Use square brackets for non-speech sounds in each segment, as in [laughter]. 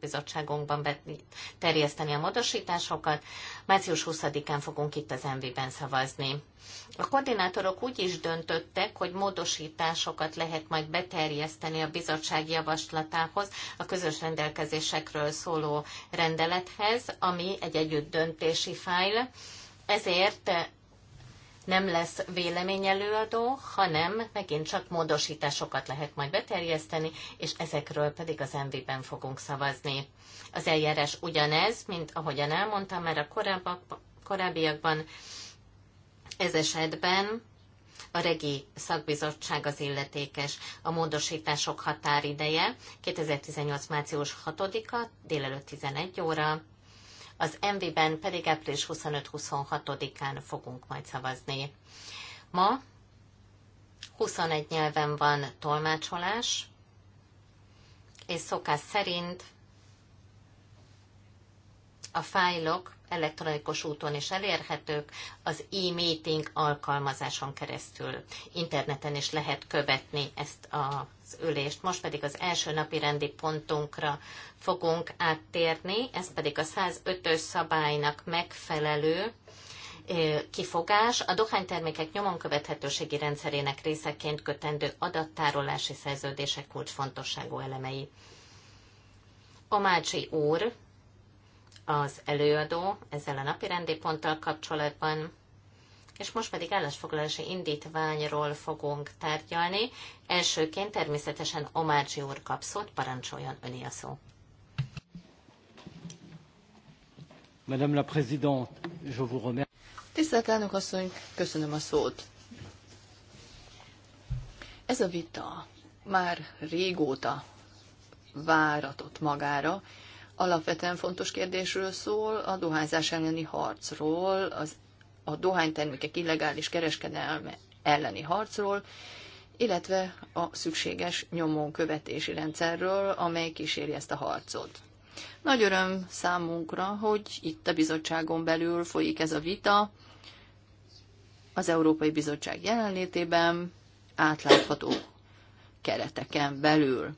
bizottságunkban terjeszteni a módosításokat. Március 20-án fogunk itt az MV-ben szavazni. A koordinátorok úgy is döntöttek, hogy módosításokat lehet majd beterjeszteni a bizottság javaslatához, a közös rendelkezésekről szóló rendelethez, ami egy együtt döntési fájl. Ezért nem lesz véleményelőadó, hanem megint csak módosításokat lehet majd beterjeszteni, és ezekről pedig az MV-ben fogunk szavazni. Az eljárás ugyanez, mint ahogyan elmondtam már a korábbiakban, ez esetben a regi szakbizottság az illetékes. A módosítások határideje 2018. március 6-a délelőtt 11 óra az MV-ben pedig április 25-26-án fogunk majd szavazni. Ma 21 nyelven van tolmácsolás, és szokás szerint a fájlok elektronikus úton is elérhetők, az e-meeting alkalmazáson keresztül interneten is lehet követni ezt az ülést. Most pedig az első napi rendi pontunkra fogunk áttérni, ez pedig a 105-ös szabálynak megfelelő kifogás a dohánytermékek nyomon követhetőségi rendszerének részeként kötendő adattárolási szerződések kulcsfontosságú elemei. Omácsi úr az előadó ezzel a napi rendi ponttal kapcsolatban, és most pedig állásfoglalási indítványról fogunk tárgyalni. Elsőként természetesen Omárcsi úr kap szót, parancsoljon öné a szó. Madame la Présidente, je vous remercie. Tisztelt elnök asszony, köszönöm a szót. Ez a vita már régóta váratott magára, alapvetően fontos kérdésről szól, a dohányzás elleni harcról, az, a dohánytermékek illegális kereskedelme elleni harcról, illetve a szükséges nyomon követési rendszerről, amely kíséri ezt a harcot. Nagy öröm számunkra, hogy itt a bizottságon belül folyik ez a vita, az Európai Bizottság jelenlétében átlátható kereteken belül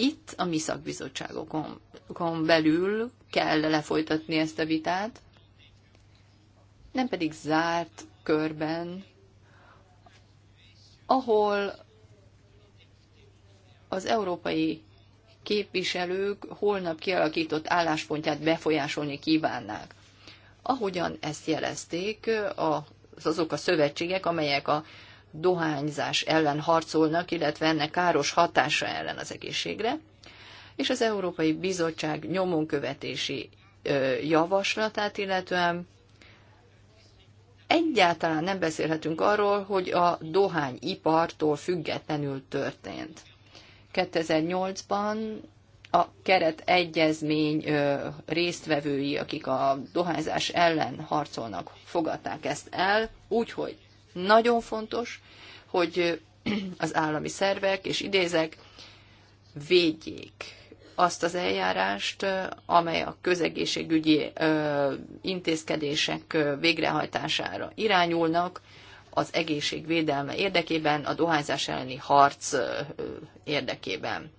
itt a mi szakbizottságokon belül kell lefolytatni ezt a vitát, nem pedig zárt körben, ahol az európai képviselők holnap kialakított álláspontját befolyásolni kívánnák. Ahogyan ezt jelezték az azok a szövetségek, amelyek a dohányzás ellen harcolnak, illetve ennek káros hatása ellen az egészségre, és az Európai Bizottság nyomonkövetési javaslatát, illetően egyáltalán nem beszélhetünk arról, hogy a dohányipartól függetlenül történt. 2008-ban a keret egyezmény résztvevői, akik a dohányzás ellen harcolnak, fogadták ezt el, úgyhogy nagyon fontos, hogy [clears throat] az állami szervek, és idézek, védjék azt az eljárást, amely a közegészségügyi intézkedések végrehajtására irányulnak, az védelme érdekében, a dohányzás elleni harc érdekében.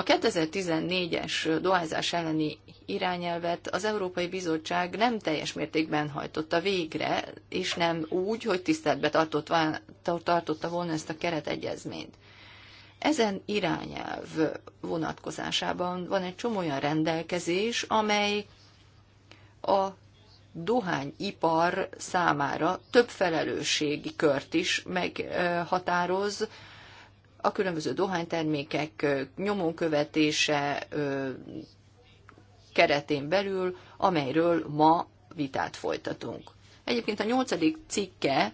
A 2014-es dohányzás elleni irányelvet az Európai Bizottság nem teljes mértékben hajtotta végre, és nem úgy, hogy tiszteletbe tartotta volna ezt a keretegyezményt. Ezen irányelv vonatkozásában van egy csomó olyan rendelkezés, amely a dohányipar számára több felelősségi kört is meghatároz, a különböző dohánytermékek nyomon követése keretén belül, amelyről ma vitát folytatunk. Egyébként a nyolcadik cikke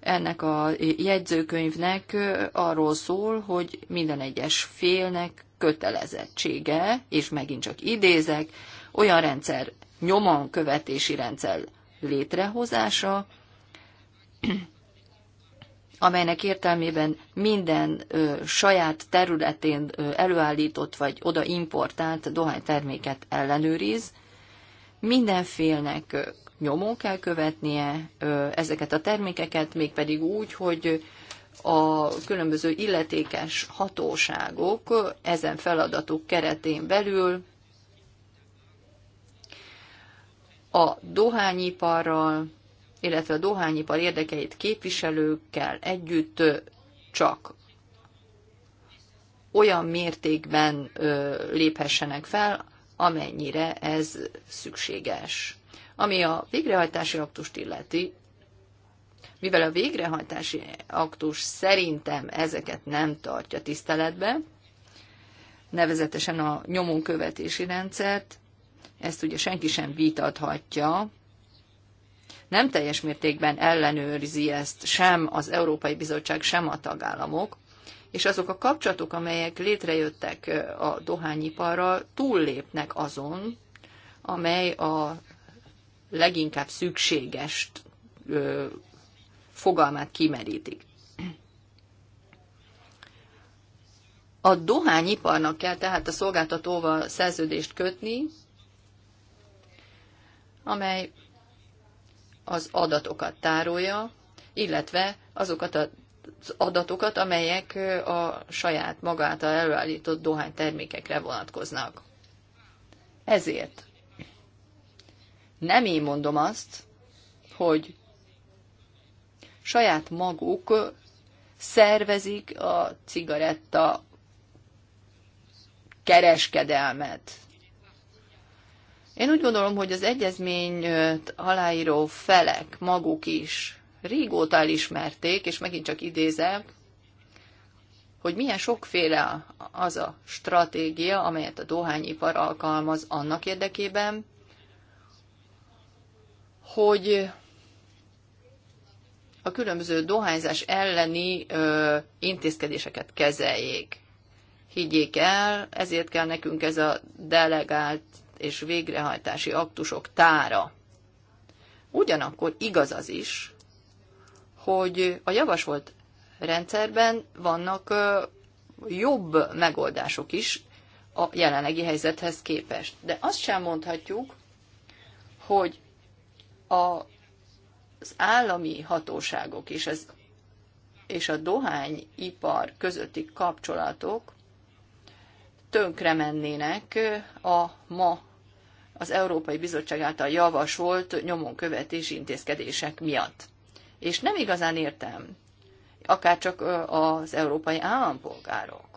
ennek a jegyzőkönyvnek arról szól, hogy minden egyes félnek kötelezettsége, és megint csak idézek, olyan rendszer, nyomon követési rendszer létrehozása, amelynek értelmében minden ö, saját területén ö, előállított vagy oda importált dohányterméket ellenőriz. Mindenfélnek ö, nyomon kell követnie ö, ezeket a termékeket, mégpedig úgy, hogy a különböző illetékes hatóságok ezen feladatuk keretén belül a dohányiparral, illetve a dohányipar érdekeit képviselőkkel együtt csak olyan mértékben léphessenek fel, amennyire ez szükséges. Ami a végrehajtási aktust illeti, mivel a végrehajtási aktus szerintem ezeket nem tartja tiszteletbe, nevezetesen a nyomonkövetési rendszert, ezt ugye senki sem vitathatja, nem teljes mértékben ellenőrzi ezt sem az Európai Bizottság, sem a tagállamok, és azok a kapcsolatok, amelyek létrejöttek a dohányiparral, túllépnek azon, amely a leginkább szükséges fogalmát kimerítik. A dohányiparnak kell tehát a szolgáltatóval szerződést kötni, amely az adatokat tárolja, illetve azokat az adatokat, amelyek a saját a előállított dohánytermékekre vonatkoznak. Ezért nem én mondom azt, hogy saját maguk szervezik a cigaretta kereskedelmet. Én úgy gondolom, hogy az egyezményt aláíró felek maguk is régóta elismerték, és megint csak idézem, hogy milyen sokféle az a stratégia, amelyet a dohányipar alkalmaz annak érdekében, hogy a különböző dohányzás elleni ö, intézkedéseket kezeljék. Higgyék el, ezért kell nekünk ez a delegált és végrehajtási aktusok tára. Ugyanakkor igaz az is, hogy a javasolt rendszerben vannak jobb megoldások is a jelenlegi helyzethez képest. De azt sem mondhatjuk, hogy a, az állami hatóságok és, az, és a dohányipar közötti kapcsolatok tönkre mennének a ma az Európai Bizottság által javasolt nyomonkövetési intézkedések miatt. És nem igazán értem, akár csak az európai állampolgárok,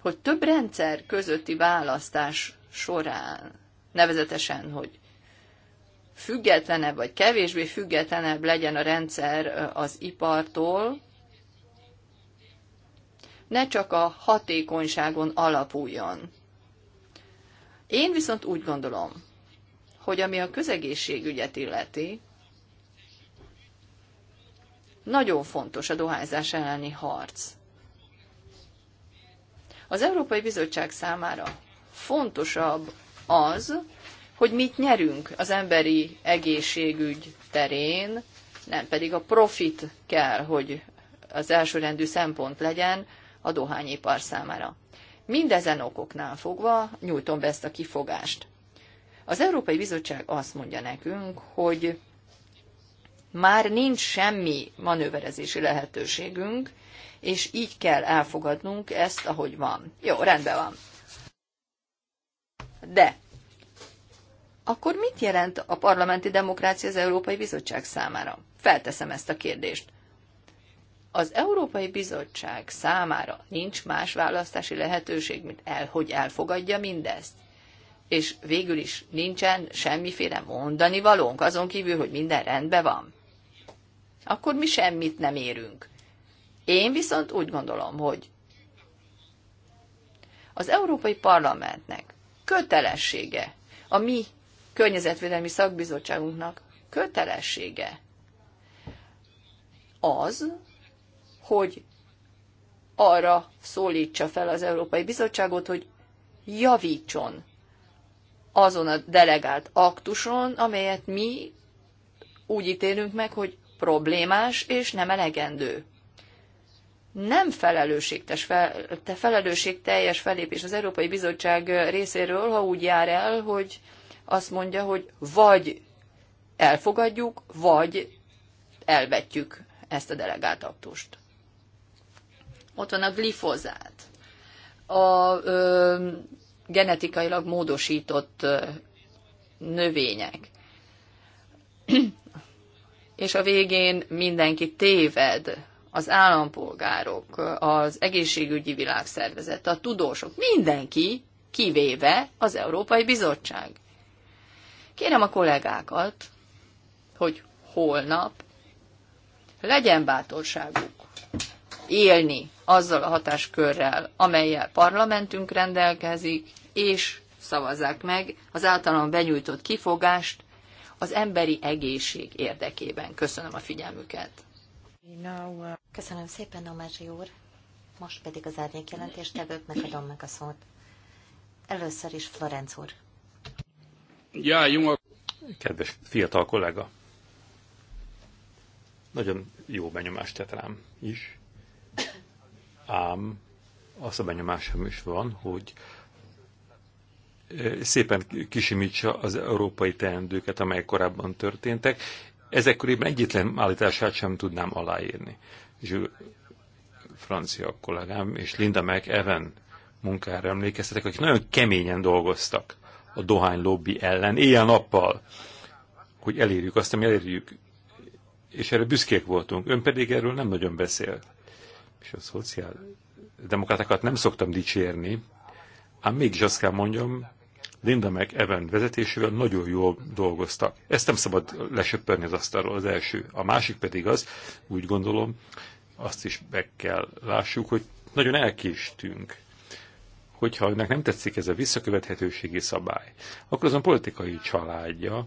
hogy több rendszer közötti választás során, nevezetesen, hogy függetlenebb vagy kevésbé függetlenebb legyen a rendszer az ipartól, ne csak a hatékonyságon alapuljon. Én viszont úgy gondolom, hogy ami a közegészségügyet illeti, nagyon fontos a dohányzás elleni harc. Az Európai Bizottság számára fontosabb az, hogy mit nyerünk az emberi egészségügy terén, nem pedig a profit kell, hogy az elsőrendű szempont legyen a dohányipar számára. Mindezen okoknál fogva nyújtom be ezt a kifogást. Az Európai Bizottság azt mondja nekünk, hogy már nincs semmi manőverezési lehetőségünk, és így kell elfogadnunk ezt, ahogy van. Jó, rendben van. De akkor mit jelent a parlamenti demokrácia az Európai Bizottság számára? Felteszem ezt a kérdést az Európai Bizottság számára nincs más választási lehetőség, mint el, hogy elfogadja mindezt. És végül is nincsen semmiféle mondani valónk, azon kívül, hogy minden rendben van. Akkor mi semmit nem érünk. Én viszont úgy gondolom, hogy az Európai Parlamentnek kötelessége, a mi környezetvédelmi szakbizottságunknak kötelessége az, hogy arra szólítsa fel az Európai Bizottságot, hogy javítson azon a delegált aktuson, amelyet mi úgy ítélünk meg, hogy problémás és nem elegendő. Nem felelősségtes, fel, felelősségteljes felépés az Európai Bizottság részéről, ha úgy jár el, hogy azt mondja, hogy vagy elfogadjuk, vagy elvetjük ezt a delegált aktust. Ott van a glifozát, a ö, genetikailag módosított ö, növények. [clears throat] És a végén mindenki téved, az állampolgárok, az egészségügyi világszervezet, a tudósok, mindenki, kivéve az Európai Bizottság. Kérem a kollégákat, hogy holnap legyen bátorságuk élni azzal a hatáskörrel, amelyel parlamentünk rendelkezik, és szavazzák meg az általam benyújtott kifogást az emberi egészség érdekében. Köszönöm a figyelmüket. Köszönöm szépen, Nomázsi úr. Most pedig az árnyék jelentéstevőknek adom meg a szót. Először is Florenc úr. Ja, jó. Kedves fiatal kollega. Nagyon jó benyomást tett rám is ám azt a benyomásom is van, hogy eh, szépen kisimítsa az európai teendőket, amelyek korábban történtek. Ezek körében egyetlen állítását sem tudnám aláírni. Zsül francia kollégám és Linda meg Evan munkára emlékeztetek, akik nagyon keményen dolgoztak a dohány lobby ellen, éjjel-nappal, hogy elérjük azt, ami elérjük. És erre büszkék voltunk. Ön pedig erről nem nagyon beszélt és a szociál demokratákat nem szoktam dicsérni, ám mégis azt kell mondjam, Linda meg Evan vezetésével nagyon jól dolgoztak. Ezt nem szabad lesöpörni az asztalról, az első. A másik pedig az, úgy gondolom, azt is meg kell lássuk, hogy nagyon elkéstünk. Hogyha önnek nem tetszik ez a visszakövethetőségi szabály, akkor azon politikai családja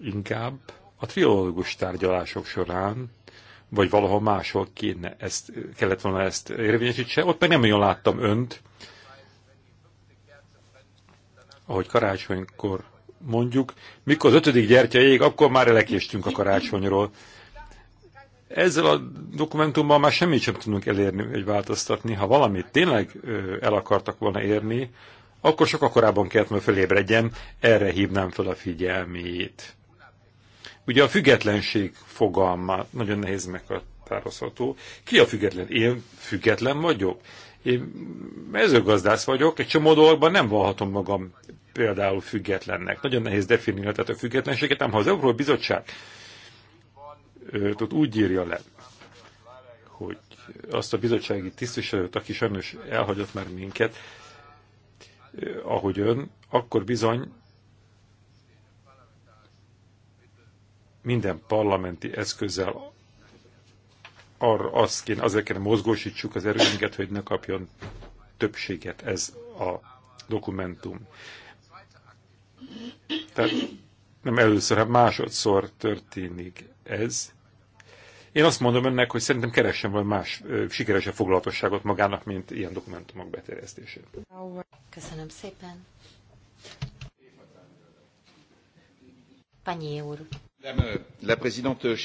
inkább a triológus tárgyalások során vagy valahol máshol kéne ezt, kellett volna ezt érvényesítse. Ott meg nem nagyon láttam önt, ahogy karácsonykor mondjuk, mikor az ötödik gyertya ég, akkor már elekéstünk a karácsonyról. Ezzel a dokumentummal már semmit sem tudunk elérni, vagy változtatni. Ha valamit tényleg el akartak volna érni, akkor sokkal korábban kellett, hogy felébredjen, erre hívnám fel a figyelmét. Ugye a függetlenség fogalma nagyon nehéz meghatározható. Ki a független? Én független vagyok. Én mezőgazdász vagyok, egy csomó dologban nem valhatom magam például függetlennek. Nagyon nehéz definiálni tehát a függetlenséget, ám ha az Európai Bizottság ott úgy írja le, hogy azt a bizottsági tisztviselőt, aki sajnos elhagyott már minket, ahogy ön, akkor bizony minden parlamenti eszközzel arra azt kéne, azért kéne mozgósítsuk az erőinket, hogy ne kapjon többséget ez a dokumentum. Tehát nem először, hát másodszor történik ez. Én azt mondom önnek, hogy szerintem keressen valami más sikeresebb foglalatosságot magának, mint ilyen dokumentumok beterjesztését. Köszönöm szépen. Panyé úr. Euh, euh,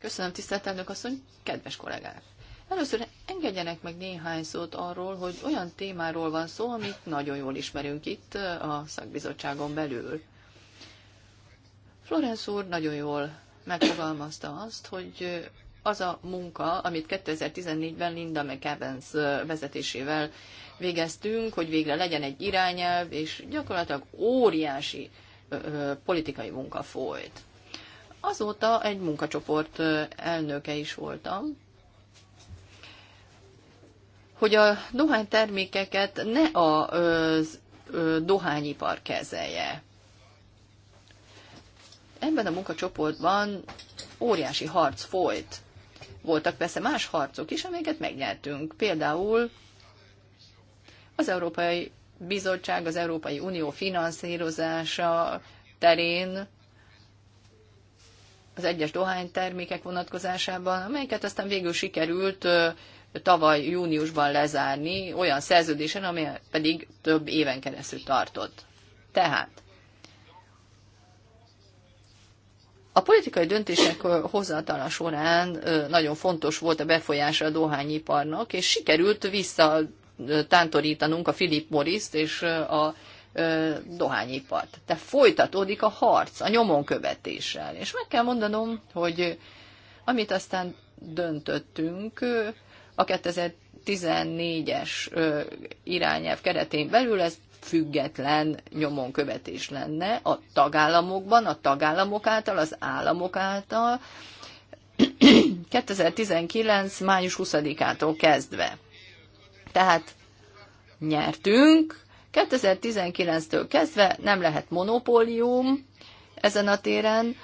Köszönöm, tisztelt elnök asszony, kedves kollégák! Először engedjenek meg néhány szót arról, hogy olyan témáról van szó, amit nagyon jól ismerünk itt a szakbizottságon belül. Florence úr nagyon jól megfogalmazta azt, hogy az a munka, amit 2014-ben Linda McEvans vezetésével végeztünk, hogy végre legyen egy irányelv, és gyakorlatilag óriási politikai munka folyt. Azóta egy munkacsoport elnöke is voltam, hogy a dohánytermékeket ne a dohányipar kezelje. Ebben a munkacsoportban óriási harc folyt. Voltak persze más harcok is, amelyeket megnyertünk. Például az Európai Bizottság, az Európai Unió finanszírozása terén az egyes dohánytermékek vonatkozásában, amelyeket aztán végül sikerült tavaly júniusban lezárni olyan szerződésen, amely pedig több éven keresztül tartott. Tehát a politikai döntések hozatala során nagyon fontos volt a befolyása a dohányiparnak, és sikerült visszatántorítanunk a Philip Morris-t és a dohányipart. Tehát folytatódik a harc a nyomon követéssel. És meg kell mondanom, hogy amit aztán döntöttünk a 2014-es irányelv keretén belül, ez független nyomon követés lenne a tagállamokban, a tagállamok által, az államok által, 2019. [clears throat] május 20-ától kezdve. Tehát nyertünk, 2019-től kezdve nem lehet monopólium ezen a téren,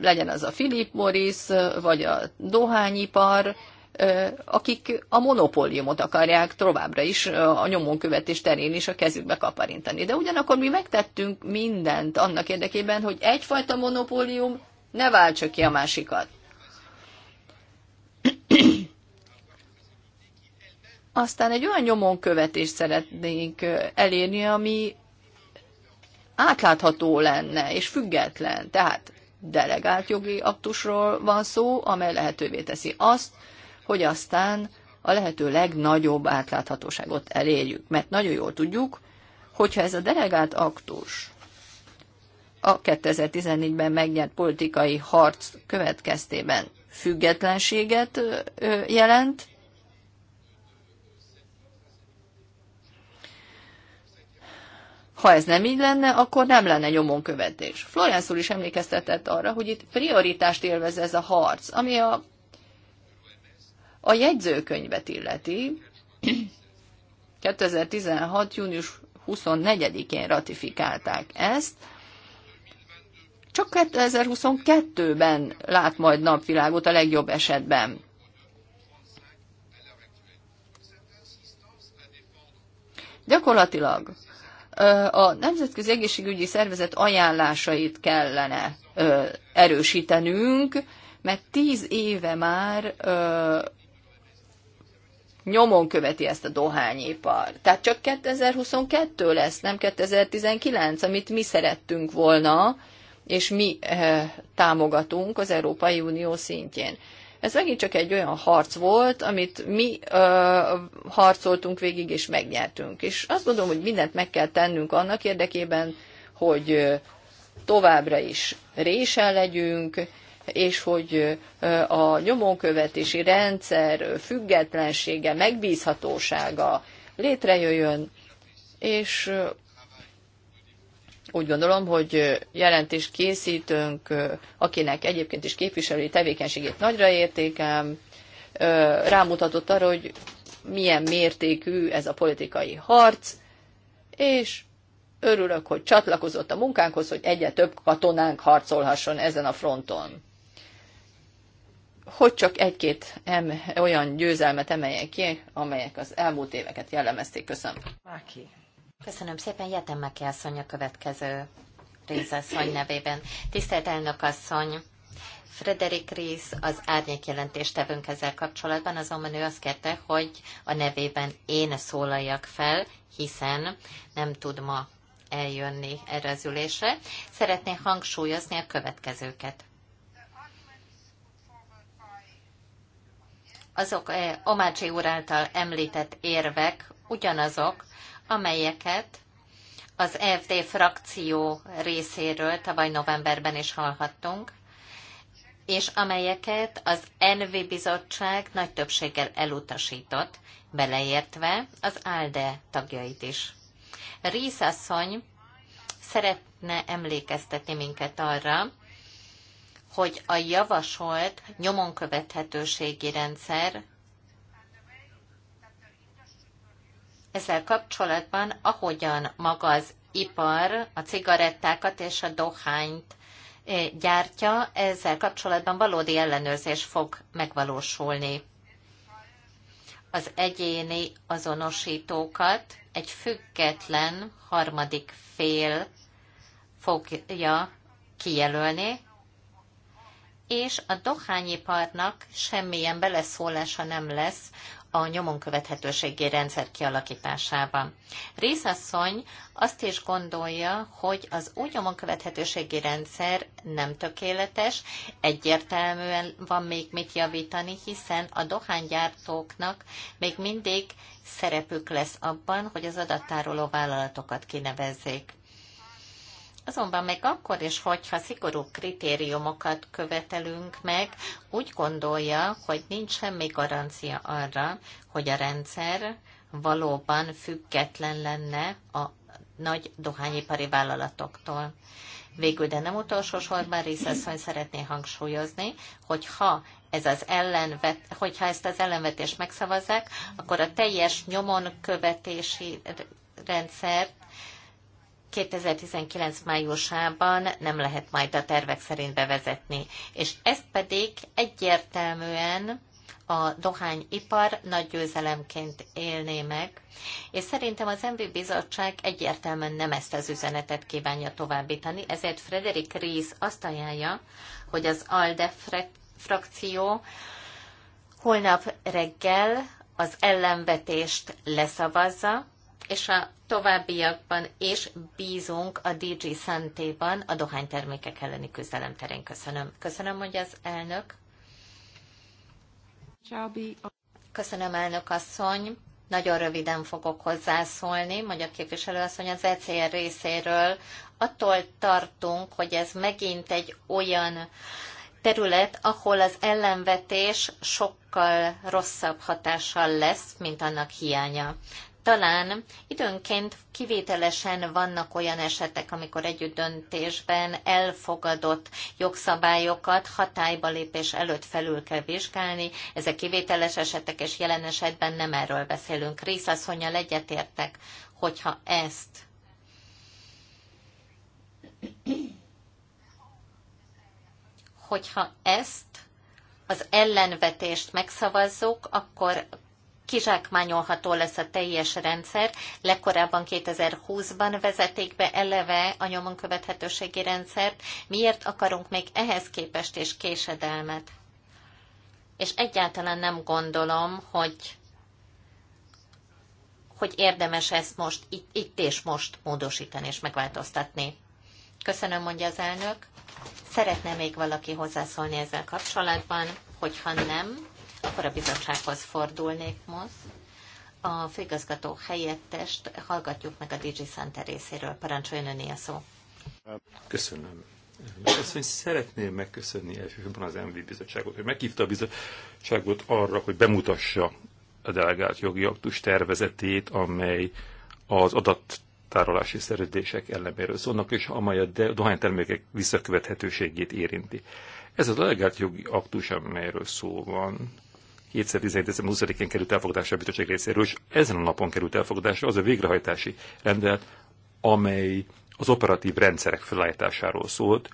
legyen az a Philip Morris, vagy a dohányipar, akik a monopóliumot akarják továbbra is a nyomonkövetés terén is a kezükbe kaparintani. De ugyanakkor mi megtettünk mindent annak érdekében, hogy egyfajta monopólium ne váltsa ki a másikat. aztán egy olyan nyomonkövetést szeretnénk elérni, ami átlátható lenne és független. Tehát delegált jogi aktusról van szó, amely lehetővé teszi azt, hogy aztán a lehető legnagyobb átláthatóságot elérjük. Mert nagyon jól tudjuk, hogyha ez a delegált aktus a 2014-ben megnyert politikai harc következtében függetlenséget jelent, Ha ez nem így lenne, akkor nem lenne nyomon követés. Florence úr is emlékeztetett arra, hogy itt prioritást élvez ez a harc, ami a, a jegyzőkönyvet illeti. 2016. [clears throat] június 24-én ratifikálták ezt, csak 2022-ben lát majd napvilágot a legjobb esetben. Gyakorlatilag a Nemzetközi Egészségügyi Szervezet ajánlásait kellene erősítenünk, mert tíz éve már nyomon követi ezt a dohányipar. Tehát csak 2022 lesz, nem 2019, amit mi szerettünk volna, és mi támogatunk az Európai Unió szintjén. Ez megint csak egy olyan harc volt, amit mi ö, harcoltunk végig, és megnyertünk. És azt gondolom, hogy mindent meg kell tennünk annak érdekében, hogy továbbra is résen legyünk, és hogy a nyomonkövetési rendszer függetlensége, megbízhatósága létrejöjjön, és úgy gondolom, hogy jelentés készítünk, akinek egyébként is képviselői tevékenységét nagyra értékem, rámutatott arra, hogy milyen mértékű ez a politikai harc, és örülök, hogy csatlakozott a munkánkhoz, hogy egyre több katonánk harcolhasson ezen a fronton. Hogy csak egy-két olyan győzelmet emeljen ki, amelyek az elmúlt éveket jellemezték. Köszönöm. Máki. Köszönöm szépen, Jetem Meki asszony a következő részasszony nevében. Tisztelt elnök asszony, Frederik Rész az árnyék jelentéstevőnk ezzel kapcsolatban, azonban ő azt kérte, hogy a nevében én szólaljak fel, hiszen nem tud ma eljönni erre az ülésre. Szeretné hangsúlyozni a következőket. Azok eh, Omácsi úr által említett érvek ugyanazok, amelyeket az EFD frakció részéről tavaly novemberben is hallhattunk, és amelyeket az NV bizottság nagy többséggel elutasított, beleértve az ALDE tagjait is. Rísz asszony szeretne emlékeztetni minket arra, hogy a javasolt nyomon rendszer ezzel kapcsolatban, ahogyan maga az ipar a cigarettákat és a dohányt eh, gyártja, ezzel kapcsolatban valódi ellenőrzés fog megvalósulni. Az egyéni azonosítókat egy független harmadik fél fogja kijelölni, és a dohányiparnak semmilyen beleszólása nem lesz a nyomon követhetőségi rendszer kialakításában. Részasszony azt is gondolja, hogy az új nyomon követhetőségi rendszer nem tökéletes, egyértelműen van még mit javítani, hiszen a dohánygyártóknak még mindig szerepük lesz abban, hogy az adattároló vállalatokat kinevezzék. Azonban még akkor is, hogyha szigorú kritériumokat követelünk meg, úgy gondolja, hogy nincs semmi garancia arra, hogy a rendszer valóban független lenne a nagy dohányipari vállalatoktól. Végül, de nem utolsó sorban részasszony szeretné hangsúlyozni, hogy ha ez az ellenvet, hogyha ezt az ellenvetést megszavazzák, akkor a teljes nyomon követési rendszert 2019 májusában nem lehet majd a tervek szerint bevezetni. És ez pedig egyértelműen a dohányipar nagy győzelemként élné meg, és szerintem az MV Bizottság egyértelműen nem ezt az üzenetet kívánja továbbítani, ezért Frederik Ries azt ajánlja, hogy az ALDE frakció holnap reggel az ellenvetést leszavazza, és a továbbiakban is bízunk a DG Santéban a dohánytermékek elleni küzdelem terén. Köszönöm. Köszönöm, hogy az elnök. Köszönöm, elnök asszony. Nagyon röviden fogok hozzászólni, magyar képviselő asszony az ECR részéről. Attól tartunk, hogy ez megint egy olyan terület, ahol az ellenvetés sokkal rosszabb hatással lesz, mint annak hiánya. Talán időnként kivételesen vannak olyan esetek, amikor együtt döntésben elfogadott jogszabályokat hatályba lépés előtt felül kell vizsgálni. Ezek kivételes esetek, és jelen esetben nem erről beszélünk. Részasszonyjal egyetértek, hogyha ezt hogyha ezt az ellenvetést megszavazzuk, akkor kizsákmányolható lesz a teljes rendszer. Legkorábban 2020-ban vezeték be eleve a nyomon követhetőségi rendszert. Miért akarunk még ehhez képest és késedelmet? És egyáltalán nem gondolom, hogy hogy érdemes ezt most itt, itt és most módosítani és megváltoztatni. Köszönöm, mondja az elnök. Szeretne még valaki hozzászólni ezzel kapcsolatban, hogyha nem, akkor a bizottsághoz fordulnék most. A főigazgató helyettest hallgatjuk meg a DG Center részéről. Parancsoljon öné a szó. Köszönöm. Köszönöm, szeretném megköszönni elsősorban az MV bizottságot, hogy meghívta a bizottságot arra, hogy bemutassa a delegált jogi aktus tervezetét, amely az adattárolási szerződések ellenéről szólnak, és amely a dohánytermékek visszakövethetőségét érinti. Ez a delegált jogi aktus, amelyről szó van, 2017. december 20 én került elfogadásra a bizottság részéről, és ezen a napon került elfogadásra az a végrehajtási rendelet, amely az operatív rendszerek felállításáról szólt,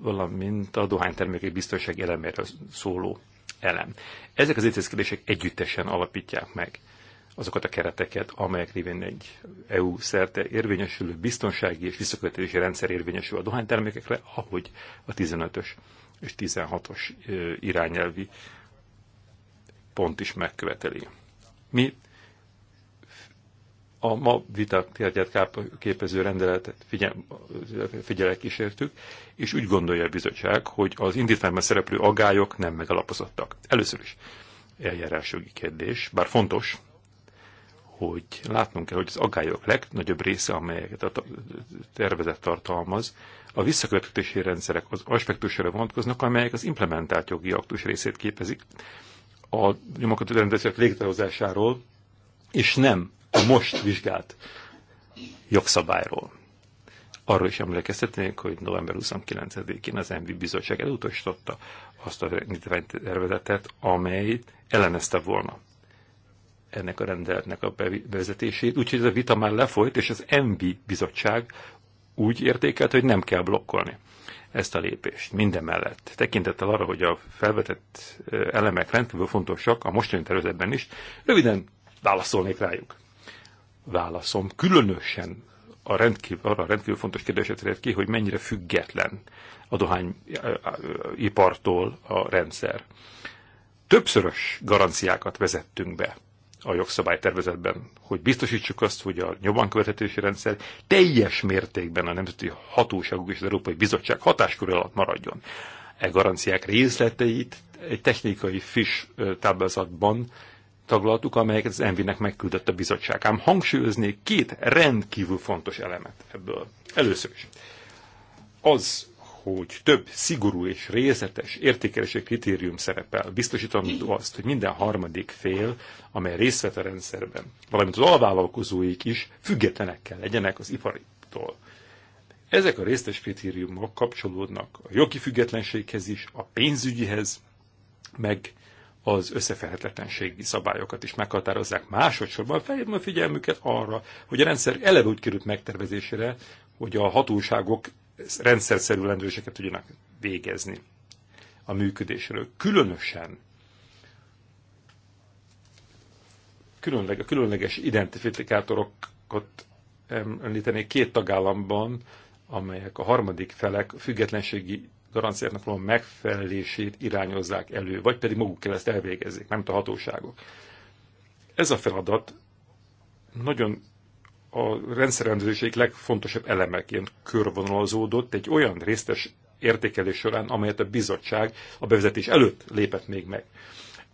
valamint a dohánytermékek biztonság eleméről szóló elem. Ezek az intézkedések együttesen alapítják meg azokat a kereteket, amelyek révén egy EU szerte érvényesülő biztonsági és visszakövetési rendszer érvényesül a dohánytermékekre, ahogy a 15-ös és 16-os irányelvi pont is megköveteli. Mi a ma vita tértját képező rendeletet figyelek kísértük, és úgy gondolja a bizottság, hogy az indítványban szereplő agályok nem megalapozottak. Először is eljárásjogi kérdés, bár fontos, hogy látnunk kell, hogy az agályok legnagyobb része, amelyeket a tervezet tartalmaz, a visszakövetetési rendszerek az aspektusra vonatkoznak, amelyek az implementált jogi aktus részét képezik, a nyomokat rendezett létrehozásáról, és nem a most vizsgált jogszabályról. Arról is emlékeztetnék, hogy november 29-én az MV Bizottság elutasította azt a tervezetet, amely ellenezte volna ennek a rendeletnek a bevezetését. Úgyhogy ez a vita már lefolyt, és az MB Bizottság úgy értékelt, hogy nem kell blokkolni ezt a lépést minden mellett. Tekintettel arra, hogy a felvetett elemek rendkívül fontosak a mostani tervezetben is, röviden válaszolnék rájuk. Válaszom különösen a rendkívül, arra a rendkívül fontos kérdésre tért ki, hogy mennyire független a dohányipartól a rendszer. Többszörös garanciákat vezettünk be a jogszabálytervezetben, hogy biztosítsuk azt, hogy a nyomankövetetési rendszer teljes mértékben a nemzeti hatóságok és az Európai Bizottság hatáskör alatt maradjon. E garanciák részleteit egy technikai fish táblázatban taglaltuk, amelyeket az ENVI-nek megküldött a bizottság. Ám hangsúlyoznék két rendkívül fontos elemet ebből. Először is. Az, hogy több szigorú és részletes értékelési kritérium szerepel, biztosítom azt, hogy minden harmadik fél, amely részt vett a rendszerben, valamint az alvállalkozóik is függetlenek kell legyenek az iparitól. Ezek a részletes kritériumok kapcsolódnak a jogi függetlenséghez is, a pénzügyihez, meg az összeférhetetlenségi szabályokat is meghatározzák. Másodszorban felhívom a figyelmüket arra, hogy a rendszer eleve úgy került megtervezésére, hogy a hatóságok rendszerszerű rendőrséget tudjanak végezni a működésről. Különösen különleg, a különleges identifikátorokat említenék két tagállamban, amelyek a harmadik felek függetlenségi garanciáknak való megfelelését irányozzák elő, vagy pedig maguk kell ezt elvégezzék, nem a hatóságok. Ez a feladat nagyon a rendszerrendezőség legfontosabb elemeként körvonalazódott egy olyan résztes értékelés során, amelyet a bizottság a bevezetés előtt lépett még meg.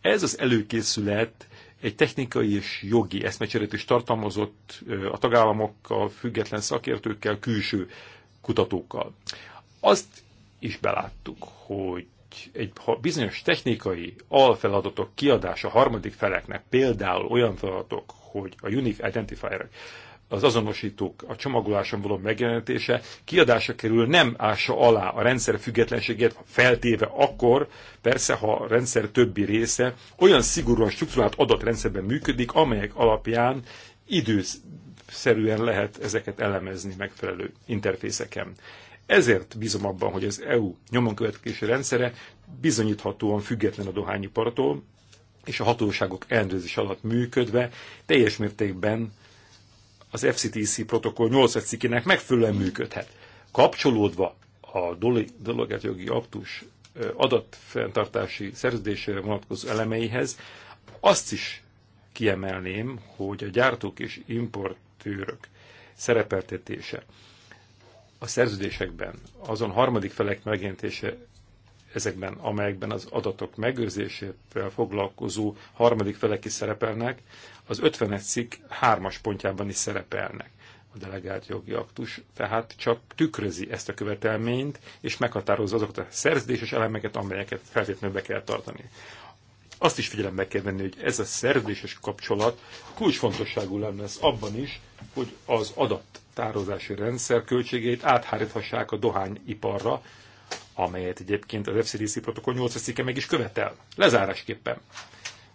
Ez az előkészület egy technikai és jogi eszmecserét is tartalmazott a tagállamokkal, független szakértőkkel, külső kutatókkal. Azt is beláttuk, hogy egy bizonyos technikai alfeladatok kiadása harmadik feleknek, például olyan feladatok, hogy a unique identifierek, az azonosítók, a csomagoláson való megjelenítése kiadása kerül, nem ássa alá a rendszer függetlenségét, feltéve akkor, persze, ha a rendszer többi része olyan szigorúan struktúrált adatrendszerben működik, amelyek alapján időszerűen lehet ezeket elemezni megfelelő interfészeken. Ezért bízom abban, hogy az EU nyomonkövetkezési rendszere bizonyíthatóan független a dohányipartól, és a hatóságok ellenőrzés alatt működve teljes mértékben az FCTC protokoll 8 cikkének megfelelően működhet. Kapcsolódva a dologát jogi aktus adatfenntartási szerződésére vonatkozó elemeihez, azt is kiemelném, hogy a gyártók és importőrök szerepeltetése a szerződésekben azon harmadik felek megjelentése ezekben, amelyekben az adatok megőrzésével foglalkozó harmadik felek is szerepelnek, az 51 cikk hármas pontjában is szerepelnek a delegált jogi aktus, tehát csak tükrözi ezt a követelményt, és meghatározza azokat a szerződéses elemeket, amelyeket feltétlenül be kell tartani. Azt is figyelembe kell venni, hogy ez a szerződéses kapcsolat kulcsfontosságú lenne ez abban is, hogy az adattározási rendszer költségét átháríthassák a dohányiparra, amelyet egyébként az FCDC protokoll 8 cikke meg is követel. Lezárásképpen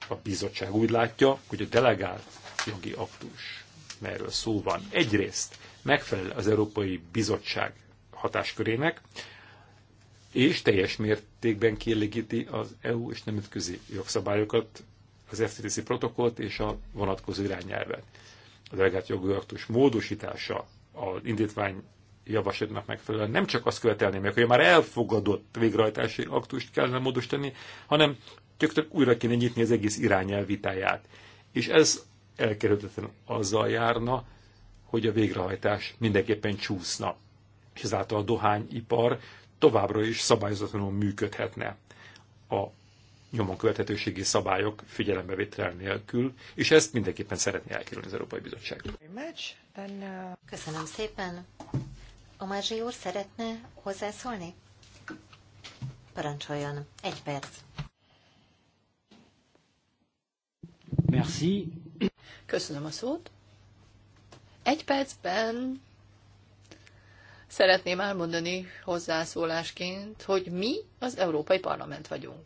a bizottság úgy látja, hogy a delegált jogi aktus, melyről szó van, egyrészt megfelel az Európai Bizottság hatáskörének, és teljes mértékben kielégíti az EU és nemzetközi jogszabályokat, az FCDC protokollt és a vonatkozó irányelvet. A delegált jogi aktus módosítása az indítvány javaslatnak megfelelően nem csak azt követelni meg, hogy már elfogadott végrehajtási aktust kellene módosítani, hanem tökéletesen újra kéne nyitni az egész irányelv vitáját. És ez elkerülhetetlen azzal járna, hogy a végrehajtás mindenképpen csúszna, és ezáltal a dohányipar továbbra is szabályozatlanul működhetne a nyomon követhetőségi szabályok figyelembevétel nélkül, és ezt mindenképpen szeretné elkerülni az Európai Bizottság. Uh, Köszönöm szépen. Omázsi úr szeretne hozzászólni? Parancsoljon. Egy perc. Merci. Köszönöm a szót. Egy percben szeretném elmondani hozzászólásként, hogy mi az Európai Parlament vagyunk,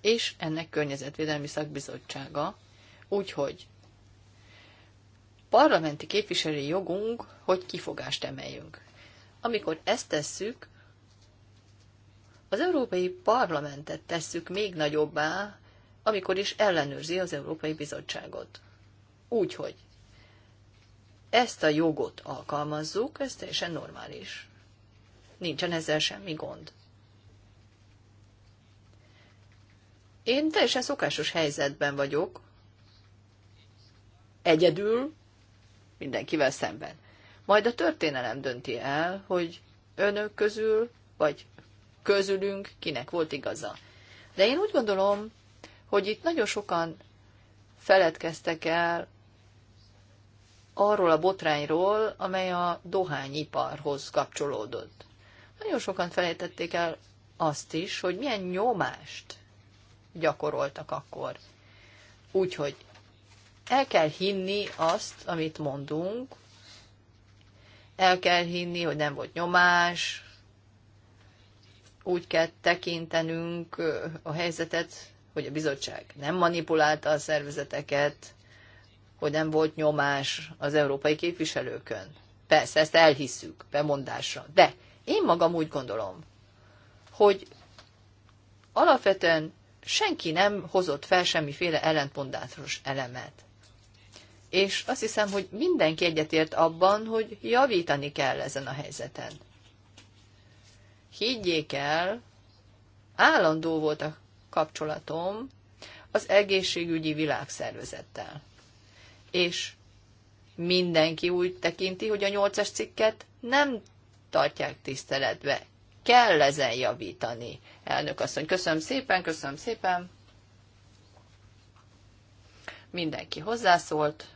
és ennek környezetvédelmi szakbizottsága, úgyhogy parlamenti képviselői jogunk, hogy kifogást emeljünk amikor ezt tesszük, az Európai Parlamentet tesszük még nagyobbá, amikor is ellenőrzi az Európai Bizottságot. Úgyhogy ezt a jogot alkalmazzuk, ez teljesen normális. Nincsen ezzel semmi gond. Én teljesen szokásos helyzetben vagyok, egyedül, mindenkivel szemben. Majd a történelem dönti el, hogy önök közül, vagy közülünk kinek volt igaza. De én úgy gondolom, hogy itt nagyon sokan feledkeztek el arról a botrányról, amely a dohányiparhoz kapcsolódott. Nagyon sokan felejtették el azt is, hogy milyen nyomást gyakoroltak akkor. Úgyhogy el kell hinni azt, amit mondunk, el kell hinni, hogy nem volt nyomás, úgy kell tekintenünk a helyzetet, hogy a bizottság nem manipulálta a szervezeteket, hogy nem volt nyomás az európai képviselőkön. Persze, ezt elhisszük bemondásra. De én magam úgy gondolom, hogy alapvetően senki nem hozott fel semmiféle ellentmondásos elemet és azt hiszem, hogy mindenki egyetért abban, hogy javítani kell ezen a helyzeten. Higgyék el, állandó volt a kapcsolatom az egészségügyi világszervezettel. És mindenki úgy tekinti, hogy a nyolcas cikket nem tartják tiszteletbe. Kell ezen javítani. Elnök asszony, köszönöm szépen, köszönöm szépen. Mindenki hozzászólt.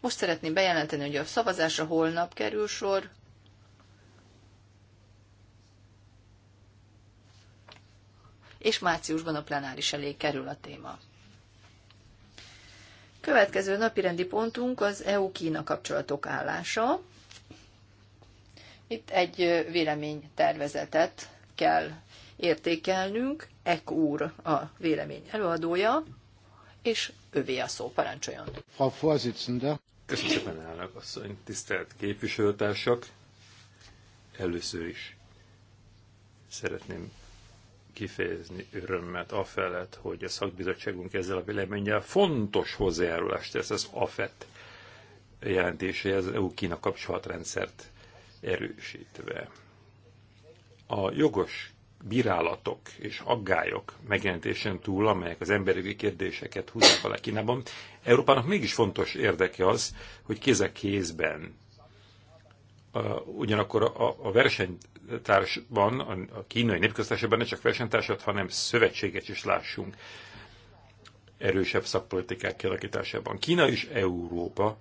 Most szeretném bejelenteni, hogy a szavazásra holnap kerül sor. És márciusban a plenáris elé kerül a téma. Következő napirendi pontunk az EU-Kína kapcsolatok állása. Itt egy véleménytervezetet kell értékelnünk. Ek úr a vélemény előadója és övé a szó, parancsoljon. Frau Vorsitzende. Köszönöm szépen, elnök asszony, tisztelt képviselőtársak. Először is szeretném kifejezni örömmet afelett, hogy a szakbizottságunk ezzel a véleménnyel fontos hozzájárulást tesz az AFET jelentéséhez, az EU-Kína kapcsolatrendszert erősítve. A jogos bírálatok és aggályok megjelentésen túl, amelyek az emberi kérdéseket húzzák alá Kínában, Európának mégis fontos érdeke az, hogy kéz a kézben ugyanakkor a, a versenytársban, a, a kínai népköztársaságban ne csak versenytársat, hanem szövetséget is lássunk erősebb szakpolitikák kialakításában. Kína és Európa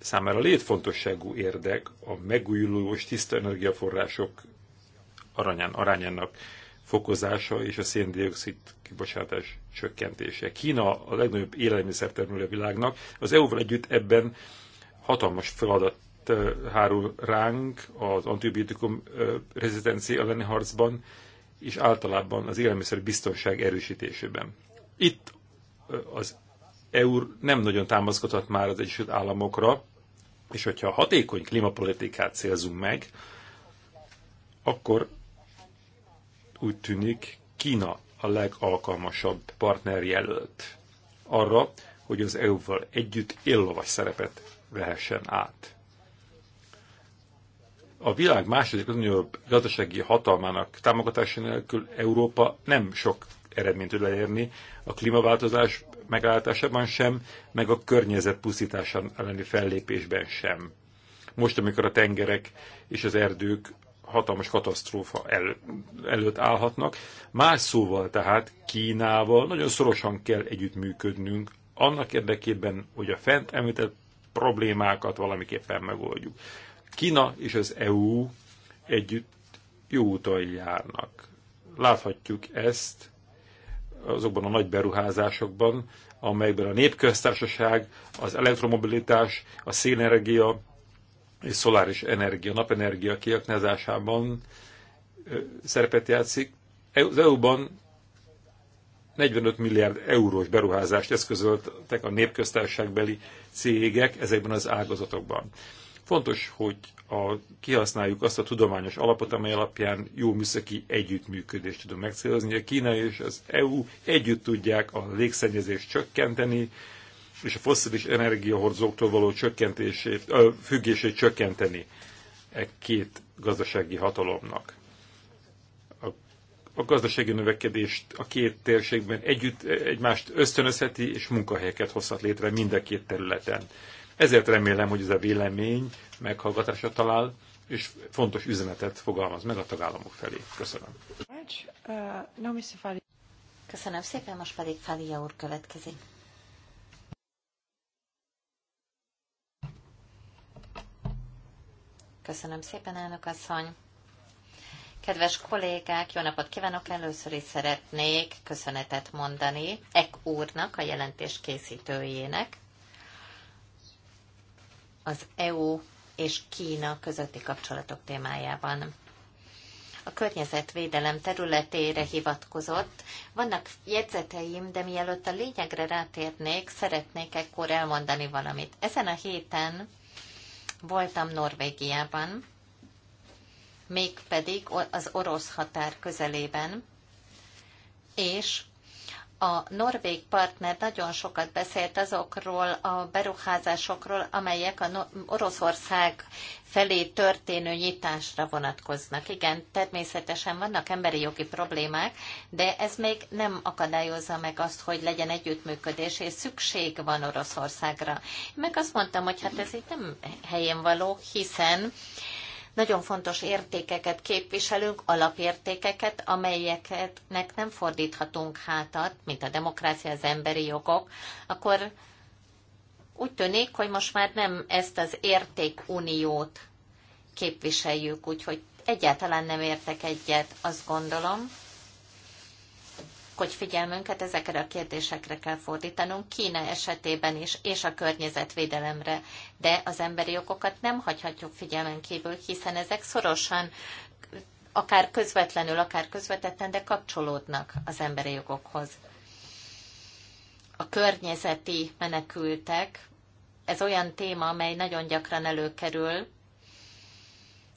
számára létfontosságú érdek a megújuló, és tiszta energiaforrások aranyán, arányának fokozása és a széndiokszid kibocsátás csökkentése. Kína a legnagyobb élelmiszertermelő világnak, az EU-val együtt ebben hatalmas feladat hárul ránk az antibiotikum rezisztencia elleni harcban, és általában az élelmiszer biztonság erősítésében. Itt az EU nem nagyon támaszkodhat már az Egyesült Államokra, és hogyha hatékony klímapolitikát célzunk meg, akkor úgy tűnik Kína a legalkalmasabb partnerjelölt arra, hogy az EU-val együtt éllovas szerepet vehessen át. A világ második legnagyobb gazdasági hatalmának támogatása nélkül Európa nem sok eredményt tud elérni a klímaváltozás megállításában sem, meg a környezet pusztítása elleni fellépésben sem. Most, amikor a tengerek és az erdők hatalmas katasztrófa el, előtt állhatnak. Más szóval tehát Kínával nagyon szorosan kell együttműködnünk, annak érdekében, hogy a fent említett problémákat valamiképpen megoldjuk. Kína és az EU együtt jó úton járnak. Láthatjuk ezt azokban a nagy beruházásokban, amelyekben a népköztársaság, az elektromobilitás, a szénenergia és szoláris energia, napenergia kiaknázásában szerepet játszik. E-, az EU-ban 45 milliárd eurós beruházást eszközöltek a népköztársaságbeli cégek ezekben az ágazatokban. Fontos, hogy a, kihasználjuk azt a tudományos alapot, amely alapján jó műszaki együttműködést tudunk megcélozni. A Kína és az EU együtt tudják a légszennyezést csökkenteni, és a foszilis energiahordozóktól való csökkentését, ö, függését csökkenteni e két gazdasági hatalomnak. A, a gazdasági növekedést a két térségben együtt egymást ösztönözheti, és munkahelyeket hozhat létre mind a két területen. Ezért remélem, hogy ez a vélemény meghallgatásra talál, és fontos üzenetet fogalmaz meg a tagállamok felé. Köszönöm. Uh, Köszönöm szépen, most pedig Fália úr következik. Köszönöm szépen, elnök asszony. Kedves kollégák, jó napot kívánok! Először is szeretnék köszönetet mondani Ek úrnak, a jelentés készítőjének. Az EU és Kína közötti kapcsolatok témájában. A környezetvédelem területére hivatkozott. Vannak jegyzeteim, de mielőtt a lényegre rátérnék, szeretnék ekkor elmondani valamit. Ezen a héten Voltam Norvégiában, mégpedig az orosz határ közelében, és a norvég partner nagyon sokat beszélt azokról a beruházásokról, amelyek a Oroszország felé történő nyitásra vonatkoznak. Igen, természetesen vannak emberi jogi problémák, de ez még nem akadályozza meg azt, hogy legyen együttműködés, és szükség van Oroszországra. Meg azt mondtam, hogy hát ez itt nem helyén való, hiszen nagyon fontos értékeket képviselünk, alapértékeket, amelyeknek nem fordíthatunk hátat, mint a demokrácia, az emberi jogok, akkor úgy tűnik, hogy most már nem ezt az értékuniót képviseljük, úgyhogy egyáltalán nem értek egyet, azt gondolom, hogy figyelmünket ezekre a kérdésekre kell fordítanunk, Kína esetében is, és a környezetvédelemre. De az emberi jogokat nem hagyhatjuk figyelmen kívül, hiszen ezek szorosan, akár közvetlenül, akár közvetetten, de kapcsolódnak az emberi jogokhoz. A környezeti menekültek, ez olyan téma, amely nagyon gyakran előkerül,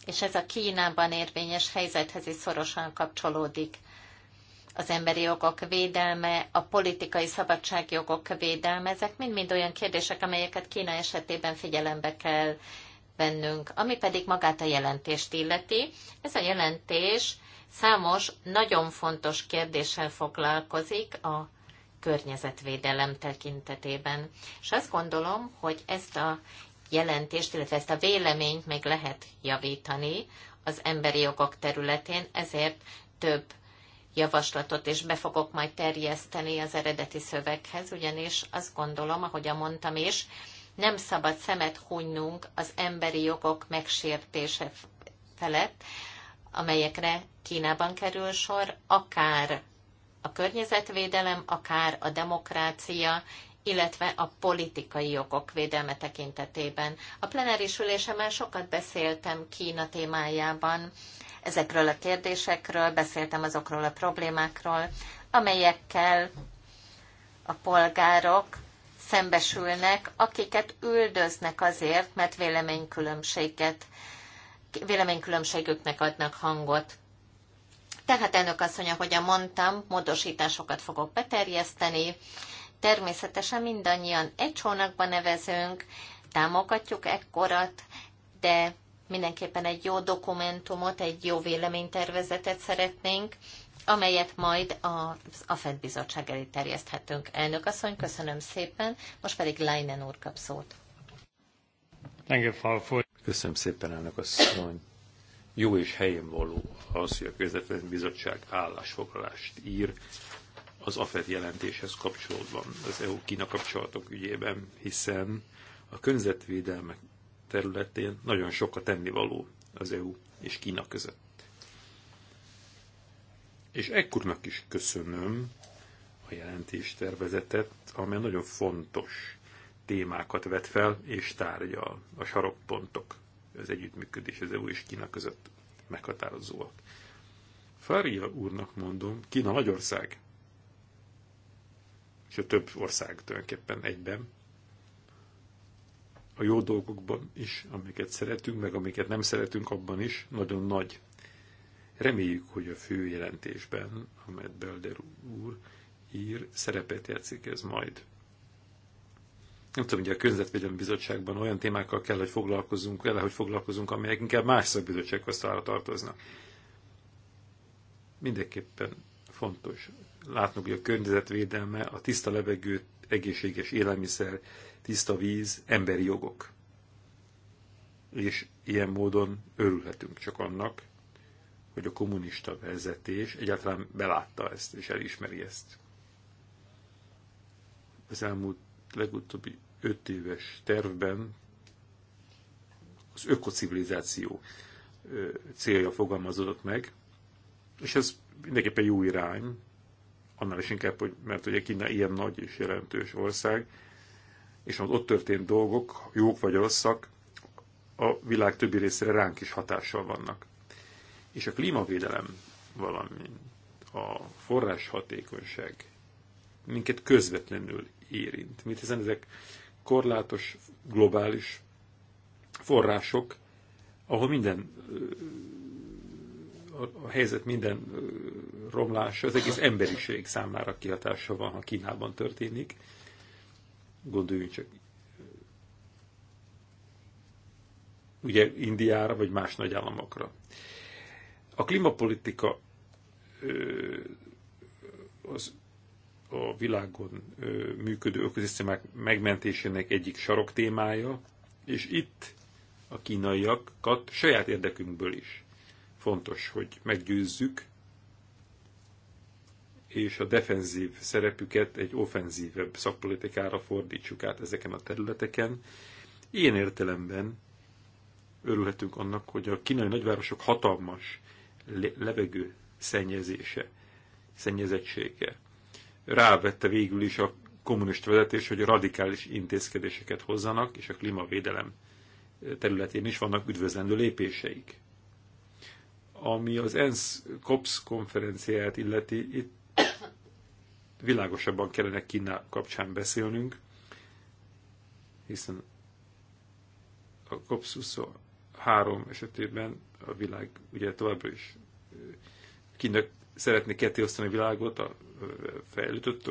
és ez a Kínában érvényes helyzethez is szorosan kapcsolódik az emberi jogok védelme, a politikai szabadságjogok védelme, ezek mind-mind olyan kérdések, amelyeket Kína esetében figyelembe kell vennünk. Ami pedig magát a jelentést illeti, ez a jelentés számos nagyon fontos kérdéssel foglalkozik a környezetvédelem tekintetében. És azt gondolom, hogy ezt a jelentést, illetve ezt a véleményt még lehet javítani az emberi jogok területén, ezért több javaslatot, és be fogok majd terjeszteni az eredeti szöveghez, ugyanis azt gondolom, ahogy mondtam is, nem szabad szemet hunynunk az emberi jogok megsértése felett, amelyekre Kínában kerül sor, akár a környezetvédelem, akár a demokrácia, illetve a politikai jogok védelme tekintetében. A plenáris ülésen már sokat beszéltem Kína témájában, ezekről a kérdésekről, beszéltem azokról a problémákról, amelyekkel a polgárok szembesülnek, akiket üldöznek azért, mert véleménykülönbséget, véleménykülönbségüknek adnak hangot. Tehát elnök asszony, ahogyan mondtam, módosításokat fogok beterjeszteni. Természetesen mindannyian egy csónakba nevezünk, támogatjuk ekkorat, de mindenképpen egy jó dokumentumot, egy jó véleménytervezetet szeretnénk, amelyet majd az AFED bizottság elé terjeszthetünk. Elnök asszony, köszönöm szépen, most pedig Leinen úr kap szót. Köszönöm szépen, elnök asszony. Jó és helyén való az, hogy a közvetlen bizottság állásfoglalást ír az AFED jelentéshez kapcsolódva az EU-Kína kapcsolatok ügyében, hiszen a környezetvédelmek területén nagyon sok a tennivaló az EU és Kína között. És ekkornak is köszönöm a jelentéstervezetet, amely nagyon fontos témákat vet fel és tárgyal. A sarokpontok, az együttműködés az EU és Kína között meghatározóak. Fária úrnak mondom, Kína Magyarország és a több ország tulajdonképpen egyben, a jó dolgokban is, amiket szeretünk, meg amiket nem szeretünk, abban is nagyon nagy. Reméljük, hogy a fő jelentésben, amelyet Belder úr ír, szerepet játszik ez majd. Nem tudom, hogy a Környezetvédelmi Bizottságban olyan témákkal kell, hogy foglalkozunk vele, hogy foglalkozunk, amelyek inkább más szakbizottsághoz tartoznak. Mindenképpen fontos látnunk, hogy a környezetvédelme, a tiszta levegő, egészséges élelmiszer, tiszta víz, emberi jogok. És ilyen módon örülhetünk csak annak, hogy a kommunista vezetés egyáltalán belátta ezt, és elismeri ezt. Az elmúlt legutóbbi öt éves tervben az ökocivilizáció célja fogalmazódott meg, és ez mindenképpen jó irány, annál is inkább, hogy, mert ugye Kína ilyen nagy és jelentős ország, és az ott történt dolgok, jók vagy rosszak, a világ többi részére ránk is hatással vannak. És a klímavédelem, valamint a forráshatékonyság minket közvetlenül érint. Mit hiszen ezek korlátos, globális források, ahol minden a helyzet minden romlása, az egész emberiség számára kihatása van, ha Kínában történik. Gondoljunk csak ugye Indiára, vagy más nagy államokra. A klímapolitika az a világon működő ökoszisztémák megmentésének egyik sarok témája, és itt a kínaiakat saját érdekünkből is Fontos, hogy meggyőzzük, és a defenzív szerepüket egy offenzívebb szakpolitikára fordítsuk át ezeken a területeken. Ilyen értelemben örülhetünk annak, hogy a kínai nagyvárosok hatalmas levegő szennyezése, szennyezettsége rávette végül is a kommunista vezetés, hogy radikális intézkedéseket hozzanak, és a klímavédelem területén is vannak üdvözlendő lépéseik. Ami az ENSZ COPS konferenciáját illeti, itt világosabban kellene Kína kapcsán beszélnünk, hiszen a COPS 23 esetében a világ ugye továbbra is Kína szeretné kettéosztani a világot a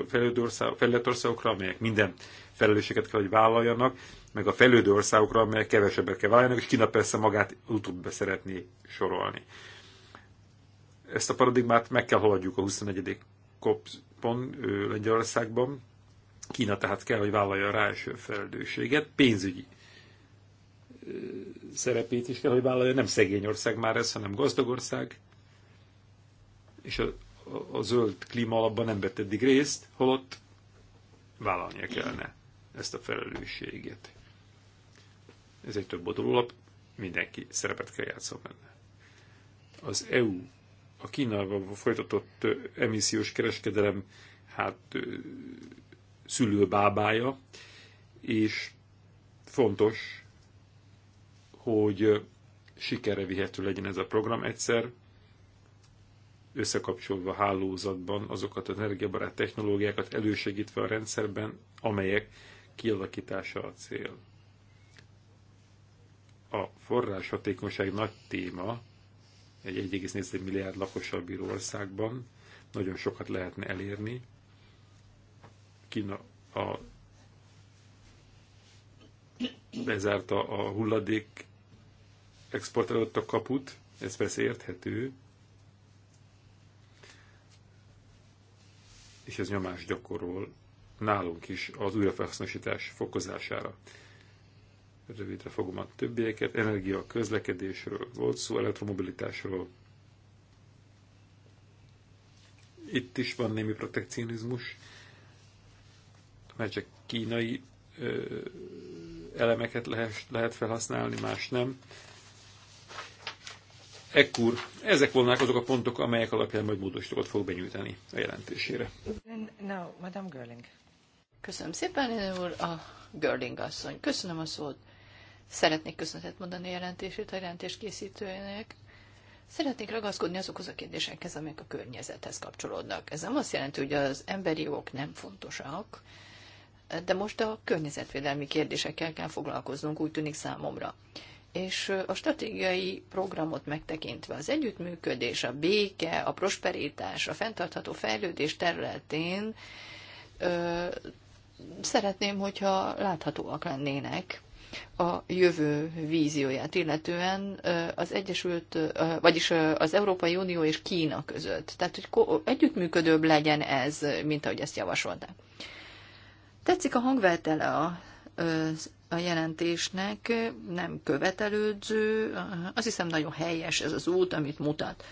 fejlődő ország, fejlődő országokra, amelyek minden felelősséget kell, hogy vállaljanak, meg a fejlődő országokra, amelyek kevesebbet kell vállaljanak, és Kína persze magát utóbb szeretné sorolni. Ezt a paradigmát meg kell haladjuk a 21. COP-on Lengyelországban. Kína tehát kell, hogy vállalja rá első felelősséget, pénzügyi szerepét is kell, hogy vállalja. Nem szegény ország már ez, hanem gazdag ország. És a, a, a zöld klíma alapban nem vett eddig részt, holott vállalnia kellene ezt a felelősséget. Ez egy több alap, mindenki szerepet kell játszom benne. Az EU a Kínával folytatott emissziós kereskedelem hát szülőbábája, és fontos, hogy sikere vihető legyen ez a program egyszer, összekapcsolva hálózatban azokat az energiabarát technológiákat elősegítve a rendszerben, amelyek kialakítása a cél. A forráshatékonyság nagy téma, egy 1,4 milliárd lakossal bíró országban. Nagyon sokat lehetne elérni. Kína a bezárta a hulladék export előtt a kaput, ez persze érthető, és ez nyomás gyakorol nálunk is az újrafelhasznosítás fokozására rövidre fogom a többieket, energia közlekedésről volt szó, elektromobilitásról. Itt is van némi protekcionizmus, mert csak kínai ö, elemeket lehet, lehet felhasználni, más nem. Ekkor ezek volnák azok a pontok, amelyek alapján majd módosítókat fog benyújtani a jelentésére. Now, Madame Görling. Köszönöm szépen, én úr, a Görling asszony. Köszönöm a szót. Szeretnék köszönetet mondani a jelentését, a jelentés készítőjének. Szeretnék ragaszkodni azokhoz a kérdésekhez, amelyek a környezethez kapcsolódnak. Ez nem azt jelenti, hogy az emberi jogok nem fontosak, de most a környezetvédelmi kérdésekkel kell foglalkoznunk, úgy tűnik számomra. És a stratégiai programot megtekintve az együttműködés, a béke, a prosperitás, a fenntartható fejlődés területén ö, szeretném, hogyha láthatóak lennének a jövő vízióját, illetően az Egyesült, vagyis az Európai Unió és Kína között. Tehát, hogy együttműködőbb legyen ez, mint ahogy ezt javasolták. Tetszik a hangvetele a, a jelentésnek, nem követelődző, azt hiszem nagyon helyes ez az út, amit mutat.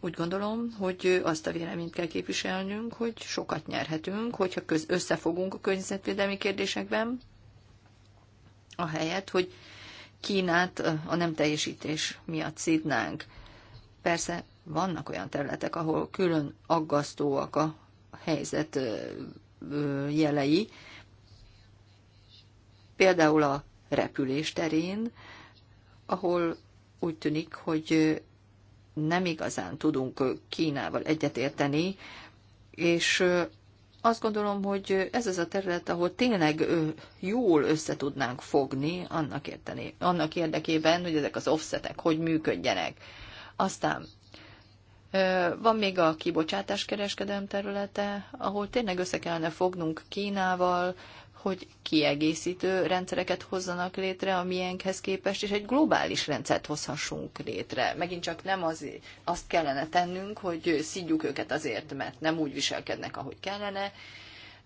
Úgy gondolom, hogy azt a véleményt kell képviselnünk, hogy sokat nyerhetünk, hogyha köz összefogunk a környezetvédelmi kérdésekben, a helyet, hogy Kínát a nem teljesítés miatt szidnánk. Persze vannak olyan területek, ahol külön aggasztóak a helyzet jelei, például a repülés terén, ahol úgy tűnik, hogy nem igazán tudunk Kínával egyetérteni, és azt gondolom, hogy ez az a terület, ahol tényleg jól össze tudnánk fogni annak, érteni, annak érdekében, hogy ezek az offsetek hogy működjenek. Aztán van még a kibocsátáskereskedelem területe, ahol tényleg össze kellene fognunk Kínával, hogy kiegészítő rendszereket hozzanak létre a miénkhez képest, és egy globális rendszert hozhassunk létre. Megint csak nem az, azt kellene tennünk, hogy szidjuk őket azért, mert nem úgy viselkednek, ahogy kellene.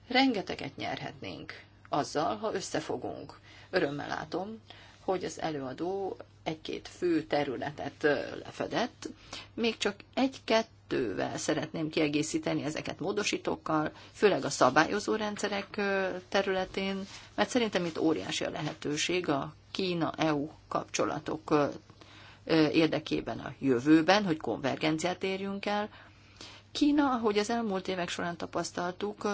Rengeteget nyerhetnénk azzal, ha összefogunk. Örömmel látom, hogy az előadó egy-két fő területet lefedett. Még csak egy-kettővel szeretném kiegészíteni ezeket módosítókkal, főleg a szabályozó rendszerek területén, mert szerintem itt óriási a lehetőség a Kína-EU kapcsolatok érdekében a jövőben, hogy konvergenciát érjünk el, Kína, ahogy az elmúlt évek során tapasztaltuk,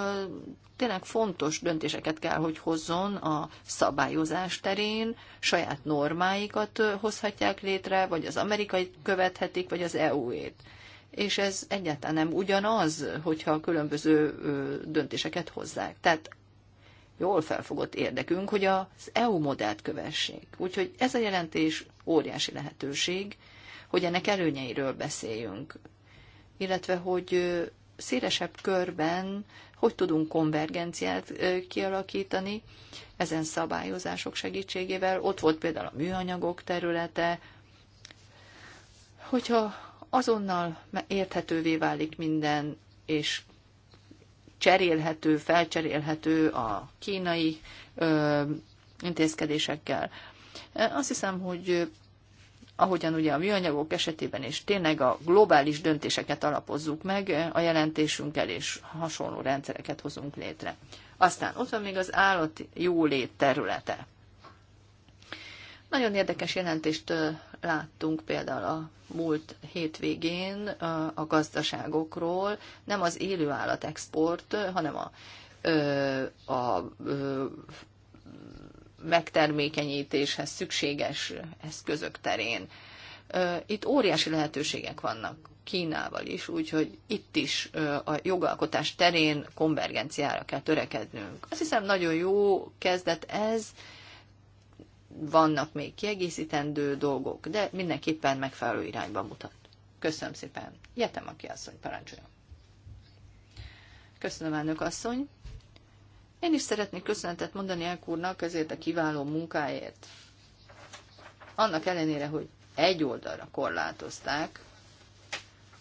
tényleg fontos döntéseket kell, hogy hozzon a szabályozás terén, saját normáikat hozhatják létre, vagy az amerikai követhetik, vagy az EU-ét. És ez egyáltalán nem ugyanaz, hogyha különböző döntéseket hozzák. Tehát jól felfogott érdekünk, hogy az EU modellt kövessék. Úgyhogy ez a jelentés óriási lehetőség, hogy ennek előnyeiről beszéljünk illetve hogy szélesebb körben hogy tudunk konvergenciát kialakítani ezen szabályozások segítségével. Ott volt például a műanyagok területe, hogyha azonnal érthetővé válik minden, és cserélhető, felcserélhető a kínai ö, intézkedésekkel. Azt hiszem, hogy ahogyan ugye a műanyagok esetében is tényleg a globális döntéseket alapozzuk meg a jelentésünkkel, és hasonló rendszereket hozunk létre. Aztán ott van még az állat jólét területe. Nagyon érdekes jelentést láttunk például a múlt hétvégén a gazdaságokról, nem az élő export, hanem a, a, a megtermékenyítéshez szükséges eszközök terén. Itt óriási lehetőségek vannak Kínával is, úgyhogy itt is a jogalkotás terén konvergenciára kell törekednünk. Azt hiszem nagyon jó kezdet ez, vannak még kiegészítendő dolgok, de mindenképpen megfelelő irányba mutat. Köszönöm szépen. Jetem, aki asszony, parancsoljon. Köszönöm, elnök asszony. Én is szeretnék köszönetet mondani Elk úrnak ezért a kiváló munkáért. Annak ellenére, hogy egy oldalra korlátozták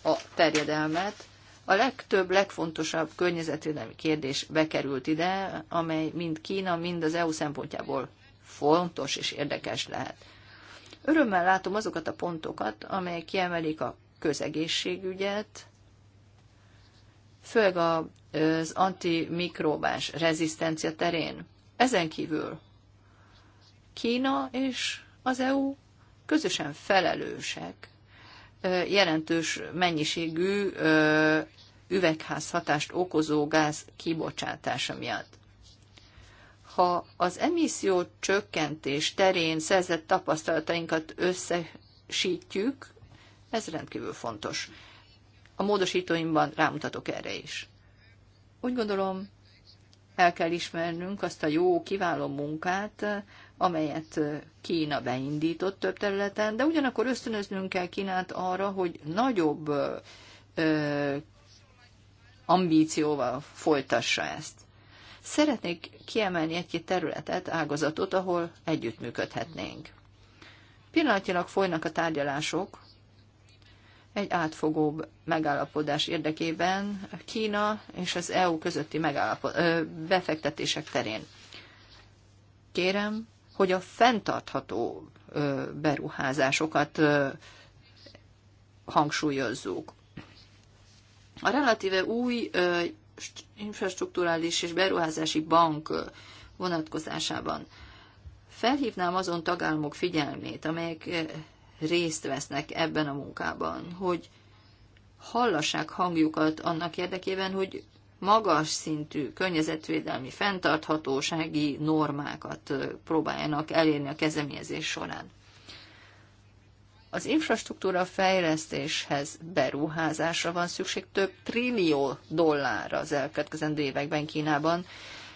a terjedelmet, a legtöbb, legfontosabb környezetvédelmi kérdés bekerült ide, amely mind Kína, mind az EU szempontjából fontos és érdekes lehet. Örömmel látom azokat a pontokat, amelyek kiemelik a közegészségügyet, főleg a az antimikróbás rezisztencia terén. Ezen kívül Kína és az EU közösen felelősek jelentős mennyiségű üvegházhatást okozó gáz kibocsátása miatt. Ha az emisszió csökkentés terén szerzett tapasztalatainkat összesítjük, ez rendkívül fontos. A módosítóimban rámutatok erre is. Úgy gondolom, el kell ismernünk azt a jó, kiváló munkát, amelyet Kína beindított több területen, de ugyanakkor ösztönöznünk kell Kínát arra, hogy nagyobb ö, ambícióval folytassa ezt. Szeretnék kiemelni egy-két területet, ágazatot, ahol együttműködhetnénk. Pillanatilag folynak a tárgyalások egy átfogóbb megállapodás érdekében Kína és az EU közötti befektetések terén. Kérem, hogy a fenntartható beruházásokat hangsúlyozzuk. A relatíve új infrastruktúrális és beruházási bank vonatkozásában felhívnám azon tagállamok figyelmét, amelyek részt vesznek ebben a munkában, hogy hallassák hangjukat annak érdekében, hogy magas szintű környezetvédelmi, fenntarthatósági normákat próbáljanak elérni a kezdeményezés során. Az infrastruktúra fejlesztéshez beruházásra van szükség több trillió dollárra az elkövetkezendő években Kínában.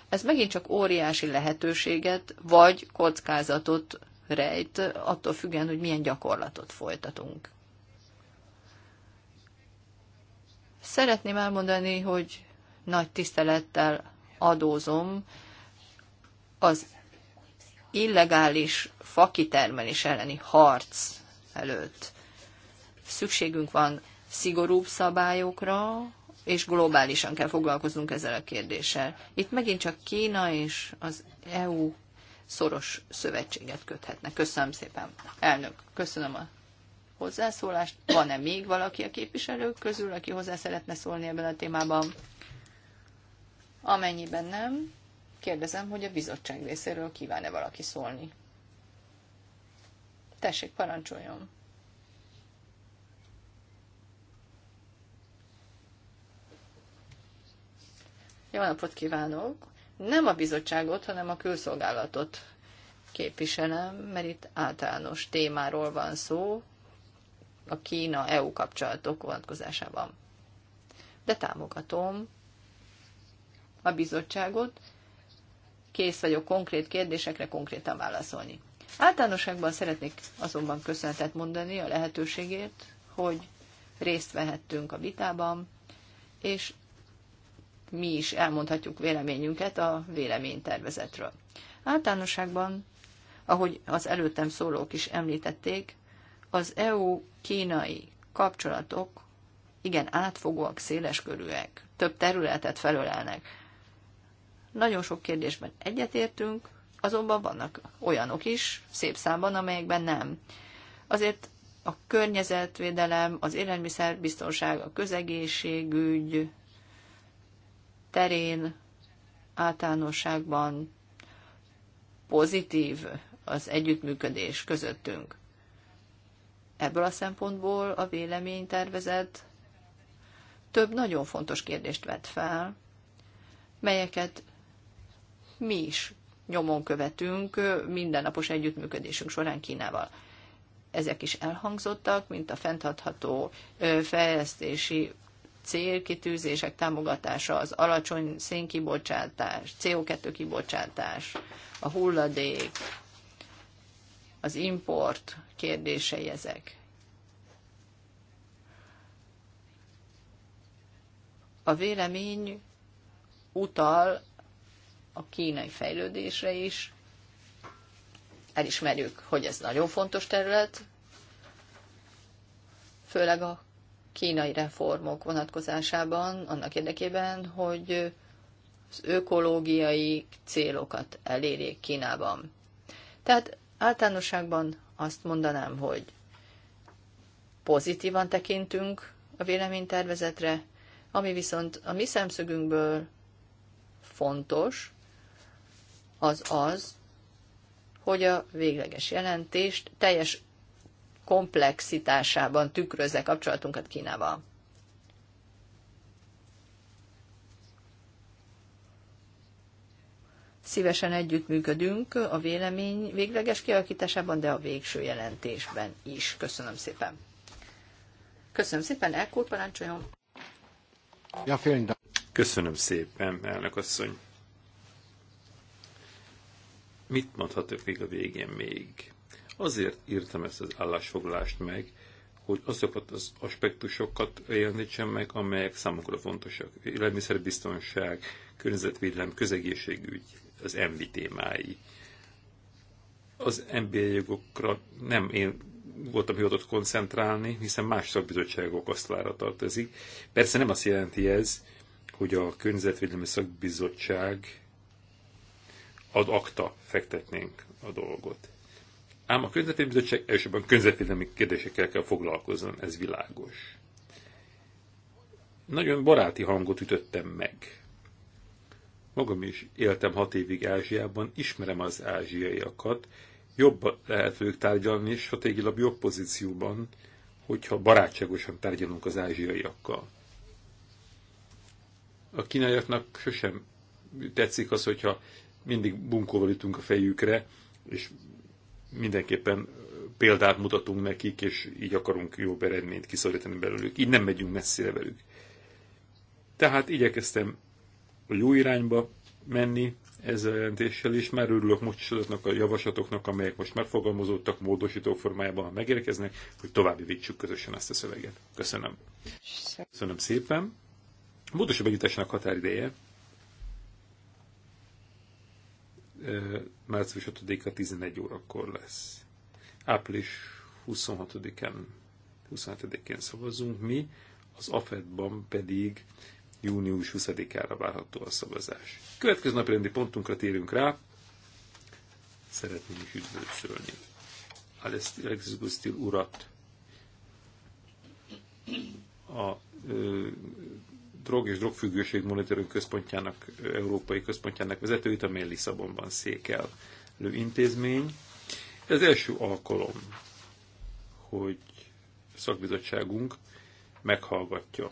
Ez megint csak óriási lehetőséget vagy kockázatot rejt, attól függően, hogy milyen gyakorlatot folytatunk. Szeretném elmondani, hogy nagy tisztelettel adózom az illegális fakitermelés elleni harc előtt. Szükségünk van szigorúbb szabályokra, és globálisan kell foglalkoznunk ezzel a kérdéssel. Itt megint csak Kína és az EU szoros szövetséget köthetnek. Köszönöm szépen, elnök. Köszönöm a hozzászólást. Van-e még valaki a képviselők közül, aki hozzá szeretne szólni ebben a témában? Amennyiben nem, kérdezem, hogy a bizottság részéről kíván-e valaki szólni. Tessék, parancsoljon! Jó napot kívánok! nem a bizottságot, hanem a külszolgálatot képviselem, mert itt általános témáról van szó, a Kína-EU kapcsolatok vonatkozásában. De támogatom a bizottságot, kész vagyok konkrét kérdésekre konkrétan válaszolni. Általánosságban szeretnék azonban köszönetet mondani a lehetőségért, hogy részt vehettünk a vitában, és mi is elmondhatjuk véleményünket a véleménytervezetről. Általánosságban, ahogy az előttem szólók is említették, az EU-kínai kapcsolatok igen átfogóak, széleskörűek, több területet felölelnek. Nagyon sok kérdésben egyetértünk, azonban vannak olyanok is, szép számban, amelyekben nem. Azért a környezetvédelem, az élelmiszerbiztonság, a közegészségügy, terén általánosságban pozitív az együttműködés közöttünk. Ebből a szempontból a véleménytervezet több nagyon fontos kérdést vett fel, melyeket mi is nyomon követünk mindennapos együttműködésünk során Kínával. Ezek is elhangzottak, mint a fenntartható fejlesztési célkitűzések támogatása, az alacsony szénkibocsátás, CO2 kibocsátás, a hulladék, az import kérdései ezek. A vélemény utal a kínai fejlődésre is. Elismerjük, hogy ez nagyon fontos terület, főleg a kínai reformok vonatkozásában, annak érdekében, hogy az ökológiai célokat elérjék Kínában. Tehát általánosságban azt mondanám, hogy pozitívan tekintünk a véleménytervezetre, ami viszont a mi szemszögünkből fontos, az az, hogy a végleges jelentést teljes komplexitásában tükrözze kapcsolatunkat Kínával. Szívesen együttműködünk a vélemény végleges kialakításában, de a végső jelentésben is. Köszönöm szépen. Köszönöm szépen, Elkúr parancsoljon. Ja, Köszönöm szépen, elnök asszony. Mit mondhatok még a végén még? Azért írtam ezt az állásfoglalást meg, hogy azokat az aspektusokat jelentsen meg, amelyek számukra fontosak. Élelmiszerbiztonság, környezetvédelem, közegészségügy, az MV témái. Az MBA jogokra nem én voltam hivatott koncentrálni, hiszen más szakbizottságok asztalára tartozik. Persze nem azt jelenti ez, hogy a Környezetvédelmi Szakbizottság ad akta fektetnénk a dolgot. Ám a Környezetvédelmi Bizottság elsősorban közvetlenül kérdésekkel kell foglalkozzon, ez világos. Nagyon baráti hangot ütöttem meg. Magam is éltem hat évig Ázsiában, ismerem az ázsiaiakat, jobb lehet ők tárgyalni, és stratégilag jobb pozícióban, hogyha barátságosan tárgyalunk az ázsiaiakkal. A kínaiaknak sosem tetszik az, hogyha mindig bunkóval ütünk a fejükre, és mindenképpen példát mutatunk nekik, és így akarunk jó eredményt kiszorítani belőlük. Így nem megyünk messzire velük. Tehát igyekeztem a jó irányba menni ezzel a jelentéssel, és már örülök most a javaslatoknak, amelyek most megfogalmazódtak módosító formájában, ha megérkeznek, hogy további vicsük közösen ezt a szöveget. Köszönöm. Köszönöm szépen. A módosító benyújtásnak határideje március 5-a 11 órakor lesz. Április 26-án, 27-én szavazunk mi, az AFED-ban pedig június 20-ára várható a szavazás. Következő napi rendi pontunkra térünk rá, szeretném is üdvözölni. Alexis Gustil urat a ö, drog és drogfüggőség monitoring központjának, európai központjának vezetőit, amely Lisszabonban székelő intézmény. Ez első alkalom, hogy szakbizottságunk meghallgatja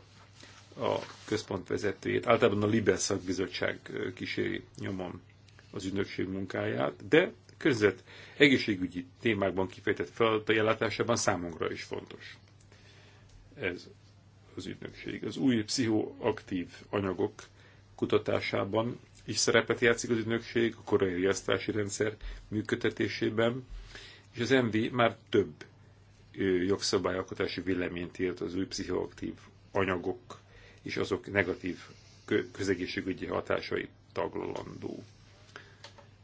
a központ vezetőjét. Általában a Libel szakbizottság kíséri nyomon az ügynökség munkáját, de között egészségügyi témákban kifejtett feladatai ellátásában számunkra is fontos. Ez az ügynökség. Az új pszichoaktív anyagok kutatásában is szerepet játszik az ügynökség, a korai riasztási rendszer működtetésében, és az MV már több jogszabályalkotási véleményt írt az új pszichoaktív anyagok és azok negatív közegészségügyi hatásai taglalandó.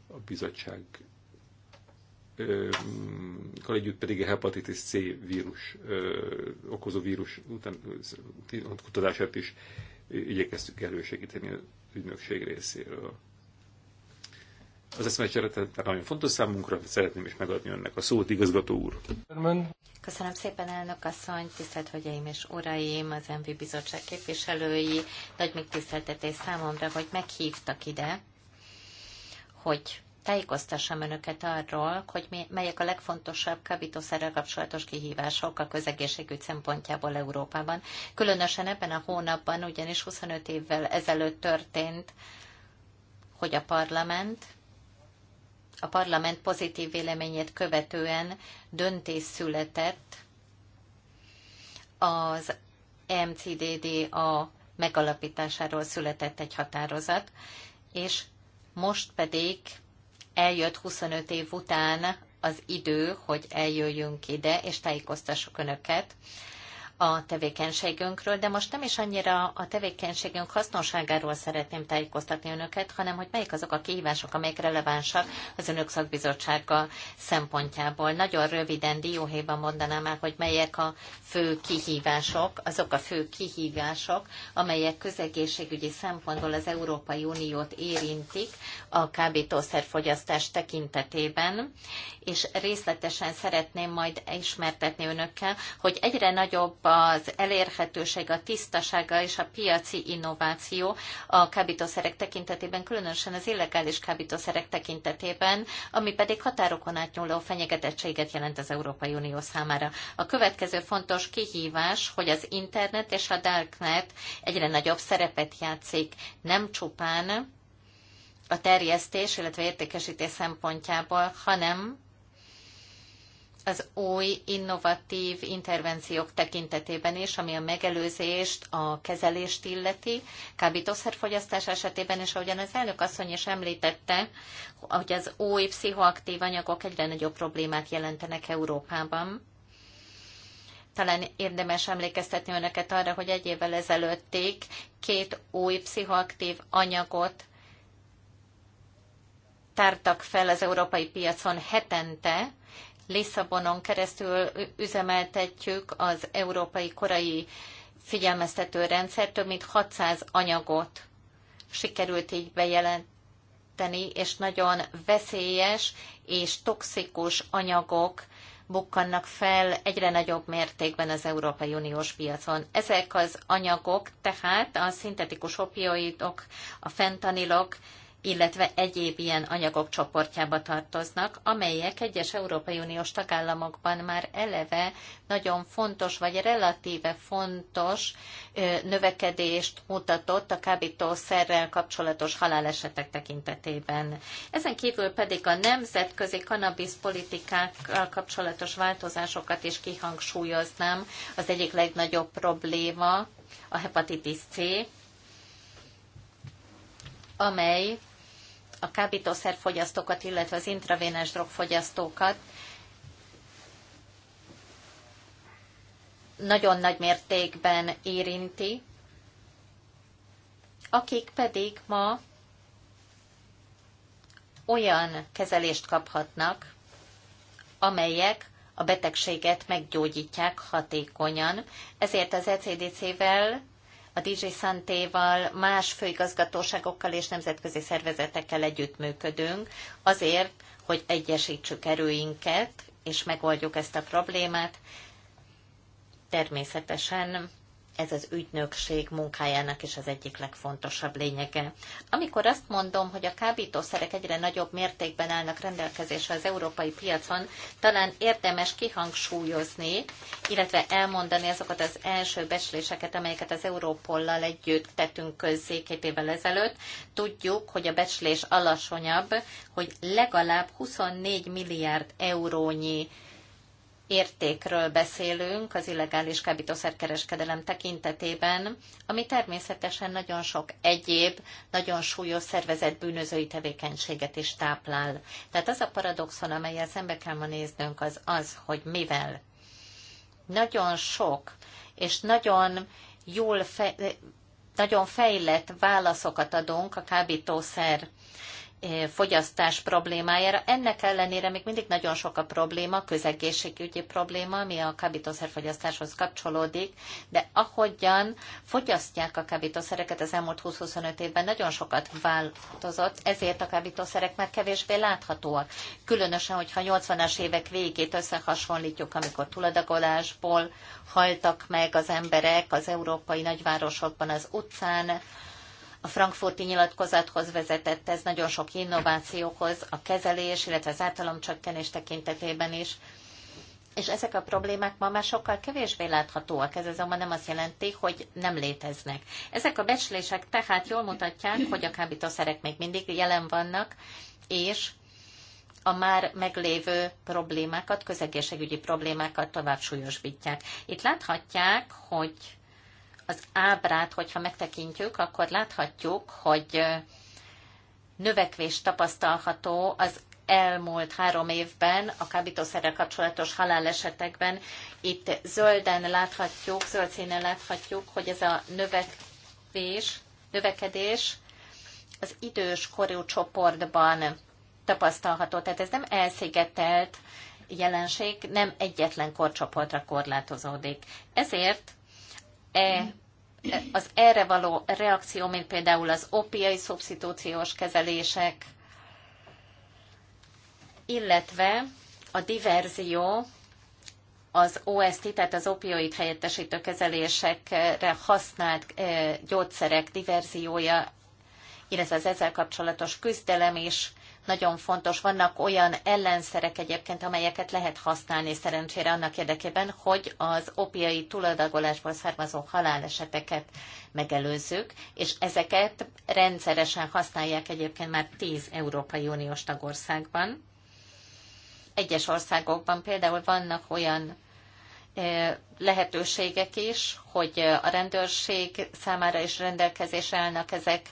A bizottság együtt pedig a hepatitis C vírus okozó vírus után, kutatását is igyekeztük elősegíteni az ügynökség részéről. Az eszmecsere tehát nagyon fontos számunkra, szeretném is megadni önnek a szót, igazgató úr. Köszönöm szépen, elnök asszony, tisztelt hölgyeim és uraim, az MV Bizottság képviselői, nagy megtiszteltetés számomra, hogy meghívtak ide, hogy tájékoztassam önöket arról, hogy mi, melyek a legfontosabb kábítószerrel kapcsolatos kihívások a közegészségügy szempontjából Európában. Különösen ebben a hónapban, ugyanis 25 évvel ezelőtt történt, hogy a parlament a parlament pozitív véleményét követően döntés született az MCDD a megalapításáról született egy határozat, és most pedig eljött 25 év után az idő, hogy eljöjjünk ide, és tájékoztassuk Önöket a tevékenységünkről, de most nem is annyira a tevékenységünk hasznosságáról szeretném tájékoztatni önöket, hanem hogy melyik azok a kihívások, amelyek relevánsak az önök szakbizottsága szempontjából. Nagyon röviden dióhéjban mondanám el, hogy melyek a fő kihívások, azok a fő kihívások, amelyek közegészségügyi szempontból az Európai Uniót érintik a kábítószerfogyasztás tekintetében, és részletesen szeretném majd ismertetni önökkel, hogy egyre nagyobb az elérhetőség, a tisztasága és a piaci innováció a kábítószerek tekintetében, különösen az illegális kábítószerek tekintetében, ami pedig határokon átnyúló fenyegetettséget jelent az Európai Unió számára. A következő fontos kihívás, hogy az internet és a darknet egyre nagyobb szerepet játszik, nem csupán a terjesztés, illetve értékesítés szempontjából, hanem az új innovatív intervenciók tekintetében is, ami a megelőzést, a kezelést illeti, kábítószerfogyasztás esetében, és ahogyan az elnök asszony is említette, hogy az új pszichoaktív anyagok egyre nagyobb problémát jelentenek Európában. Talán érdemes emlékeztetni önöket arra, hogy egy évvel ezelőttig két új pszichoaktív anyagot tártak fel az európai piacon hetente, Lisszabonon keresztül üzemeltetjük az európai korai figyelmeztető rendszer, több mint 600 anyagot sikerült így bejelenteni, és nagyon veszélyes és toxikus anyagok bukkannak fel egyre nagyobb mértékben az Európai Uniós piacon. Ezek az anyagok, tehát a szintetikus opioidok, a fentanilok, illetve egyéb ilyen anyagok csoportjába tartoznak, amelyek egyes Európai Uniós tagállamokban már eleve nagyon fontos vagy relatíve fontos növekedést mutatott a kábítószerrel kapcsolatos halálesetek tekintetében. Ezen kívül pedig a nemzetközi kanabisz politikákkal kapcsolatos változásokat is kihangsúlyoznám. Az egyik legnagyobb probléma a hepatitis C, amely a kábítószerfogyasztókat, illetve az intravénás drogfogyasztókat nagyon nagy mértékben érinti, akik pedig ma olyan kezelést kaphatnak, amelyek a betegséget meggyógyítják hatékonyan. Ezért az ECDC-vel a DJ Santéval, más főigazgatóságokkal és nemzetközi szervezetekkel együttműködünk azért, hogy egyesítsük erőinket, és megoldjuk ezt a problémát. Természetesen ez az ügynökség munkájának is az egyik legfontosabb lényege. Amikor azt mondom, hogy a kábítószerek egyre nagyobb mértékben állnak rendelkezésre az európai piacon, talán érdemes kihangsúlyozni, illetve elmondani azokat az első becsléseket, amelyeket az Európollal együtt tettünk közzé két évvel ezelőtt. Tudjuk, hogy a becslés alacsonyabb, hogy legalább 24 milliárd eurónyi értékről beszélünk az illegális kábítószerkereskedelem tekintetében, ami természetesen nagyon sok egyéb, nagyon súlyos szervezett bűnözői tevékenységet is táplál. Tehát az a paradoxon, amelyel szembe kell ma néznünk, az az, hogy mivel nagyon sok és nagyon jól fe, nagyon fejlett válaszokat adunk a kábítószer fogyasztás problémájára. Ennek ellenére még mindig nagyon sok a probléma, közegészségügyi probléma, ami a kábítószerfogyasztáshoz kapcsolódik, de ahogyan fogyasztják a kábítószereket az elmúlt 20-25 évben nagyon sokat változott, ezért a kábítószerek már kevésbé láthatóak. Különösen, hogyha 80-as évek végét összehasonlítjuk, amikor tuladagolásból haltak meg az emberek az európai nagyvárosokban az utcán, a frankfurti nyilatkozathoz vezetett, ez nagyon sok innovációhoz, a kezelés, illetve az ártalomcsökkenés tekintetében is. És ezek a problémák ma már sokkal kevésbé láthatóak, ez azonban nem azt jelenti, hogy nem léteznek. Ezek a becslések tehát jól mutatják, hogy a kábítószerek még mindig jelen vannak, és a már meglévő problémákat, közegészségügyi problémákat tovább súlyosbítják. Itt láthatják, hogy az ábrát, hogyha megtekintjük, akkor láthatjuk, hogy növekvés tapasztalható az elmúlt három évben a kábítószerrel kapcsolatos halálesetekben. Itt zölden láthatjuk, zöld színen láthatjuk, hogy ez a növekvés, növekedés az idős korú csoportban tapasztalható. Tehát ez nem elszigetelt jelenség, nem egyetlen korcsoportra korlátozódik. Ezért e az erre való reakció, mint például az opiai szubszitúciós kezelések, illetve a diverzió az OST, tehát az opioid helyettesítő kezelésekre használt e, gyógyszerek diverziója, illetve az ezzel kapcsolatos küzdelem is nagyon fontos. Vannak olyan ellenszerek egyébként, amelyeket lehet használni szerencsére annak érdekében, hogy az opiai túladagolásból származó haláleseteket megelőzzük, és ezeket rendszeresen használják egyébként már 10 Európai Uniós tagországban. Egyes országokban például vannak olyan lehetőségek is, hogy a rendőrség számára is rendelkezésre állnak ezek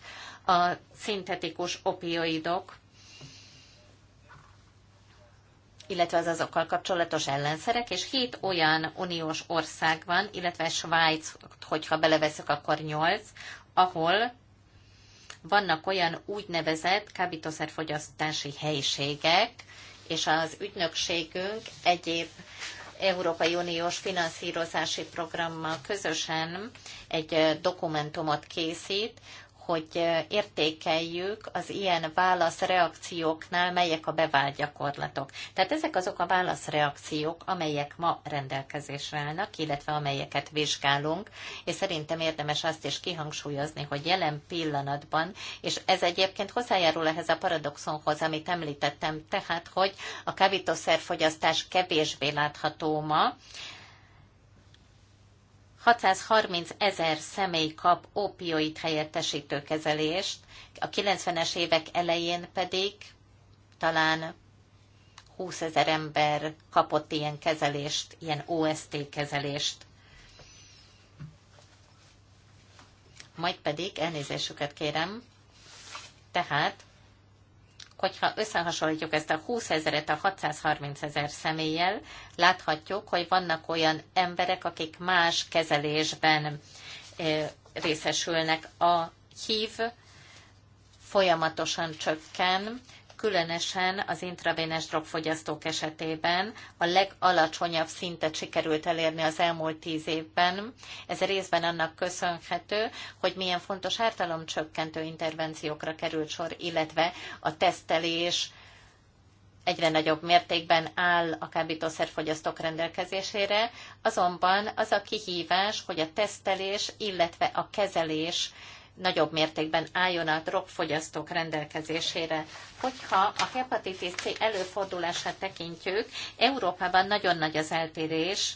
a szintetikus opioidok, illetve az azokkal kapcsolatos ellenszerek, és hét olyan uniós ország van, illetve Svájc, hogyha beleveszek, akkor nyolc, ahol vannak olyan úgynevezett kábítószerfogyasztási helyiségek, és az ügynökségünk egyéb Európai Uniós finanszírozási programmal közösen egy dokumentumot készít, hogy értékeljük az ilyen válaszreakcióknál, melyek a bevált gyakorlatok. Tehát ezek azok a válaszreakciók, amelyek ma rendelkezésre állnak, illetve amelyeket vizsgálunk, és szerintem érdemes azt is kihangsúlyozni, hogy jelen pillanatban, és ez egyébként hozzájárul ehhez a paradoxonhoz, amit említettem, tehát, hogy a kábítószerfogyasztás kevésbé látható ma, 630 ezer személy kap opioid helyettesítő kezelést, a 90-es évek elején pedig talán 20 ezer ember kapott ilyen kezelést, ilyen OST kezelést. Majd pedig, elnézésüket kérem, tehát hogyha összehasonlítjuk ezt a 20 ezeret a 630 ezer személlyel, láthatjuk, hogy vannak olyan emberek, akik más kezelésben részesülnek. A hív folyamatosan csökken, különösen az intravénes drogfogyasztók esetében a legalacsonyabb szintet sikerült elérni az elmúlt tíz évben. Ez részben annak köszönhető, hogy milyen fontos ártalomcsökkentő intervenciókra került sor, illetve a tesztelés egyre nagyobb mértékben áll a kábítószerfogyasztók rendelkezésére, azonban az a kihívás, hogy a tesztelés, illetve a kezelés nagyobb mértékben álljon a drogfogyasztók rendelkezésére. Hogyha a hepatitis C előfordulását tekintjük, Európában nagyon nagy az eltérés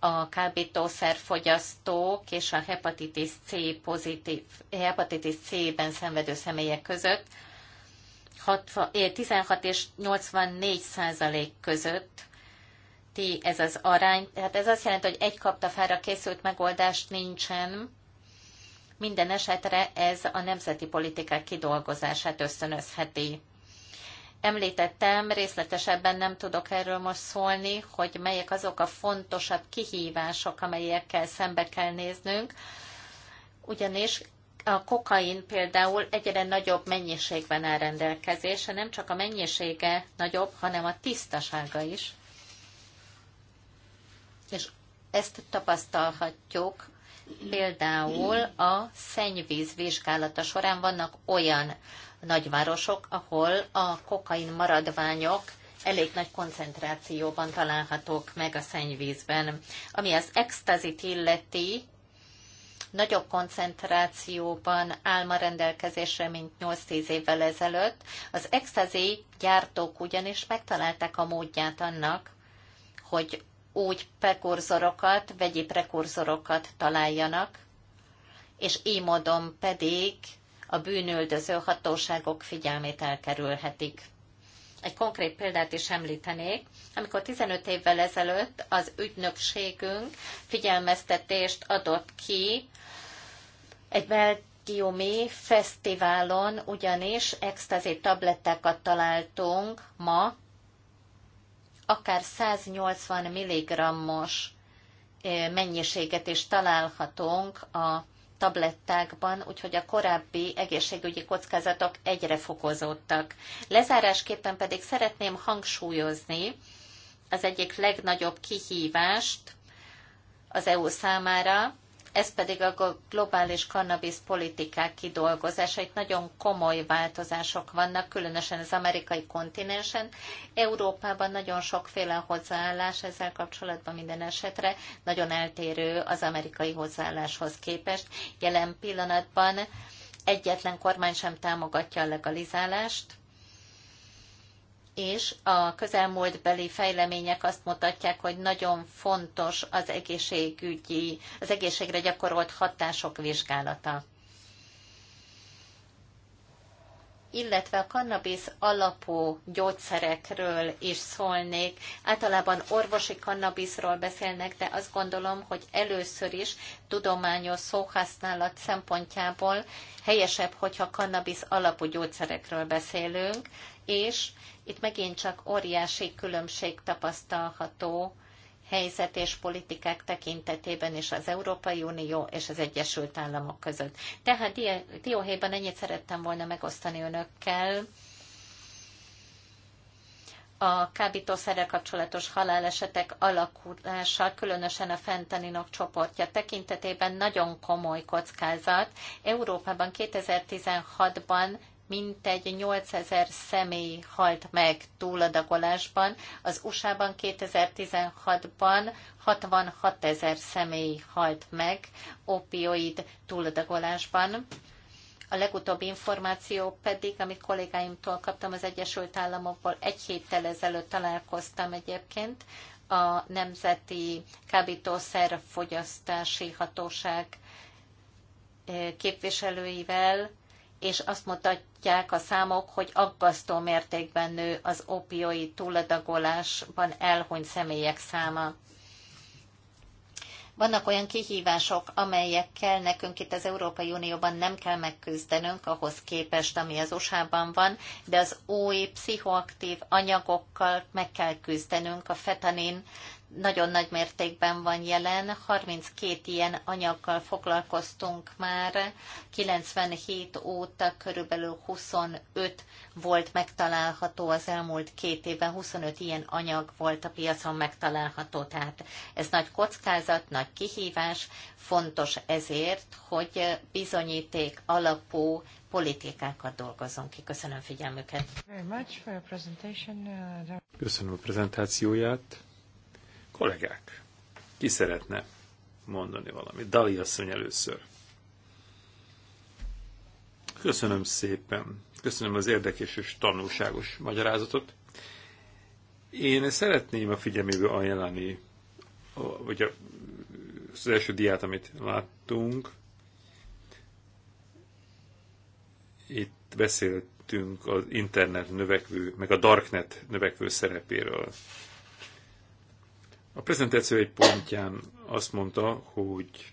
a kábítószerfogyasztók és a hepatitis C pozitív, hepatitis C-ben szenvedő személyek között 16 és 84 százalék között ez az arány. Tehát ez azt jelenti, hogy egy kaptafára készült megoldás nincsen, minden esetre ez a nemzeti politikák kidolgozását összönözheti. Említettem, részletesebben nem tudok erről most szólni, hogy melyek azok a fontosabb kihívások, amelyekkel szembe kell néznünk, ugyanis a kokain például egyre nagyobb mennyiségben áll rendelkezésre, nem csak a mennyisége nagyobb, hanem a tisztasága is. És ezt tapasztalhatjuk Például a szennyvíz vizsgálata során vannak olyan nagyvárosok, ahol a kokain maradványok elég nagy koncentrációban találhatók meg a szennyvízben. Ami az extazit illeti, nagyobb koncentrációban áll ma rendelkezésre, mint 8-10 évvel ezelőtt. Az extazi gyártók ugyanis megtalálták a módját annak, hogy úgy prekurzorokat, vegyi prekurzorokat találjanak, és így módon pedig a bűnöldöző hatóságok figyelmét elkerülhetik. Egy konkrét példát is említenék, amikor 15 évvel ezelőtt az ügynökségünk figyelmeztetést adott ki egy belgiumi fesztiválon, ugyanis extazi tablettákat találtunk ma, akár 180 mg-os mennyiséget is találhatunk a tablettákban, úgyhogy a korábbi egészségügyi kockázatok egyre fokozódtak. Lezárásképpen pedig szeretném hangsúlyozni az egyik legnagyobb kihívást az EU számára, ez pedig a globális kannabisz politikák kidolgozása. Itt nagyon komoly változások vannak, különösen az amerikai kontinensen. Európában nagyon sokféle hozzáállás ezzel kapcsolatban minden esetre, nagyon eltérő az amerikai hozzáálláshoz képest. Jelen pillanatban egyetlen kormány sem támogatja a legalizálást, és a közelmúltbeli fejlemények azt mutatják, hogy nagyon fontos az egészségügyi, az egészségre gyakorolt hatások vizsgálata. illetve a kannabisz alapú gyógyszerekről is szólnék. Általában orvosi kannabiszról beszélnek, de azt gondolom, hogy először is tudományos szóhasználat szempontjából helyesebb, hogyha kannabisz alapú gyógyszerekről beszélünk, és itt megint csak óriási különbség tapasztalható helyzet és politikák tekintetében is az Európai Unió és az Egyesült Államok között. Tehát dióhéjban ennyit szerettem volna megosztani önökkel a kábítószerrel kapcsolatos halálesetek alakulása, különösen a fentaninok csoportja tekintetében nagyon komoly kockázat. Európában 2016-ban mintegy 8000 személy halt meg túladagolásban, az USA-ban 2016-ban 66 ezer személy halt meg opioid túladagolásban. A legutóbbi információ pedig, amit kollégáimtól kaptam az Egyesült Államokból, egy héttel ezelőtt találkoztam egyébként, a Nemzeti Kábítószer Fogyasztási Hatóság eh, képviselőivel, és azt mutatják a számok, hogy aggasztó mértékben nő az opiói túladagolásban elhunyt személyek száma. Vannak olyan kihívások, amelyekkel nekünk itt az Európai Unióban nem kell megküzdenünk ahhoz képest, ami az USA-ban van, de az új pszichoaktív anyagokkal meg kell küzdenünk, a fetanin nagyon nagy mértékben van jelen. 32 ilyen anyaggal foglalkoztunk már. 97 óta körülbelül 25 volt megtalálható az elmúlt két évben. 25 ilyen anyag volt a piacon megtalálható. Tehát ez nagy kockázat, nagy kihívás. Fontos ezért, hogy bizonyíték alapú politikákat dolgozunk ki. Köszönöm figyelmüket. Uh, Köszönöm a prezentációját. Kollégák, ki szeretne mondani valamit? Dali asszony először. Köszönöm szépen. Köszönöm az érdekes és tanulságos magyarázatot. Én szeretném a figyelmébe ajánlani, vagy az első diát, amit láttunk, itt beszéltünk az internet növekvő, meg a darknet növekvő szerepéről. A prezentáció egy pontján azt mondta, hogy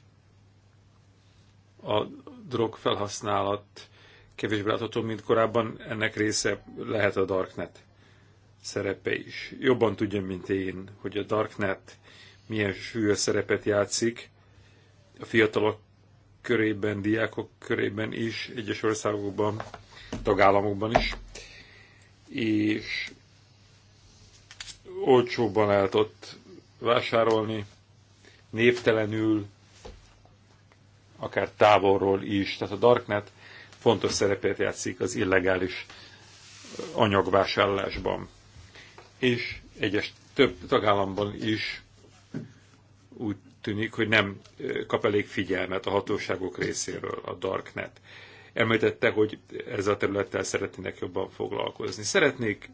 a drog felhasználat kevésbé látható, mint korábban, ennek része lehet a Darknet szerepe is. Jobban tudja, mint én, hogy a Darknet milyen súlyos szerepet játszik a fiatalok körében, diákok körében is, egyes országokban, tagállamokban is, és olcsóban lehet ott vásárolni, névtelenül, akár távolról is. Tehát a Darknet fontos szerepet játszik az illegális anyagvásárlásban. És egyes több tagállamban is úgy tűnik, hogy nem kap elég figyelmet a hatóságok részéről a Darknet. Említette, hogy ezzel a területtel szeretnének jobban foglalkozni. Szeretnék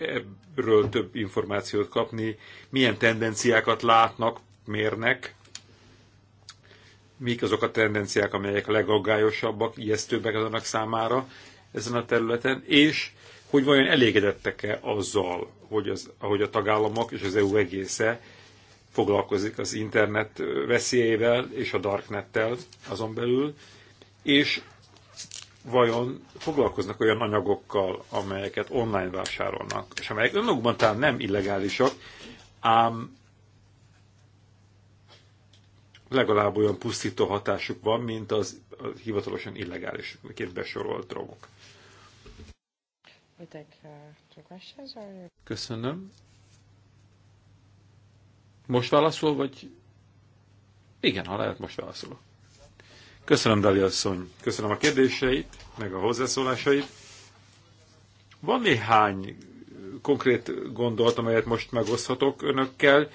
ebből több információt kapni, milyen tendenciákat látnak, mérnek, mik azok a tendenciák, amelyek a legaggályosabbak, ijesztőbbek az annak számára ezen a területen, és hogy vajon elégedettek-e azzal, hogy az, ahogy a tagállamok és az EU egésze foglalkozik az internet veszélyével és a darknettel azon belül, és vajon foglalkoznak olyan anyagokkal, amelyeket online vásárolnak, és amelyek önmagukban talán nem illegálisak, ám legalább olyan pusztító hatásuk van, mint az hivatalosan illegális két besorolt drogok. Köszönöm. Most válaszol, vagy... Igen, ha lehet, most válaszolok. Köszönöm, Dali asszony. Köszönöm a kérdéseit, meg a hozzászólásait. Van néhány konkrét gondolat, amelyet most megoszthatok önökkel,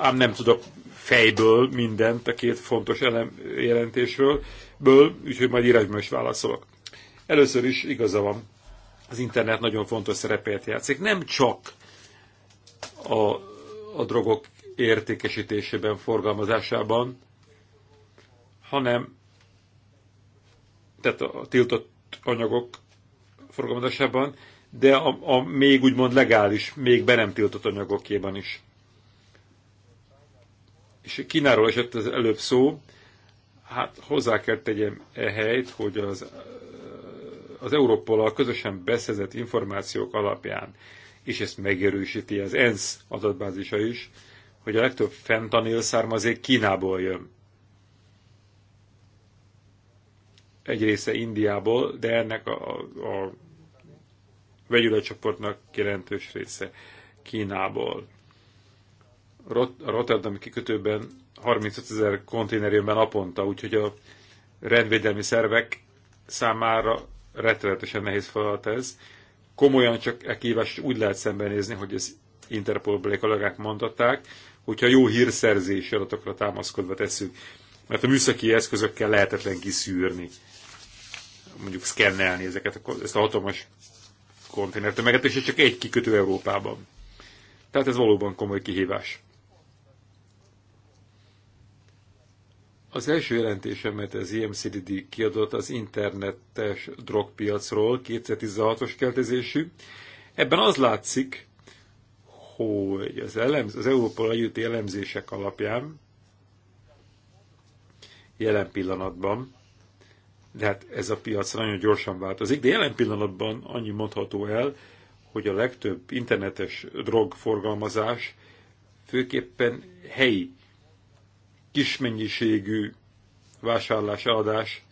ám nem tudok fejből mindent a két fontos elem, jelentésről, ből, úgyhogy majd írásban is válaszolok. Először is igaza van, az internet nagyon fontos szerepet játszik. Nem csak a, a drogok értékesítésében, forgalmazásában, hanem tehát a tiltott anyagok forgalmazásában, de a, a még úgymond legális, még be nem tiltott anyagokéban is. És Kínáról esett az előbb szó, hát hozzá kell tegyem ehelyt, hogy az, az a közösen beszerzett információk alapján, és ezt megerősíti az ENSZ adatbázisa is, hogy a legtöbb fentanil származék Kínából jön. egy része Indiából, de ennek a, a, a jelentős része Kínából. Rot a Rotterdami kikötőben 35 ezer konténer jön be naponta, úgyhogy a rendvédelmi szervek számára rettenetesen nehéz feladat ez. Komolyan csak e kívás úgy lehet szembenézni, hogy interpol Interpolbeli kollégák mondották, hogyha jó hírszerzési adatokra támaszkodva tesszük, mert a műszaki eszközökkel lehetetlen kiszűrni mondjuk szkennelni ezeket, ezt a hatalmas konténertömeget, és csak egy kikötő Európában. Tehát ez valóban komoly kihívás. Az első jelentésemet az IMCDD kiadott az internetes drogpiacról, 2016-os keltezésű. Ebben az látszik, hogy az, elemz, az Európa együtti elemzések alapján jelen pillanatban de hát ez a piac nagyon gyorsan változik, de jelen pillanatban annyi mondható el, hogy a legtöbb internetes drogforgalmazás főképpen helyi, kis mennyiségű vásárlás, eladás,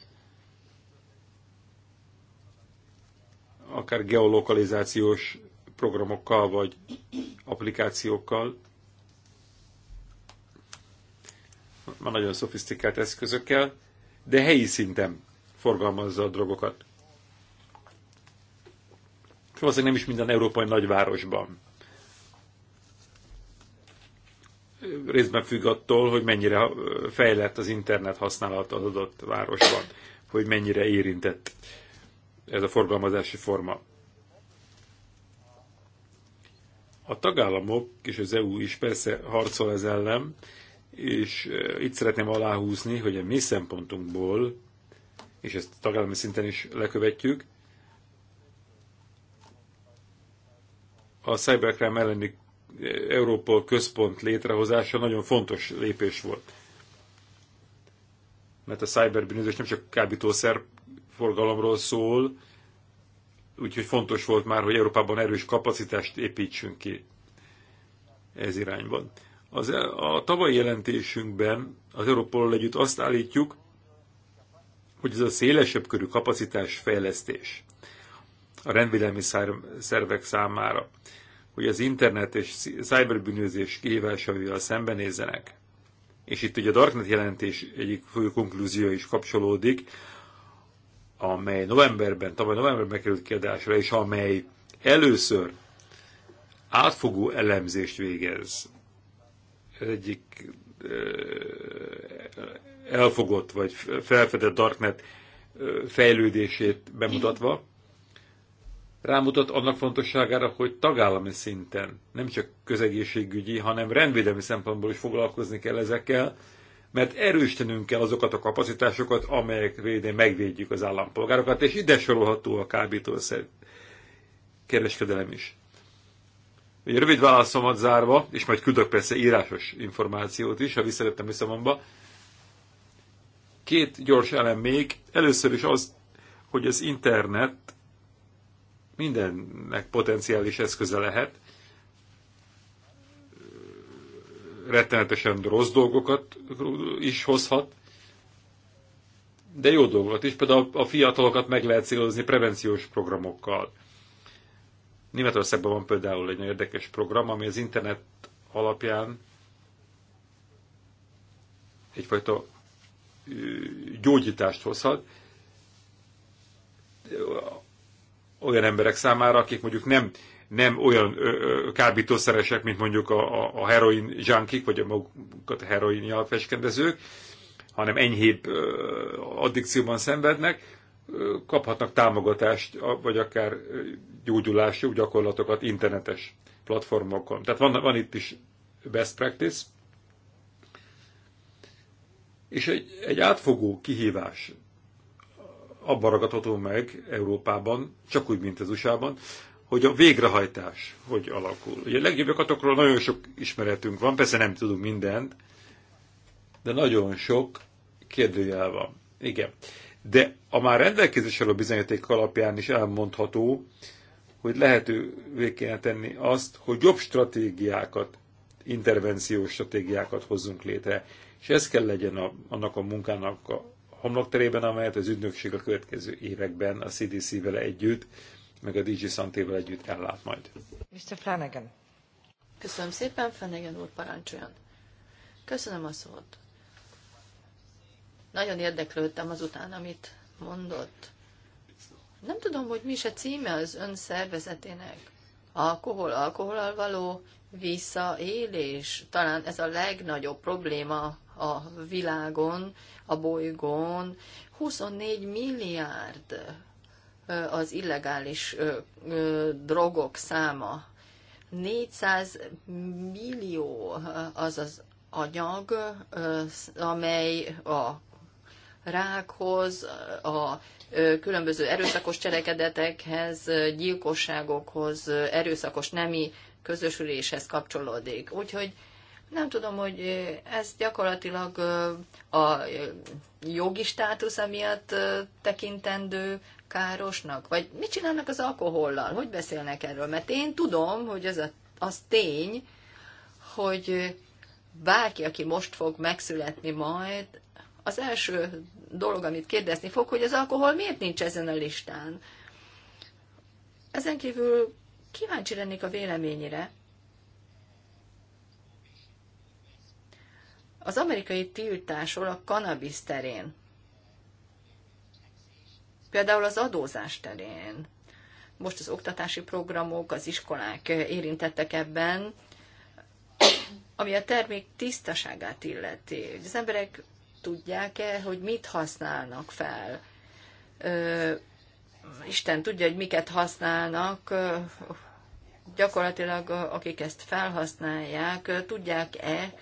akár geolokalizációs programokkal vagy applikációkkal, már nagyon szofisztikált eszközökkel, de helyi szinten forgalmazza a drogokat. Valószínűleg nem is minden európai nagyvárosban. Részben függ attól, hogy mennyire fejlett az internet használata az adott városban, hogy mennyire érintett ez a forgalmazási forma. A tagállamok és az EU is persze harcol ez ellen, és eh, itt szeretném aláhúzni, hogy a mi szempontunkból és ezt tagállami szinten is lekövetjük. A cybercrime elleni eh, Európol központ létrehozása nagyon fontos lépés volt. Mert a cyberbűnözés nem csak kábítószer forgalomról szól, úgyhogy fontos volt már, hogy Európában erős kapacitást építsünk ki ez irányban. Az, a tavalyi jelentésünkben az Európol együtt azt állítjuk, hogy ez a szélesebb körű kapacitásfejlesztés a rendvédelmi szervek számára, hogy az internet és cyberbűnözés kihívásaival szembenézzenek. És itt ugye a Darknet jelentés egyik fő konklúzió is kapcsolódik, amely novemberben, tavaly novemberben került kiadásra, és amely először átfogó elemzést végez. Egyik elfogott vagy felfedett Darknet fejlődését bemutatva, rámutat annak fontosságára, hogy tagállami szinten nem csak közegészségügyi, hanem rendvédelmi szempontból is foglalkozni kell ezekkel, mert erősítenünk kell azokat a kapacitásokat, amelyek védén megvédjük az állampolgárokat, és ide sorolható a kábítószer kereskedelem is. Egy rövid válaszomat zárva, és majd küldök persze írásos információt is, ha visszajöttem Lisszabonba, vissza Két gyors elem még. Először is az, hogy az internet mindennek potenciális eszköze lehet. Rettenetesen rossz dolgokat is hozhat, de jó dolgokat is. Például a fiatalokat meg lehet célozni prevenciós programokkal. Németországban van például egy nagyon érdekes program, ami az internet alapján egyfajta gyógyítást hozhat olyan emberek számára, akik mondjuk nem, nem olyan kábítószeresek, mint mondjuk a, a, a heroin junkik, vagy a magukat a heroin feskendezők, hanem enyhébb addikcióban szenvednek, kaphatnak támogatást, vagy akár gyógyulási gyakorlatokat internetes platformokon. Tehát van, van itt is best practice, és egy, egy átfogó kihívás abban ragadható meg Európában, csak úgy, mint az USA-ban, hogy a végrehajtás hogy alakul. Ugye a legjobb katokról nagyon sok ismeretünk van, persze nem tudunk mindent, de nagyon sok kérdőjel van. Igen. De a már rendelkezésre a bizonyíték alapján is elmondható, hogy lehetővé kéne tenni azt, hogy jobb stratégiákat, intervenciós stratégiákat hozzunk létre. És ez kell legyen a, annak a munkának a homlokterében, amelyet az ügynökség a következő években a CDC-vel együtt, meg a DG Santével együtt ellát majd. Mr. Flanagan. Köszönöm szépen, Flanagan úr parancsoljon. Köszönöm a szót. Nagyon érdeklődtem azután, amit mondott. Nem tudom, hogy mi is a címe az ön szervezetének. Alkohol, alkoholal való visszaélés. Talán ez a legnagyobb probléma a világon, a bolygón. 24 milliárd az illegális drogok száma. 400 millió az az anyag, amely a rákhoz, a különböző erőszakos cselekedetekhez, gyilkosságokhoz, erőszakos nemi közösüléshez kapcsolódik. Úgyhogy nem tudom, hogy ez gyakorlatilag a jogi státusz miatt tekintendő károsnak? Vagy mit csinálnak az alkohollal? Hogy beszélnek erről? Mert én tudom, hogy ez a, az tény, hogy bárki, aki most fog megszületni majd, az első dolog, amit kérdezni fog, hogy az alkohol miért nincs ezen a listán. Ezen kívül kíváncsi lennék a véleményére, az amerikai tiltásról a cannabis terén, például az adózás terén. Most az oktatási programok, az iskolák érintettek ebben, ami a termék tisztaságát illeti. Hogy az emberek tudják-e, hogy mit használnak fel? Isten tudja, hogy miket használnak. Gyakorlatilag akik ezt felhasználják, tudják-e,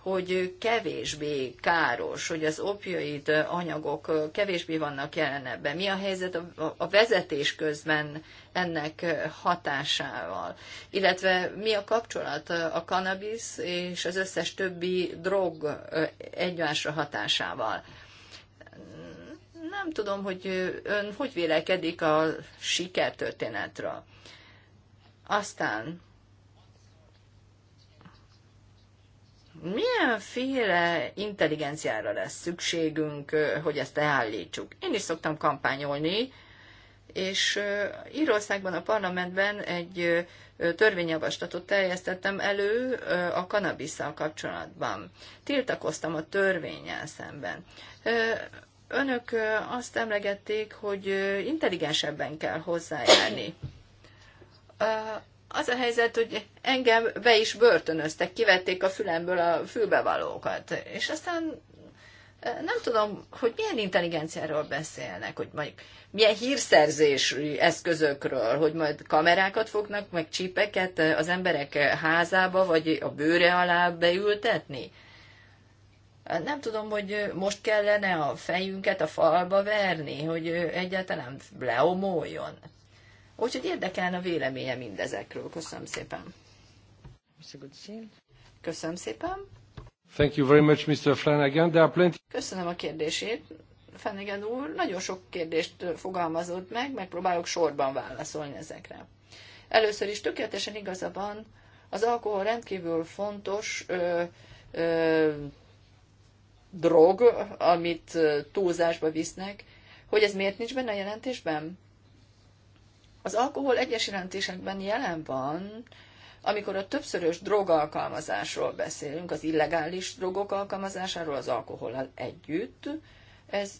hogy kevésbé káros, hogy az opioid anyagok kevésbé vannak jelen ebben. Mi a helyzet a vezetés közben ennek hatásával? Illetve mi a kapcsolat a cannabis és az összes többi drog egymásra hatásával? Nem tudom, hogy ön hogy vélekedik a sikertörténetről. Aztán milyenféle intelligenciára lesz szükségünk, hogy ezt leállítsuk. Én is szoktam kampányolni, és Írországban a parlamentben egy törvényjavaslatot teljesztettem elő a kanabisszal kapcsolatban. Tiltakoztam a törvényen szemben. Önök azt emlegették, hogy intelligensebben kell hozzájárni az a helyzet, hogy engem be is börtönöztek, kivették a fülemből a fülbevalókat, és aztán nem tudom, hogy milyen intelligenciáról beszélnek, hogy majd milyen hírszerzési eszközökről, hogy majd kamerákat fognak, meg csípeket az emberek házába, vagy a bőre alá beültetni. Nem tudom, hogy most kellene a fejünket a falba verni, hogy egyáltalán leomoljon. Úgyhogy érdekelne a véleménye mindezekről. Köszönöm szépen. Köszönöm szépen. Thank you very much, Mr. Flanagan. There are plenty... Köszönöm a kérdését. Flanagan úr nagyon sok kérdést fogalmazott meg, megpróbálok sorban válaszolni ezekre. Először is tökéletesen igaza van, az alkohol rendkívül fontos ö, ö, drog, amit túlzásba visznek. Hogy ez miért nincs benne a jelentésben? Az alkohol egyes jelentésekben jelen van, amikor a többszörös drogalkalmazásról beszélünk, az illegális drogok alkalmazásáról az alkohollal együtt, ez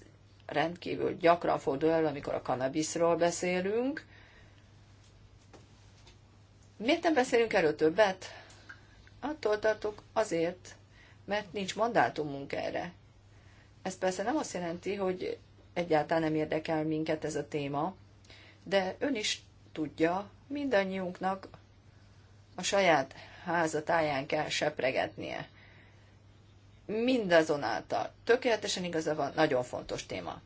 rendkívül gyakran fordul elő, amikor a kanabiszról beszélünk. Miért nem beszélünk erről többet? Attól tartok azért, mert nincs mandátumunk erre. Ez persze nem azt jelenti, hogy egyáltalán nem érdekel minket ez a téma, de ön is tudja, mindannyiunknak a saját háza táján kell sepregetnie. Mindazonáltal tökéletesen igaza van, nagyon fontos téma.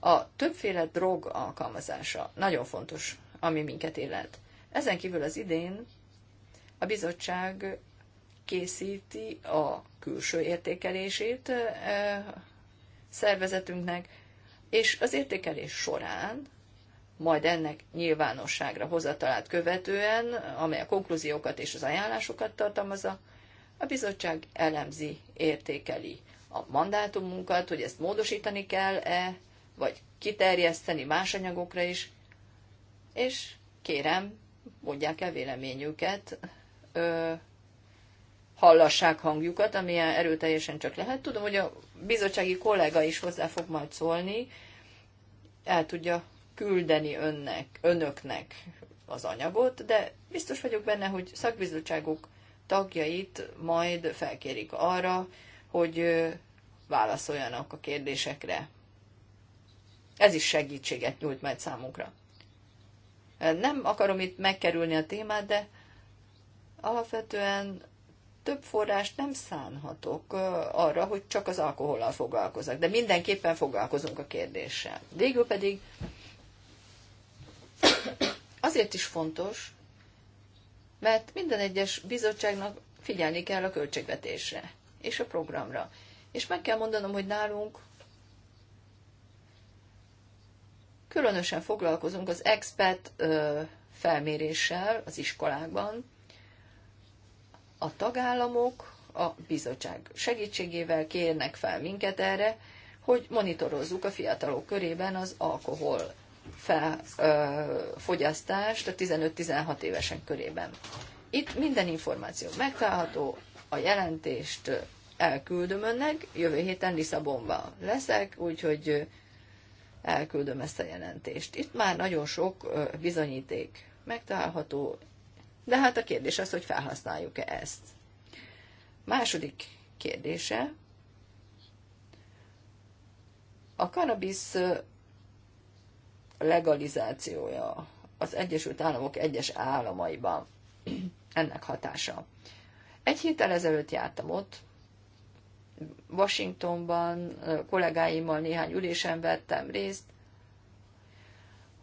A többféle drog alkalmazása nagyon fontos, ami minket illet. Ezen kívül az idén a bizottság készíti a külső értékelését eh, szervezetünknek, és az értékelés során majd ennek nyilvánosságra hozatalát követően, amely a konklúziókat és az ajánlásokat tartalmazza, a bizottság elemzi, értékeli a mandátumunkat, hogy ezt módosítani kell-e, vagy kiterjeszteni más anyagokra is, és kérem, mondják el véleményüket, ö, hallassák hangjukat, amilyen erőteljesen csak lehet. Tudom, hogy a bizottsági kollega is hozzá fog majd szólni, el tudja küldeni önnek, önöknek az anyagot, de biztos vagyok benne, hogy szakbizottságok tagjait majd felkérik arra, hogy válaszoljanak a kérdésekre. Ez is segítséget nyújt majd számunkra. Nem akarom itt megkerülni a témát, de alapvetően több forrást nem szánhatok arra, hogy csak az alkohollal foglalkozak. de mindenképpen foglalkozunk a kérdéssel. Végül pedig Azért is fontos, mert minden egyes bizottságnak figyelni kell a költségvetésre és a programra. És meg kell mondanom, hogy nálunk különösen foglalkozunk az expat felméréssel az iskolákban. A tagállamok a bizottság segítségével kérnek fel minket erre, hogy monitorozzuk a fiatalok körében az alkohol fogyasztást a 15-16 évesen körében. Itt minden információ megtalálható, a jelentést elküldöm önnek, jövő héten Lisszabonban leszek, úgyhogy elküldöm ezt a jelentést. Itt már nagyon sok bizonyíték megtalálható, de hát a kérdés az, hogy felhasználjuk-e ezt. Második kérdése. A kanabisz legalizációja az Egyesült Államok egyes államaiban. [clears throat] Ennek hatása. Egy héttel ezelőtt jártam ott, Washingtonban kollégáimmal néhány ülésen vettem részt,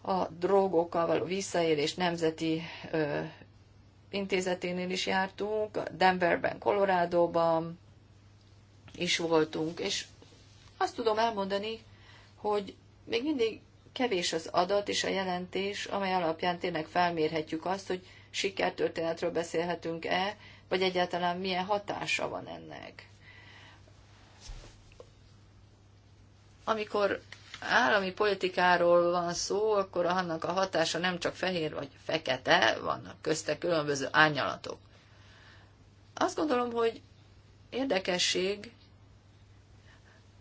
a drogokkal való visszaélés nemzeti ö, intézeténél is jártunk, Denverben, Coloradoban is voltunk, és azt tudom elmondani, hogy még mindig kevés az adat és a jelentés, amely alapján tényleg felmérhetjük azt, hogy sikertörténetről beszélhetünk-e, vagy egyáltalán milyen hatása van ennek. Amikor állami politikáról van szó, akkor annak a hatása nem csak fehér vagy fekete, vannak közte különböző ányalatok. Azt gondolom, hogy érdekesség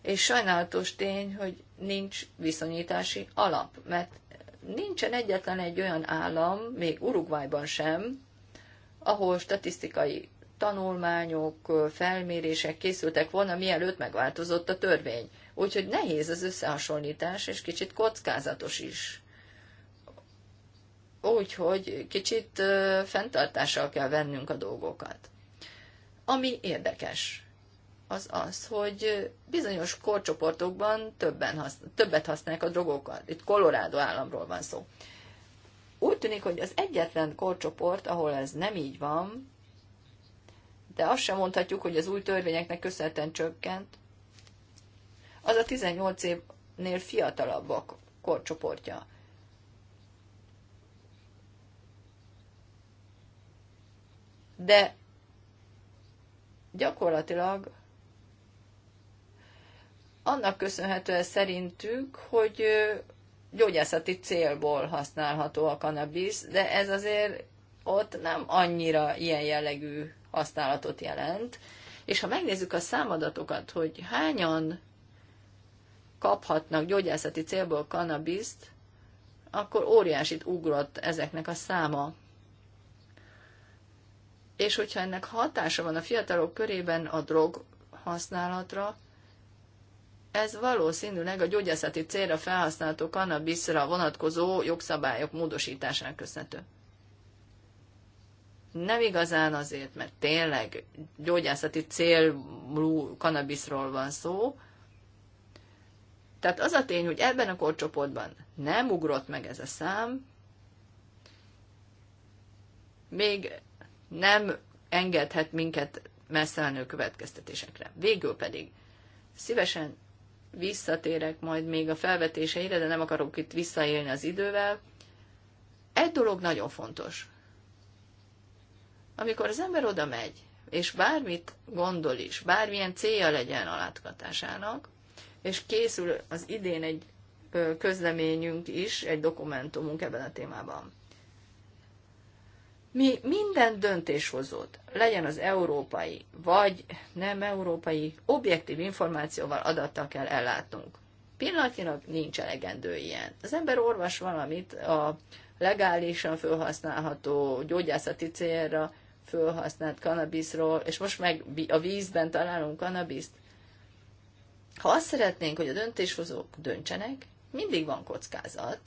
és sajnálatos tény, hogy nincs viszonyítási alap, mert nincsen egyetlen egy olyan állam, még Uruguayban sem, ahol statisztikai tanulmányok, felmérések készültek volna, mielőtt megváltozott a törvény. Úgyhogy nehéz az összehasonlítás, és kicsit kockázatos is. Úgyhogy kicsit fenntartással kell vennünk a dolgokat. Ami érdekes az az, hogy bizonyos korcsoportokban többen használ, többet használják a drogokat. Itt Colorado államról van szó. Úgy tűnik, hogy az egyetlen korcsoport, ahol ez nem így van, de azt sem mondhatjuk, hogy az új törvényeknek köszönhetően csökkent, az a 18 évnél fiatalabbak korcsoportja. De gyakorlatilag annak köszönhetően szerintük, hogy gyógyászati célból használható a kanabisz, de ez azért ott nem annyira ilyen jellegű használatot jelent. És ha megnézzük a számadatokat, hogy hányan kaphatnak gyógyászati célból kanabiszt, akkor óriásit ugrott ezeknek a száma. És hogyha ennek hatása van a fiatalok körében a drog használatra, ez valószínűleg a gyógyászati célra felhasználható kannabiszra vonatkozó jogszabályok módosításának köszönhető. Nem igazán azért, mert tényleg gyógyászati célú kannabiszról van szó. Tehát az a tény, hogy ebben a korcsoportban nem ugrott meg ez a szám, még nem engedhet minket messze következtetésekre. Végül pedig szívesen visszatérek majd még a felvetéseire, de nem akarok itt visszaélni az idővel. Egy dolog nagyon fontos. Amikor az ember oda megy, és bármit gondol is, bármilyen célja legyen a látogatásának, és készül az idén egy közleményünk is, egy dokumentumunk ebben a témában mi minden döntéshozót, legyen az európai vagy nem európai, objektív információval, adattal kell ellátnunk. Pillanatnyilag nincs elegendő ilyen. Az ember orvos valamit a legálisan felhasználható gyógyászati célra felhasznált kanabiszról, és most meg a vízben találunk kanabiszt. Ha azt szeretnénk, hogy a döntéshozók döntsenek, mindig van kockázat,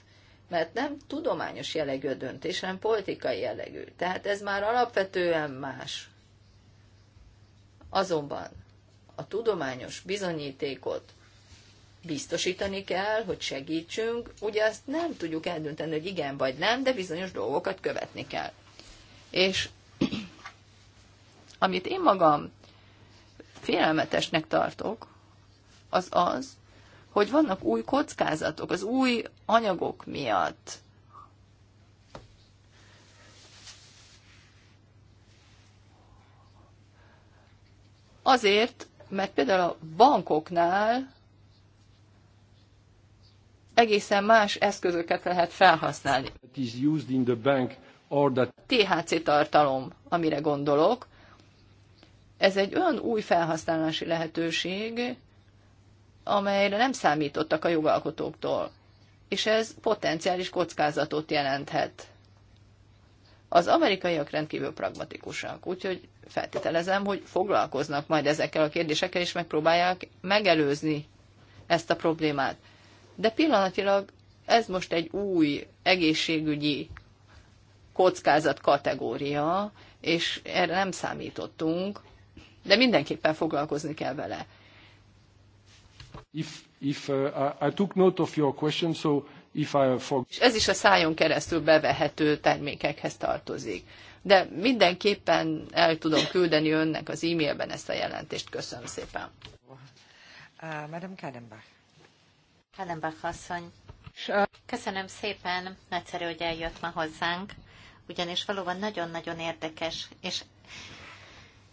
mert nem tudományos jellegű a döntés, hanem politikai jellegű. Tehát ez már alapvetően más. Azonban a tudományos bizonyítékot biztosítani kell, hogy segítsünk. Ugye azt nem tudjuk eldönteni, hogy igen vagy nem, de bizonyos dolgokat követni kell. És amit én magam félelmetesnek tartok, az az, hogy vannak új kockázatok az új anyagok miatt. Azért, mert például a bankoknál egészen más eszközöket lehet felhasználni. THC tartalom, amire gondolok, ez egy olyan új felhasználási lehetőség, amelyre nem számítottak a jogalkotóktól, és ez potenciális kockázatot jelenthet. Az amerikaiak rendkívül pragmatikusak, úgyhogy feltételezem, hogy foglalkoznak majd ezekkel a kérdésekkel, és megpróbálják megelőzni ezt a problémát. De pillanatilag ez most egy új egészségügyi kockázat kategória, és erre nem számítottunk, de mindenképpen foglalkozni kell vele. És ez is a szájon keresztül bevehető termékekhez tartozik. De mindenképpen el tudom küldeni önnek az e-mailben ezt a jelentést. Köszönöm szépen. Uh, Madam Kadenbach. Kadenbach asszony. Köszönöm szépen, nagyszerű, hogy eljött ma hozzánk, ugyanis valóban nagyon-nagyon érdekes és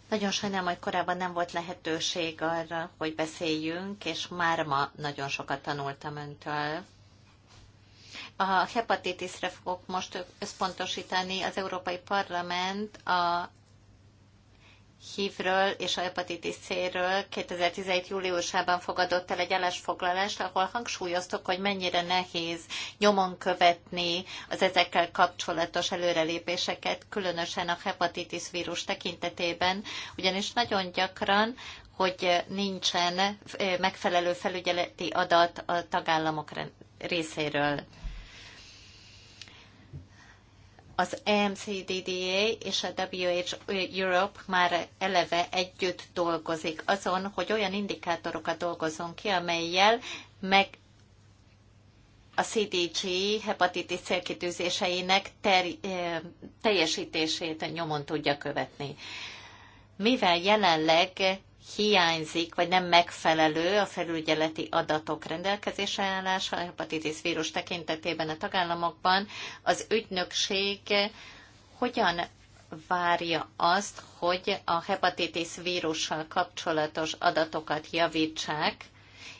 nagyon sajnálom, hogy korábban nem volt lehetőség arra, hogy beszéljünk, és már ma nagyon sokat tanultam öntől. A hepatitisre fogok most összpontosítani. Az Európai Parlament a hívről és a hepatitis C-ről 2017. júliusában fogadott el egy állásfoglalást, ahol hangsúlyoztuk, hogy mennyire nehéz nyomon követni az ezekkel kapcsolatos előrelépéseket, különösen a hepatitis vírus tekintetében, ugyanis nagyon gyakran hogy nincsen megfelelő felügyeleti adat a tagállamok részéről az EMCDDA és a WH Europe már eleve együtt dolgozik azon, hogy olyan indikátorokat dolgozunk ki, amelyel meg a CDG hepatitis célkitűzéseinek ter- teljesítését nyomon tudja követni. Mivel jelenleg hiányzik, vagy nem megfelelő a felügyeleti adatok rendelkezésre állása a hepatitis vírus tekintetében a tagállamokban, az ügynökség hogyan várja azt, hogy a hepatitis vírussal kapcsolatos adatokat javítsák,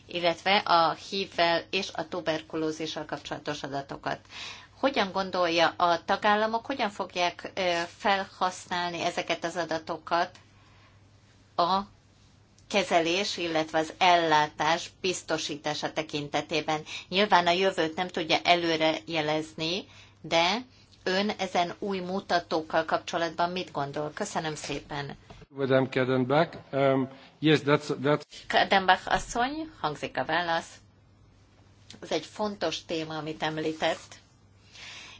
illetve a hívvel és a tuberkulózissal kapcsolatos adatokat. Hogyan gondolja a tagállamok, hogyan fogják felhasználni ezeket az adatokat a kezelés, illetve az ellátás biztosítása tekintetében. Nyilván a jövőt nem tudja előre jelezni, de ön ezen új mutatókkal kapcsolatban mit gondol? Köszönöm szépen. Madame Kadenbach, um, yes, that's, that's... Kadenbach asszony, hangzik a válasz. Ez egy fontos téma, amit említett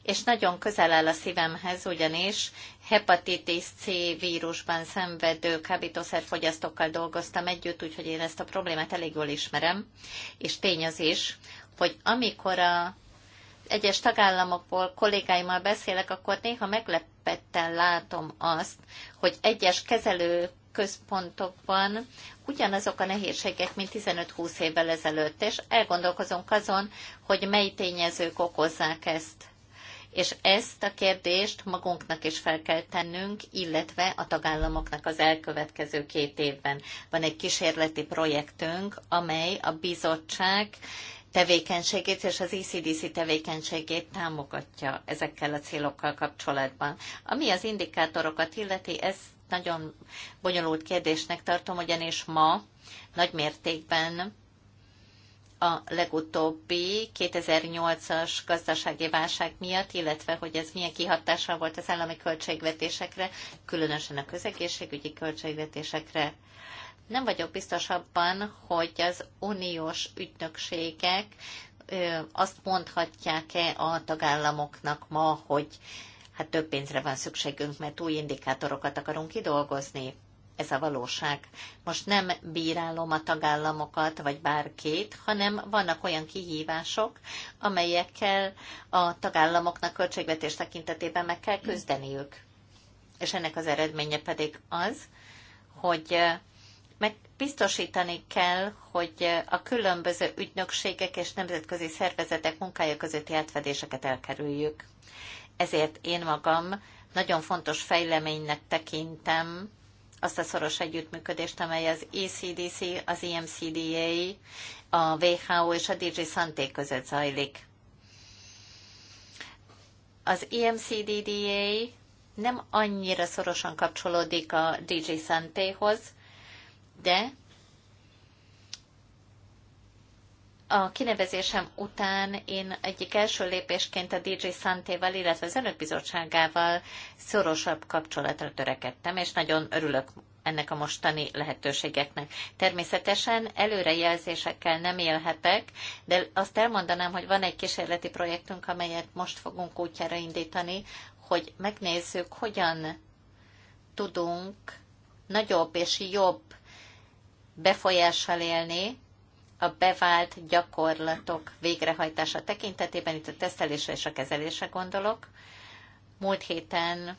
és nagyon közel áll a szívemhez, ugyanis hepatitis C vírusban szenvedő kábítószerfogyasztókkal dolgoztam együtt, úgyhogy én ezt a problémát elég jól ismerem. És tény az is, hogy amikor a egyes tagállamokból kollégáimmal beszélek, akkor néha meglepetten látom azt, hogy egyes kezelő központokban ugyanazok a nehézségek, mint 15-20 évvel ezelőtt, és elgondolkozunk azon, hogy mely tényezők okozzák ezt és ezt a kérdést magunknak is fel kell tennünk, illetve a tagállamoknak az elkövetkező két évben. Van egy kísérleti projektünk, amely a bizottság tevékenységét és az ECDC tevékenységét támogatja ezekkel a célokkal kapcsolatban. Ami az indikátorokat illeti, ez nagyon bonyolult kérdésnek tartom, ugyanis ma nagy mértékben a legutóbbi 2008-as gazdasági válság miatt, illetve hogy ez milyen kihatással volt az állami költségvetésekre, különösen a közegészségügyi költségvetésekre. Nem vagyok biztos abban, hogy az uniós ügynökségek azt mondhatják-e a tagállamoknak ma, hogy hát több pénzre van szükségünk, mert új indikátorokat akarunk kidolgozni. Ez a valóság. Most nem bírálom a tagállamokat, vagy bárkét, hanem vannak olyan kihívások, amelyekkel a tagállamoknak költségvetés tekintetében meg kell küzdeniük. És ennek az eredménye pedig az, hogy eh, meg biztosítani kell, hogy eh, a különböző ügynökségek és nemzetközi szervezetek munkája közötti átfedéseket elkerüljük. Ezért én magam nagyon fontos fejleménynek tekintem azt a szoros együttműködést, amely az ECDC, az EMCDA, a WHO és a DG Santé között zajlik. Az EMCDDA nem annyira szorosan kapcsolódik a DG Santéhoz, de a kinevezésem után én egyik első lépésként a DJ Santéval, illetve az Önök Bizottságával szorosabb kapcsolatra törekedtem, és nagyon örülök ennek a mostani lehetőségeknek. Természetesen előrejelzésekkel nem élhetek, de azt elmondanám, hogy van egy kísérleti projektünk, amelyet most fogunk útjára indítani, hogy megnézzük, hogyan tudunk nagyobb és jobb befolyással élni a bevált gyakorlatok végrehajtása tekintetében, itt a tesztelésre és a kezelésre gondolok. Múlt héten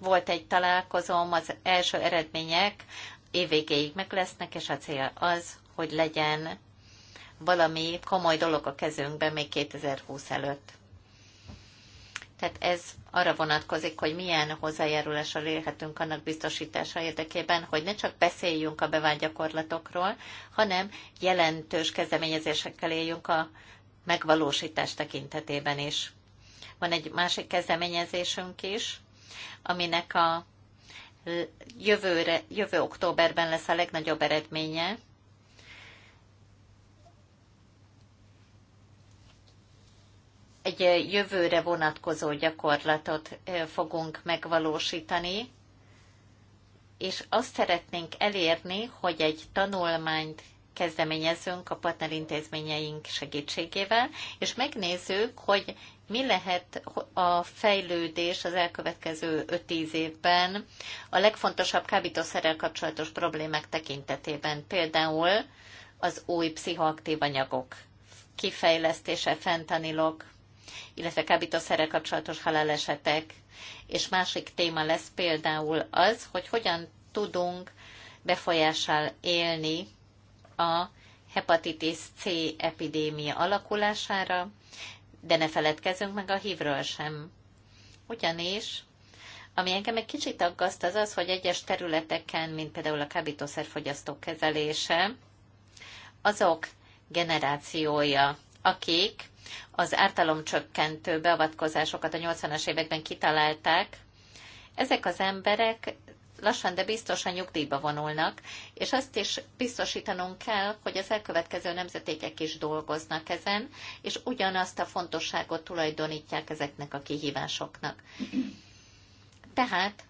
volt egy találkozom, az első eredmények évvégéig meg lesznek, és a cél az, hogy legyen valami komoly dolog a kezünkben még 2020 előtt. Tehát ez arra vonatkozik, hogy milyen hozzájárulásra élhetünk annak biztosítása érdekében, hogy ne csak beszéljünk a bevált gyakorlatokról, hanem jelentős kezdeményezésekkel éljünk a megvalósítás tekintetében is. Van egy másik kezdeményezésünk is, aminek a jövőre, jövő októberben lesz a legnagyobb eredménye, egy jövőre vonatkozó gyakorlatot fogunk megvalósítani, és azt szeretnénk elérni, hogy egy tanulmányt kezdeményezünk a partnerintézményeink segítségével, és megnézzük, hogy mi lehet a fejlődés az elkövetkező 5-10 évben a legfontosabb kábítószerrel kapcsolatos problémák tekintetében, például az új pszichoaktív anyagok kifejlesztése, fentanilok, illetve kábítószerrel kapcsolatos halálesetek. És másik téma lesz például az, hogy hogyan tudunk befolyással élni a hepatitis C epidémia alakulására, de ne feledkezzünk meg a hívről sem. Ugyanis, ami engem egy kicsit aggaszt, az az, hogy egyes területeken, mint például a kábítószerfogyasztók kezelése, azok generációja, akik az ártalomcsökkentő beavatkozásokat a 80-as években kitalálták, ezek az emberek lassan, de biztosan nyugdíjba vonulnak, és azt is biztosítanunk kell, hogy az elkövetkező nemzetékek is dolgoznak ezen, és ugyanazt a fontosságot tulajdonítják ezeknek a kihívásoknak. Tehát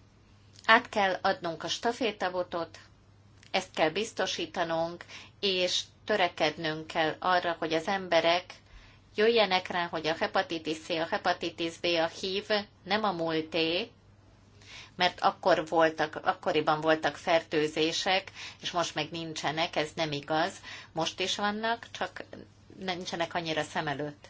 át kell adnunk a stafétabotot, ezt kell biztosítanunk, és törekednünk kell arra, hogy az emberek jöjjenek rá, hogy a hepatitis C, a hepatitis B, a HIV nem a múlté, mert akkor voltak, akkoriban voltak fertőzések, és most meg nincsenek, ez nem igaz. Most is vannak, csak nincsenek annyira szem előtt.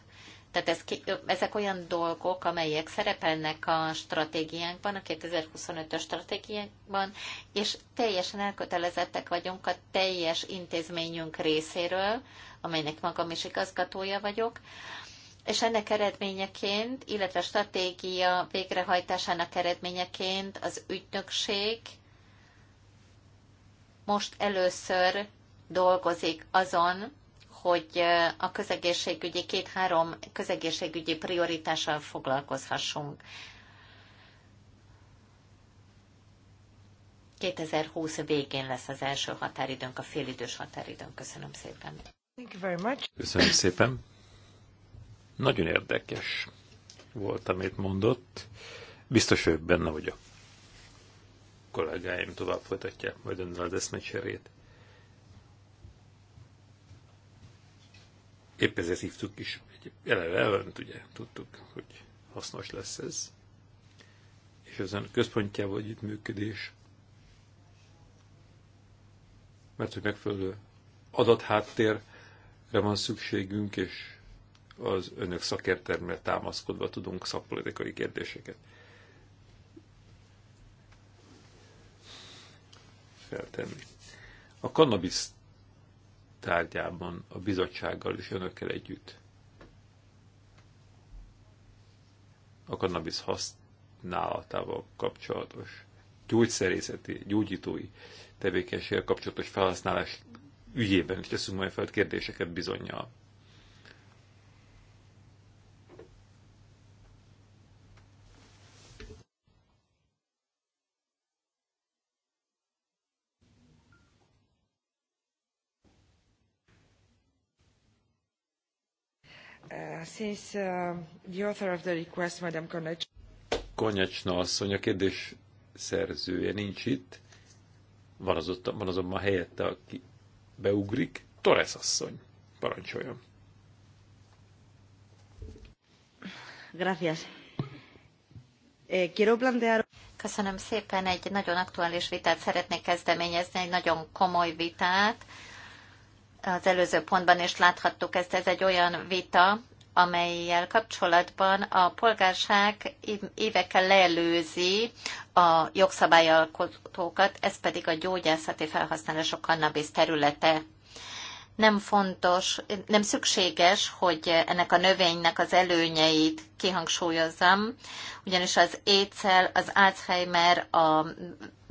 Tehát ez, ezek olyan dolgok, amelyek szerepelnek a stratégiánkban, a 2025-ös stratégiánkban, és teljesen elkötelezettek vagyunk a teljes intézményünk részéről, amelynek magam is igazgatója vagyok, és ennek eredményeként, illetve a stratégia végrehajtásának eredményeként az ügynökség most először dolgozik azon, hogy a közegészségügyi két-három közegészségügyi prioritással foglalkozhassunk. 2020 végén lesz az első határidőnk, a félidős határidőnk. Köszönöm szépen. Thank you very much. Köszönöm szépen. Nagyon érdekes volt, amit mondott. Biztos vagyok benne, hogy a kollégáim tovább folytatják majd önnel az eszmecserét. épp ezért hívtuk is. Eleve elvent, ugye, tudtuk, hogy hasznos lesz ez. És ezen központjával együttműködés, mert hogy megfelelő adatháttérre van szükségünk, és az önök szakértelmére támaszkodva tudunk szakpolitikai kérdéseket feltenni. A kannabiszt tárgyában a bizottsággal és önökkel együtt. A kannabisz használatával kapcsolatos gyógyszerészeti, gyógyítói tevékenységgel kapcsolatos felhasználás ügyében is teszünk majd fel kérdéseket bizonyal. Uh, since uh, the author of the request, Konecs... Konyecsna asszony, a kérdés szerzője nincs itt. Van, az ott, van azonban helyette, aki beugrik. Torres asszony, parancsoljon. Gracias. Eh, Köszönöm szépen, egy nagyon aktuális vitát szeretnék kezdeményezni, egy nagyon komoly vitát az előző pontban is láthattuk ezt, ez egy olyan vita, amelyel kapcsolatban a polgárság évekkel leelőzi a jogszabályalkotókat, ez pedig a gyógyászati felhasználások kannabisz területe. Nem fontos, nem szükséges, hogy ennek a növénynek az előnyeit kihangsúlyozzam, ugyanis az écel, az Alzheimer, a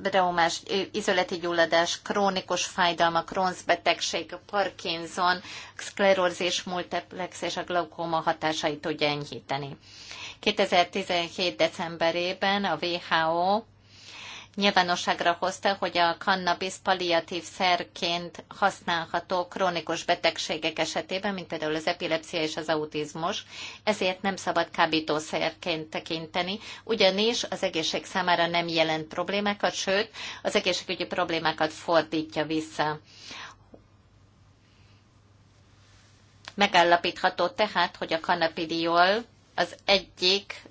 traumás izoleti gyulladás, krónikus fájdalma, Crohn's betegség, Parkinson, szklerózis multiplex és a glaukóma hatásait tudja enyhíteni. 2017. decemberében a WHO nyilvánosságra hozta, hogy a cannabis palliatív szerként használható krónikus betegségek esetében, mint például az epilepsia és az autizmus, ezért nem szabad kábítószerként tekinteni, ugyanis az egészség számára nem jelent problémákat, sőt, az egészségügyi problémákat fordítja vissza. Megállapítható tehát, hogy a kanapidiol az egyik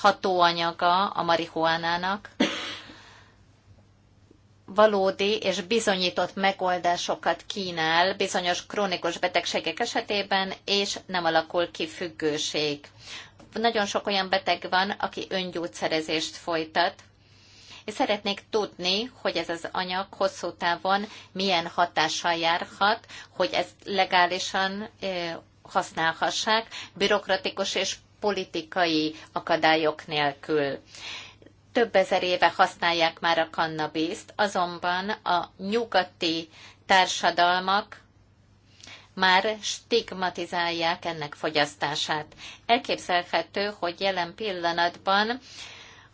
hatóanyaga a marihuánának valódi és bizonyított megoldásokat kínál bizonyos krónikus betegségek esetében, és nem alakul ki függőség. Nagyon sok olyan beteg van, aki öngyógyszerezést folytat, és szeretnék tudni, hogy ez az anyag hosszú távon milyen hatással járhat, hogy ezt legálisan eh, használhassák, bürokratikus és politikai akadályok nélkül. Több ezer éve használják már a kannabiszt, azonban a nyugati társadalmak már stigmatizálják ennek fogyasztását. Elképzelhető, hogy jelen pillanatban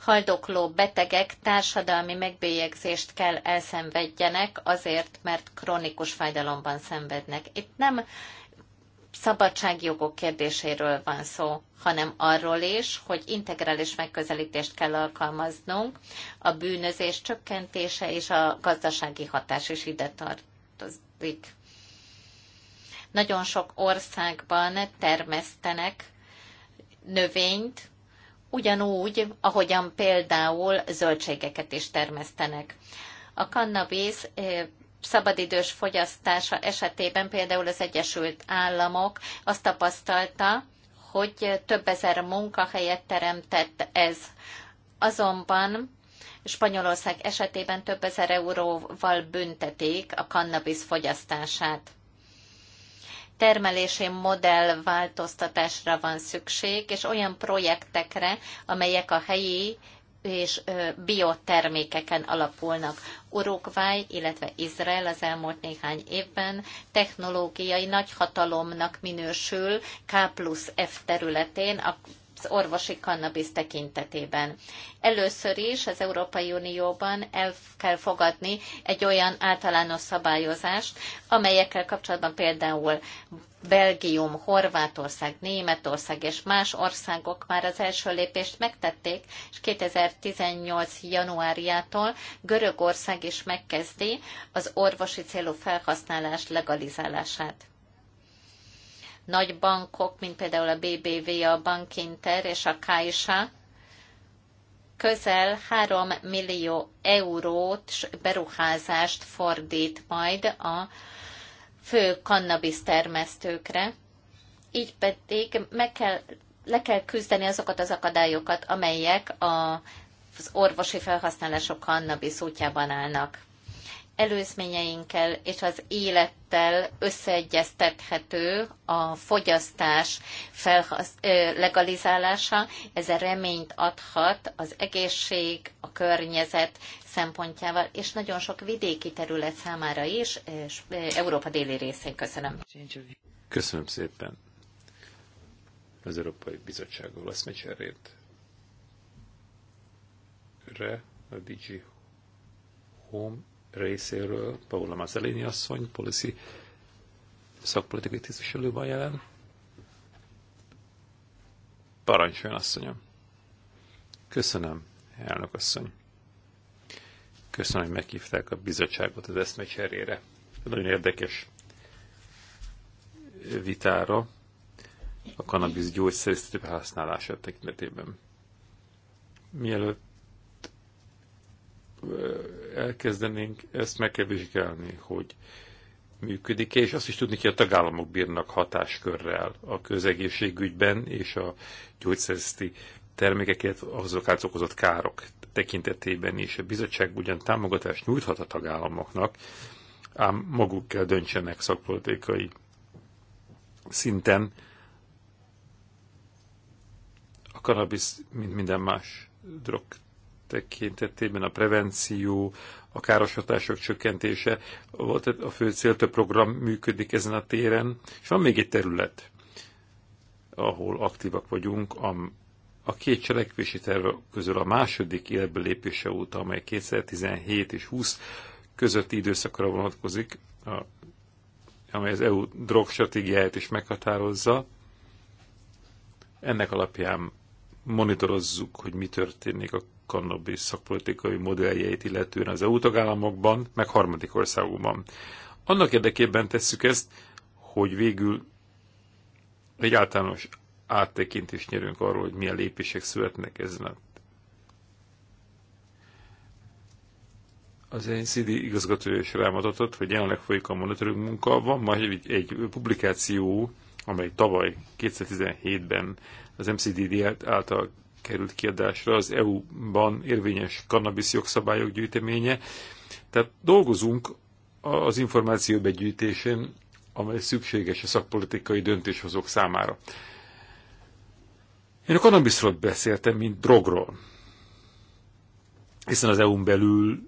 haldokló betegek társadalmi megbélyegzést kell elszenvedjenek azért, mert krónikus fájdalomban szenvednek. Itt nem szabadságjogok kérdéséről van szó, hanem arról is, hogy integrális megközelítést kell alkalmaznunk, a bűnözés csökkentése és a gazdasági hatás is ide tartozik. Nagyon sok országban termesztenek növényt, ugyanúgy, ahogyan például zöldségeket is termesztenek. A kannabisz eh, szabadidős fogyasztása esetében például az Egyesült Államok azt tapasztalta, hogy több ezer munkahelyet teremtett ez. Azonban Spanyolország esetében több ezer euróval büntetik a kannabisz fogyasztását termelési modell változtatásra van szükség, és olyan projektekre, amelyek a helyi és biotermékeken alapulnak. Uruguay, illetve Izrael az elmúlt néhány évben technológiai nagyhatalomnak minősül K plusz F területén, a az orvosi kannabisz tekintetében. Először is az Európai Unióban el kell fogadni egy olyan általános szabályozást, amelyekkel kapcsolatban például Belgium, Horvátország, Németország és más országok már az első lépést megtették, és 2018. januárjától Görögország is megkezdi az orvosi célú felhasználás legalizálását nagy bankok, mint például a BBVA a Bankinter és a Caixa, közel 3 millió eurót beruházást fordít majd a fő cannabis termesztőkre, így pedig meg kell, le kell küzdeni azokat az akadályokat, amelyek a, az orvosi felhasználások cannabis útjában állnak előzményeinkkel és az élettel összeegyeztethető a fogyasztás felhasz, legalizálása. Ez a reményt adhat az egészség, a környezet szempontjával, és nagyon sok vidéki terület számára is, és Európa déli részén köszönöm. Köszönöm szépen az Európai Bizottság lesz mecserét. Re, a DG Home részéről Paula Mazzalini asszony, policy szakpolitikai tisztviselő van jelen. Parancsoljon, asszonyom. Köszönöm, elnök asszony. Köszönöm, hogy meghívták a bizottságot az eszmecserére. Nagyon érdekes vitára a kanabisz gyógyszerészeti használása tekintetében. Mielőtt elkezdenénk, ezt meg kell vizsgálni, hogy működik -e, és azt is tudni, hogy a tagállamok bírnak hatáskörrel a közegészségügyben és a gyógyszerzeti termékeket azok okozott károk tekintetében is. A bizottság ugyan támogatást nyújthat a tagállamoknak, ám maguk kell döntsenek szakpolitikai szinten. A kanabisz, mint minden más drog tekintetében a prevenció, a káros hatások csökkentése volt a fő cél, több program működik ezen a téren, és van még egy terület, ahol aktívak vagyunk, a, a két cselekvési terv közül a második életbe lépése óta, amely 2017 és 20 közötti időszakra vonatkozik, a, amely az EU drogstratégiáját is meghatározza, ennek alapján monitorozzuk, hogy mi történik a cannabis szakpolitikai modelljeit illetően az EU tagállamokban, meg harmadik országokban. Annak érdekében tesszük ezt, hogy végül egy általános áttekintést nyerünk arról, hogy milyen lépések születnek ezen Az NCD igazgatója is rámutatott, hogy jelenleg folyik a monitoring munka, van majd egy, egy publikáció, amely tavaly 2017-ben az MCDD által került kiadásra az EU-ban érvényes kannabisz jogszabályok gyűjteménye. Tehát dolgozunk az információ begyűjtésén, amely szükséges a szakpolitikai döntéshozók számára. Én a kannabiszról beszéltem, mint drogról. Hiszen az EU-n belül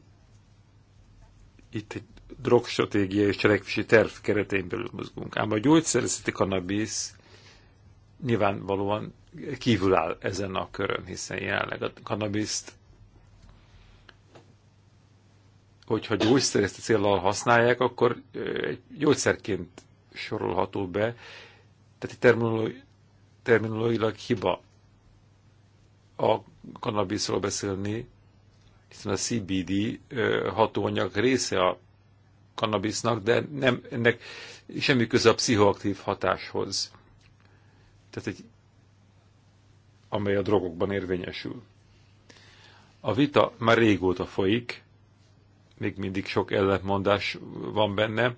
itt egy drogstratégia és cselekvési terv keretein belül mozgunk. Ám a gyógyszerzeti kannabisz nyilvánvalóan kívül áll ezen a körön, hiszen jelenleg a kanabiszt, hogyha gyógyszer ezt a célral használják, akkor gyógyszerként sorolható be, tehát terminológiai terminológilag hiba a kanabiszról beszélni, hiszen a CBD hatóanyag része a kanabisznak, de nem, ennek semmi köze a pszichoaktív hatáshoz. Tehát egy amely a drogokban érvényesül. A vita már régóta folyik, még mindig sok ellentmondás van benne.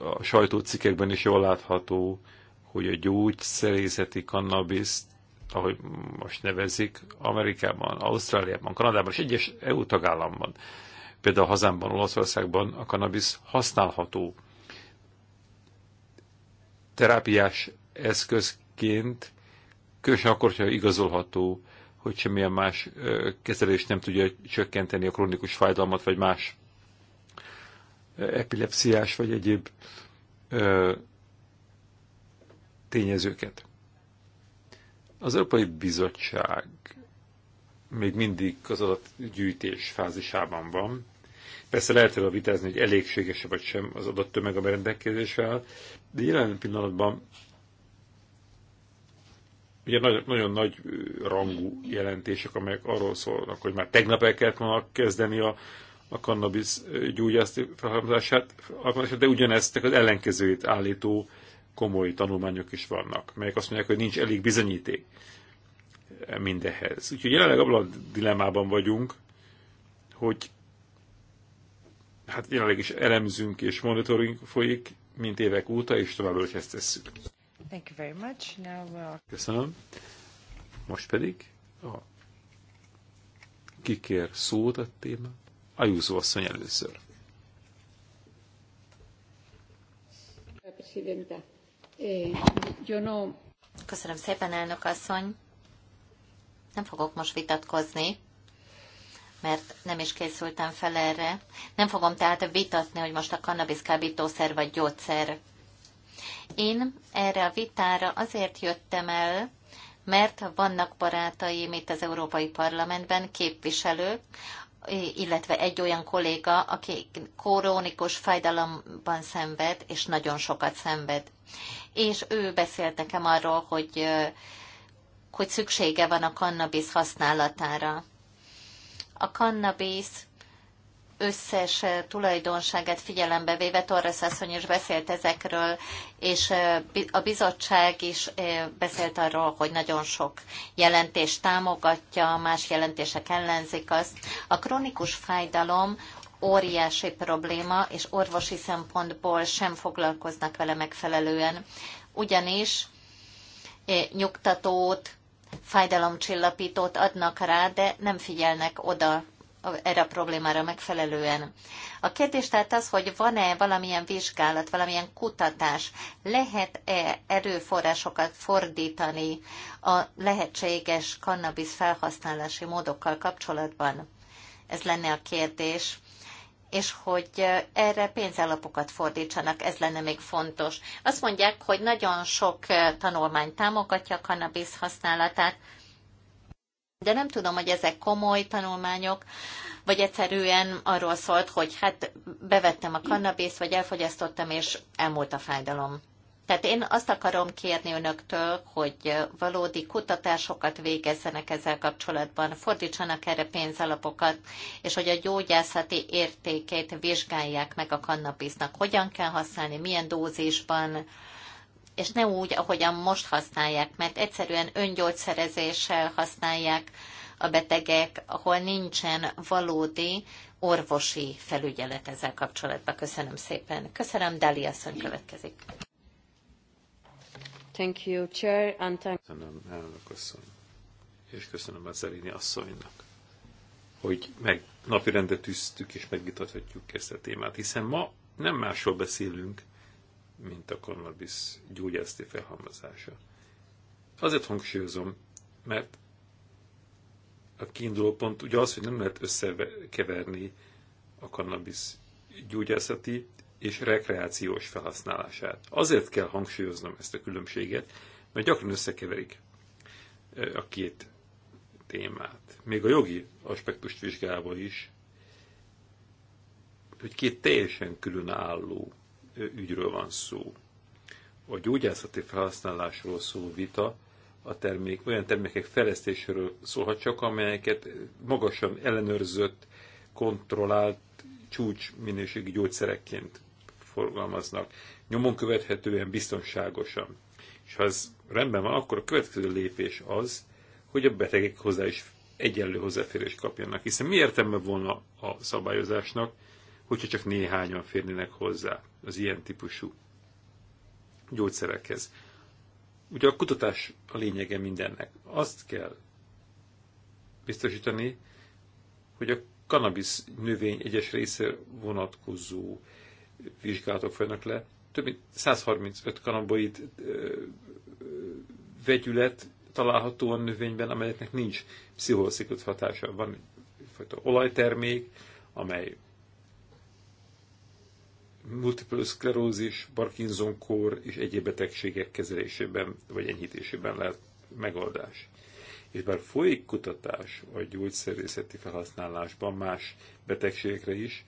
A sajtócikkekben is jól látható, hogy a gyógyszerészeti kannabiszt, ahogy most nevezik, Amerikában, Ausztráliában, Kanadában és egyes EU tagállamban, például hazámban, Olaszországban a kannabisz használható terápiás eszközként Különösen akkor, hogyha igazolható, hogy semmilyen más kezelés nem tudja csökkenteni a krónikus fájdalmat, vagy más epilepsziás, vagy egyéb tényezőket. Az Európai Bizottság még mindig az adatgyűjtés fázisában van. Persze lehet erről vitázni, hogy elégséges vagy sem az adattömeg, tömeg rendelkezésre áll, de jelen pillanatban Ugye nagyon, nagyon nagy rangú jelentések, amelyek arról szólnak, hogy már tegnap el kellett volna kezdeni a, a kannabis gyógyászati felhalmozását, de ugyanezt az ellenkezőjét állító komoly tanulmányok is vannak, melyek azt mondják, hogy nincs elég bizonyíték mindehhez. Úgyhogy jelenleg abban a dilemában vagyunk, hogy hát jelenleg is elemzünk és monitoring folyik, mint évek óta, és továbbra is ezt tesszük. Thank you very much. Now we'll... Uh, Köszönöm. Most pedig a kikér szót a téma. Ajúzó asszony először. Eh, Köszönöm szépen, elnök asszony. Nem fogok most vitatkozni, mert nem is készültem fel erre. Nem fogom tehát vitatni, hogy most a kannabisz kábítószer vagy gyógyszer én erre a vitára azért jöttem el, mert vannak barátaim itt az Európai Parlamentben, képviselők, illetve egy olyan kolléga, aki krónikus fájdalomban szenved, és nagyon sokat szenved. És ő beszélt nekem arról, hogy, hogy szüksége van a kannabisz használatára. A kannabisz összes tulajdonságát figyelembe véve, Torres asszony is beszélt ezekről, és a bizottság is beszélt arról, hogy nagyon sok jelentés támogatja, más jelentések ellenzik azt. A kronikus fájdalom óriási probléma, és orvosi szempontból sem foglalkoznak vele megfelelően. Ugyanis nyugtatót, fájdalomcsillapítót adnak rá, de nem figyelnek oda erre a problémára megfelelően. A kérdés tehát az, hogy van-e valamilyen vizsgálat, valamilyen kutatás, lehet-e erőforrásokat fordítani a lehetséges kannabisz felhasználási módokkal kapcsolatban? Ez lenne a kérdés és hogy erre pénzalapokat fordítsanak, ez lenne még fontos. Azt mondják, hogy nagyon sok tanulmány támogatja a kannabisz használatát, de nem tudom, hogy ezek komoly tanulmányok, vagy egyszerűen arról szólt, hogy hát bevettem a kannabész, vagy elfogyasztottam, és elmúlt a fájdalom. Tehát én azt akarom kérni önöktől, hogy valódi kutatásokat végezzenek ezzel kapcsolatban, fordítsanak erre pénzalapokat, és hogy a gyógyászati értékét vizsgálják meg a kannabisznak. Hogyan kell használni, milyen dózisban, és ne úgy, ahogyan most használják, mert egyszerűen öngyógyszerezéssel használják a betegek, ahol nincsen valódi orvosi felügyelet ezzel kapcsolatban. Köszönöm szépen. Köszönöm, Dali asszony következik. Thank you, Chair, and thank... Köszönöm, elnök asszony, és köszönöm a Zerini asszonynak, hogy meg napirendet tűztük és megvitathatjuk ezt a témát, hiszen ma nem másról beszélünk, mint a cannabis gyógyászati felhalmozása. Azért hangsúlyozom, mert a kiinduló pont ugye az, hogy nem lehet összekeverni a cannabis gyógyászati és rekreációs felhasználását. Azért kell hangsúlyoznom ezt a különbséget, mert gyakran összekeverik eh, a két témát. Még a jogi aspektust vizsgálva is, hogy két teljesen különálló ügyről van szó. A gyógyászati felhasználásról szóló vita a termék, olyan termékek fejlesztéséről szólhat csak, amelyeket magasan ellenőrzött, kontrollált csúcs minőségi gyógyszerekként forgalmaznak, nyomon követhetően, biztonságosan. És ha ez rendben van, akkor a következő lépés az, hogy a betegek hozzá is egyenlő hozzáférést kapjanak. Hiszen mi értelme volna a szabályozásnak, hogyha csak néhányan férnének hozzá az ilyen típusú gyógyszerekhez. Ugye a kutatás a lényege mindennek. Azt kell biztosítani, hogy a kanabis növény egyes része vonatkozó vizsgálatok folynak le. Több mint 135 kanaboid vegyület található a növényben, amelyeknek nincs pszichoszikot hatása. Van egyfajta olajtermék, amely multiple szklerózis, Parkinson-kór és egyéb betegségek kezelésében vagy enyhítésében lehet megoldás. És bár folyik kutatás a gyógyszerészeti felhasználásban más betegségekre is,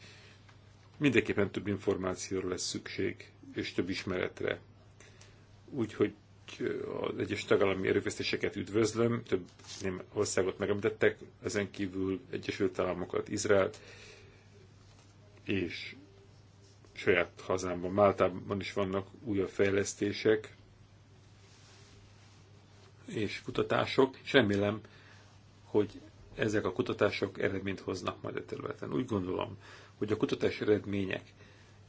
mindenképpen több információra lesz szükség, és több ismeretre. Úgyhogy az egyes tagállami erőfeszítéseket üdvözlöm, több nem, országot megemlítettek, ezen kívül Egyesült Államokat, Izrael és saját hazámban, Máltában is vannak újabb fejlesztések és kutatások, és remélem, hogy ezek a kutatások eredményt hoznak majd a területen. Úgy gondolom, hogy a kutatás eredmények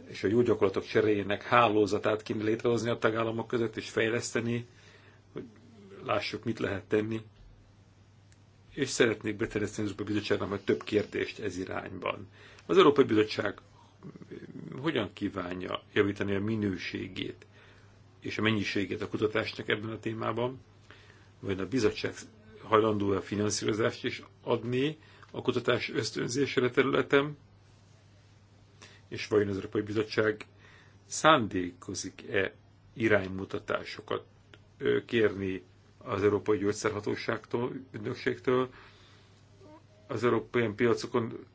és a jó gyakorlatok cseréjének hálózatát kéne létrehozni a tagállamok között, és fejleszteni, hogy lássuk, mit lehet tenni. És szeretnék beterjeszteni az Európai Bizottságnak majd több kérdést ez irányban. Az Európai Bizottság hogyan kívánja javítani a minőségét és a mennyiségét a kutatásnak ebben a témában, vagy a bizottság hajlandó a finanszírozást is adni a kutatás ösztönzésére területem, és vajon az Európai Bizottság szándékozik-e iránymutatásokat kérni az Európai Gyógyszerhatóságtól, ügynökségtől, az európai piacokon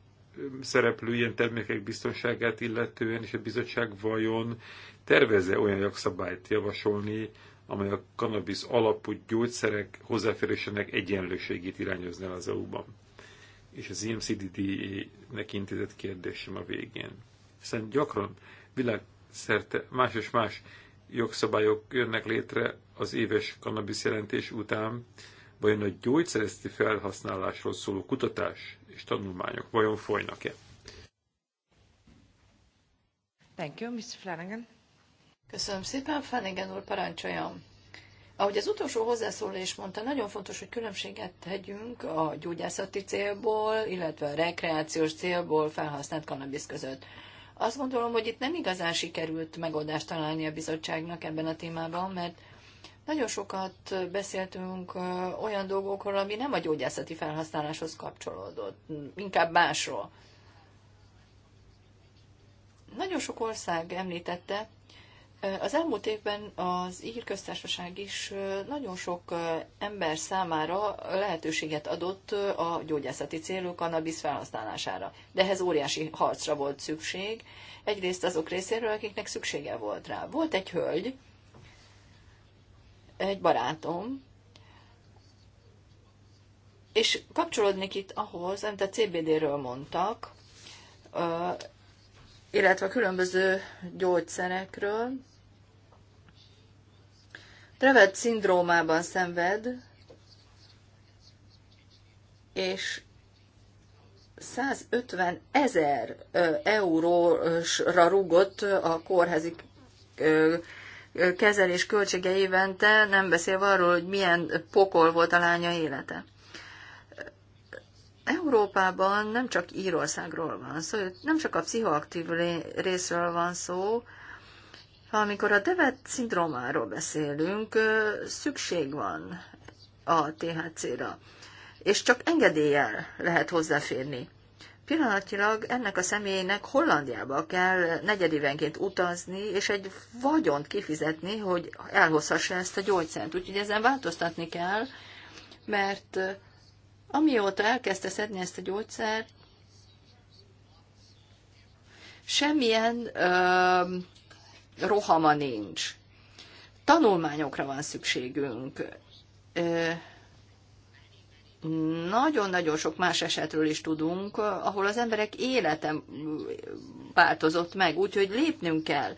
szereplő ilyen termékek biztonságát illetően, és a bizottság vajon terveze olyan jogszabályt javasolni, amely a kanabis alapú gyógyszerek hozzáférésének egyenlőségét irányozná az EU-ban. És az IMCDD-nek intézett kérdésem a végén. Hiszen gyakran világszerte más és más jogszabályok jönnek létre az éves kanabis jelentés után, vajon a gyógyszereszti felhasználásról szóló kutatás és tanulmányok vajon folynak-e. Thank you, Mr. Flanagan. Köszönöm szépen, Flanagan úr, parancsoljon. Ahogy az utolsó hozzászólás mondta, nagyon fontos, hogy különbséget tegyünk a gyógyászati célból, illetve a rekreációs célból felhasznált kannabisz között. Azt gondolom, hogy itt nem igazán sikerült megoldást találni a bizottságnak ebben a témában, mert nagyon sokat beszéltünk olyan dolgokról, ami nem a gyógyászati felhasználáshoz kapcsolódott, inkább másról. Nagyon sok ország említette, az elmúlt évben az ír köztársaság is nagyon sok ember számára lehetőséget adott a gyógyászati célú kannabisz felhasználására. De ehhez óriási harcra volt szükség. Egyrészt azok részéről, akiknek szüksége volt rá. Volt egy hölgy, egy barátom, és kapcsolódnék itt ahhoz, amit a CBD-ről mondtak, illetve a különböző gyógyszerekről. Trevet szindrómában szenved, és 150 ezer eurósra rúgott a kórházi kezelés költsége évente, nem beszélve arról, hogy milyen pokol volt a lánya élete. Európában nem csak Írországról van szó, nem csak a pszichoaktív részről van szó, amikor a devet szindrómáról beszélünk, szükség van a THC-ra, és csak engedéllyel lehet hozzáférni Pillanatilag ennek a személynek Hollandiába kell negyedévenként utazni, és egy vagyont kifizetni, hogy elhozhassa ezt a gyógyszert. Úgyhogy ezen változtatni kell, mert amióta elkezdte szedni ezt a gyógyszert, semmilyen ö, rohama nincs. Tanulmányokra van szükségünk. Ö, nagyon-nagyon sok más esetről is tudunk, ahol az emberek élete változott meg, úgyhogy lépnünk kell.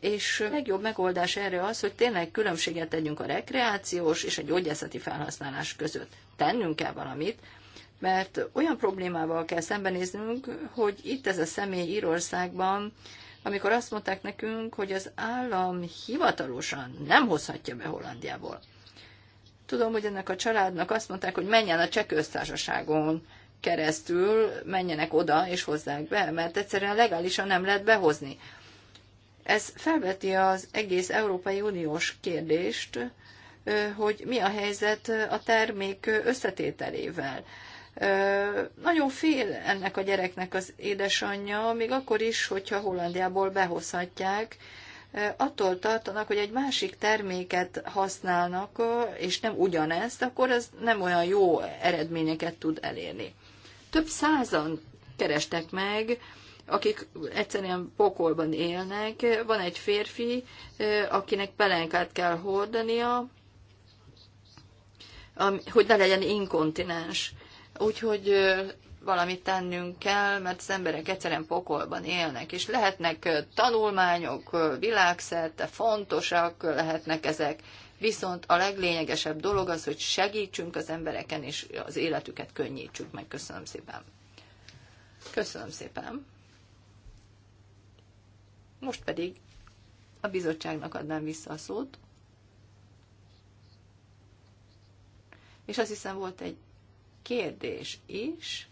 És a legjobb megoldás erre az, hogy tényleg különbséget tegyünk a rekreációs és a gyógyászati felhasználás között. Tennünk kell valamit, mert olyan problémával kell szembenéznünk, hogy itt ez a személy Írországban, amikor azt mondták nekünk, hogy az állam hivatalosan nem hozhatja be Hollandiából Tudom, hogy ennek a családnak azt mondták, hogy menjen a csekőztársaságon keresztül, menjenek oda és hozzák be, mert egyszerűen legálisan nem lehet behozni. Ez felveti az egész Európai Uniós kérdést, hogy mi a helyzet a termék összetételével. Nagyon fél ennek a gyereknek az édesanyja, még akkor is, hogyha Hollandiából behozhatják, attól tartanak, hogy egy másik terméket használnak, és nem ugyanezt, akkor ez nem olyan jó eredményeket tud elérni. Több százan kerestek meg, akik egyszerűen pokolban élnek. Van egy férfi, akinek pelenkát kell hordania, hogy ne legyen inkontinens. Úgyhogy valamit tennünk kell, mert az emberek egyszerűen pokolban élnek, és lehetnek tanulmányok világszerte, fontosak lehetnek ezek, viszont a leglényegesebb dolog az, hogy segítsünk az embereken, és az életüket könnyítsük meg. Köszönöm szépen. Köszönöm szépen. Most pedig a bizottságnak adnám vissza a szót. És azt hiszem volt egy kérdés is.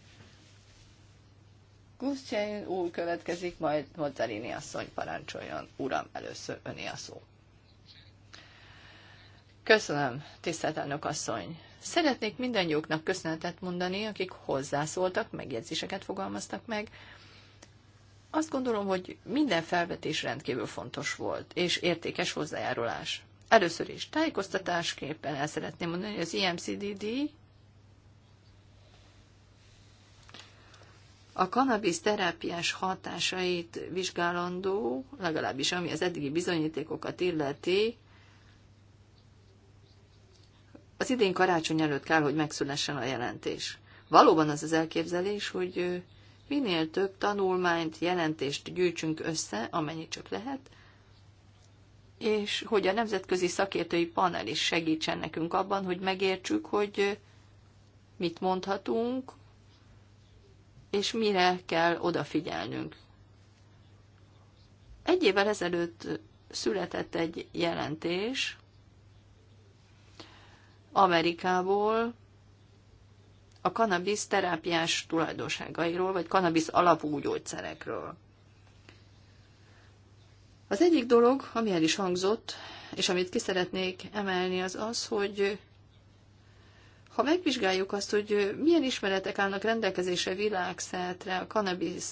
Gusztjain úr következik, majd Mozzarini asszony parancsoljon. Uram, először öné a szó. Köszönöm, tisztelt elnök asszony. Szeretnék jóknak köszönetet mondani, akik hozzászóltak, megjegyzéseket fogalmaztak meg. Azt gondolom, hogy minden felvetés rendkívül fontos volt, és értékes hozzájárulás. Először is tájékoztatásképpen el szeretném mondani, hogy az IMCDD a kanabisz terápiás hatásait vizsgálandó, legalábbis ami az eddigi bizonyítékokat illeti, az idén karácsony előtt kell, hogy megszülessen a jelentés. Valóban az az elképzelés, hogy minél több tanulmányt, jelentést gyűjtsünk össze, amennyit csak lehet, és hogy a nemzetközi szakértői panel is segítsen nekünk abban, hogy megértsük, hogy mit mondhatunk, és mire kell odafigyelnünk. Egy évvel ezelőtt született egy jelentés Amerikából a kanabisz terápiás tulajdonságairól, vagy kanabisz alapú gyógyszerekről. Az egyik dolog, ami el is hangzott, és amit ki szeretnék emelni, az az, hogy ha megvizsgáljuk azt, hogy milyen ismeretek állnak rendelkezésre világszertre a cannabis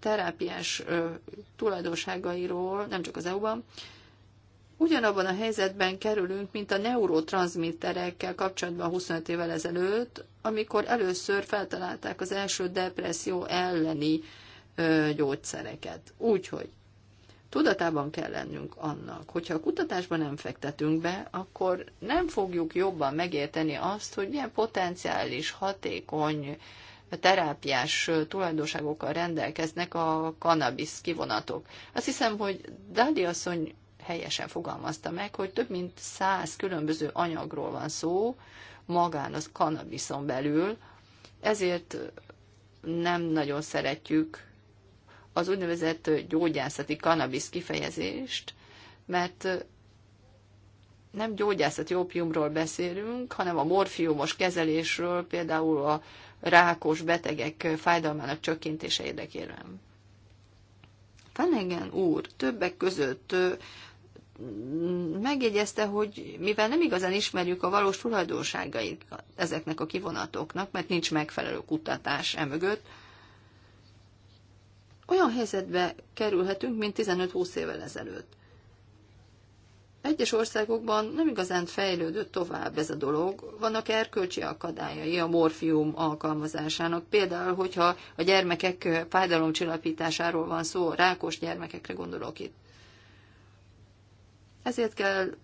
terápiás tulajdonságairól, nem csak az EU-ban, ugyanabban a helyzetben kerülünk, mint a neurotranszmitterekkel kapcsolatban 25 évvel ezelőtt, amikor először feltalálták az első depresszió elleni gyógyszereket. Úgyhogy Tudatában kell lennünk annak, hogyha a kutatásban nem fektetünk be, akkor nem fogjuk jobban megérteni azt, hogy milyen potenciális, hatékony terápiás tulajdonságokkal rendelkeznek a kanabisz kivonatok. Azt hiszem, hogy Dali asszony helyesen fogalmazta meg, hogy több mint száz különböző anyagról van szó magán az kanabiszon belül, ezért nem nagyon szeretjük az úgynevezett gyógyászati kanabisz kifejezést, mert nem gyógyászati ópiumról beszélünk, hanem a morfiumos kezelésről, például a rákos betegek fájdalmának csökkentése érdekében. Fenegen úr többek között megjegyezte, hogy mivel nem igazán ismerjük a valós tulajdonságait ezeknek a kivonatoknak, mert nincs megfelelő kutatás emögött, olyan helyzetbe kerülhetünk, mint 15-20 évvel ezelőtt. Egyes országokban nem igazán fejlődött tovább ez a dolog, vannak erkölcsi akadályai a morfium alkalmazásának, például, hogyha a gyermekek fájdalomcsillapításáról van szó, rákos gyermekekre gondolok itt. Ezért kell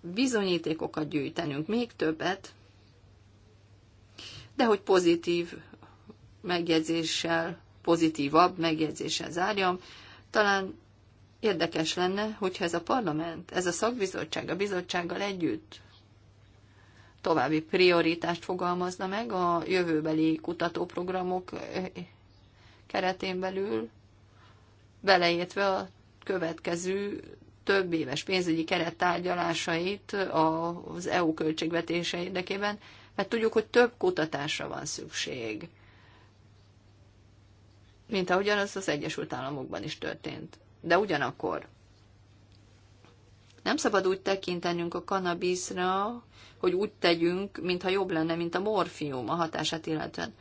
bizonyítékokat gyűjtenünk, még többet, de hogy pozitív megjegyzéssel pozitívabb megjegyzéssel zárjam. Talán érdekes lenne, hogyha ez a parlament, ez a szakbizottság a bizottsággal együtt további prioritást fogalmazna meg a jövőbeli kutatóprogramok eh, eh, keretén belül, beleértve a következő több éves pénzügyi keret tárgyalásait az EU költségvetése érdekében, mert tudjuk, hogy több kutatásra van szükség mint ahogyan az az Egyesült Államokban is történt. De ugyanakkor nem szabad úgy tekintenünk a kanabiszra, hogy úgy tegyünk, mintha jobb lenne, mint a morfium a hatását illetően.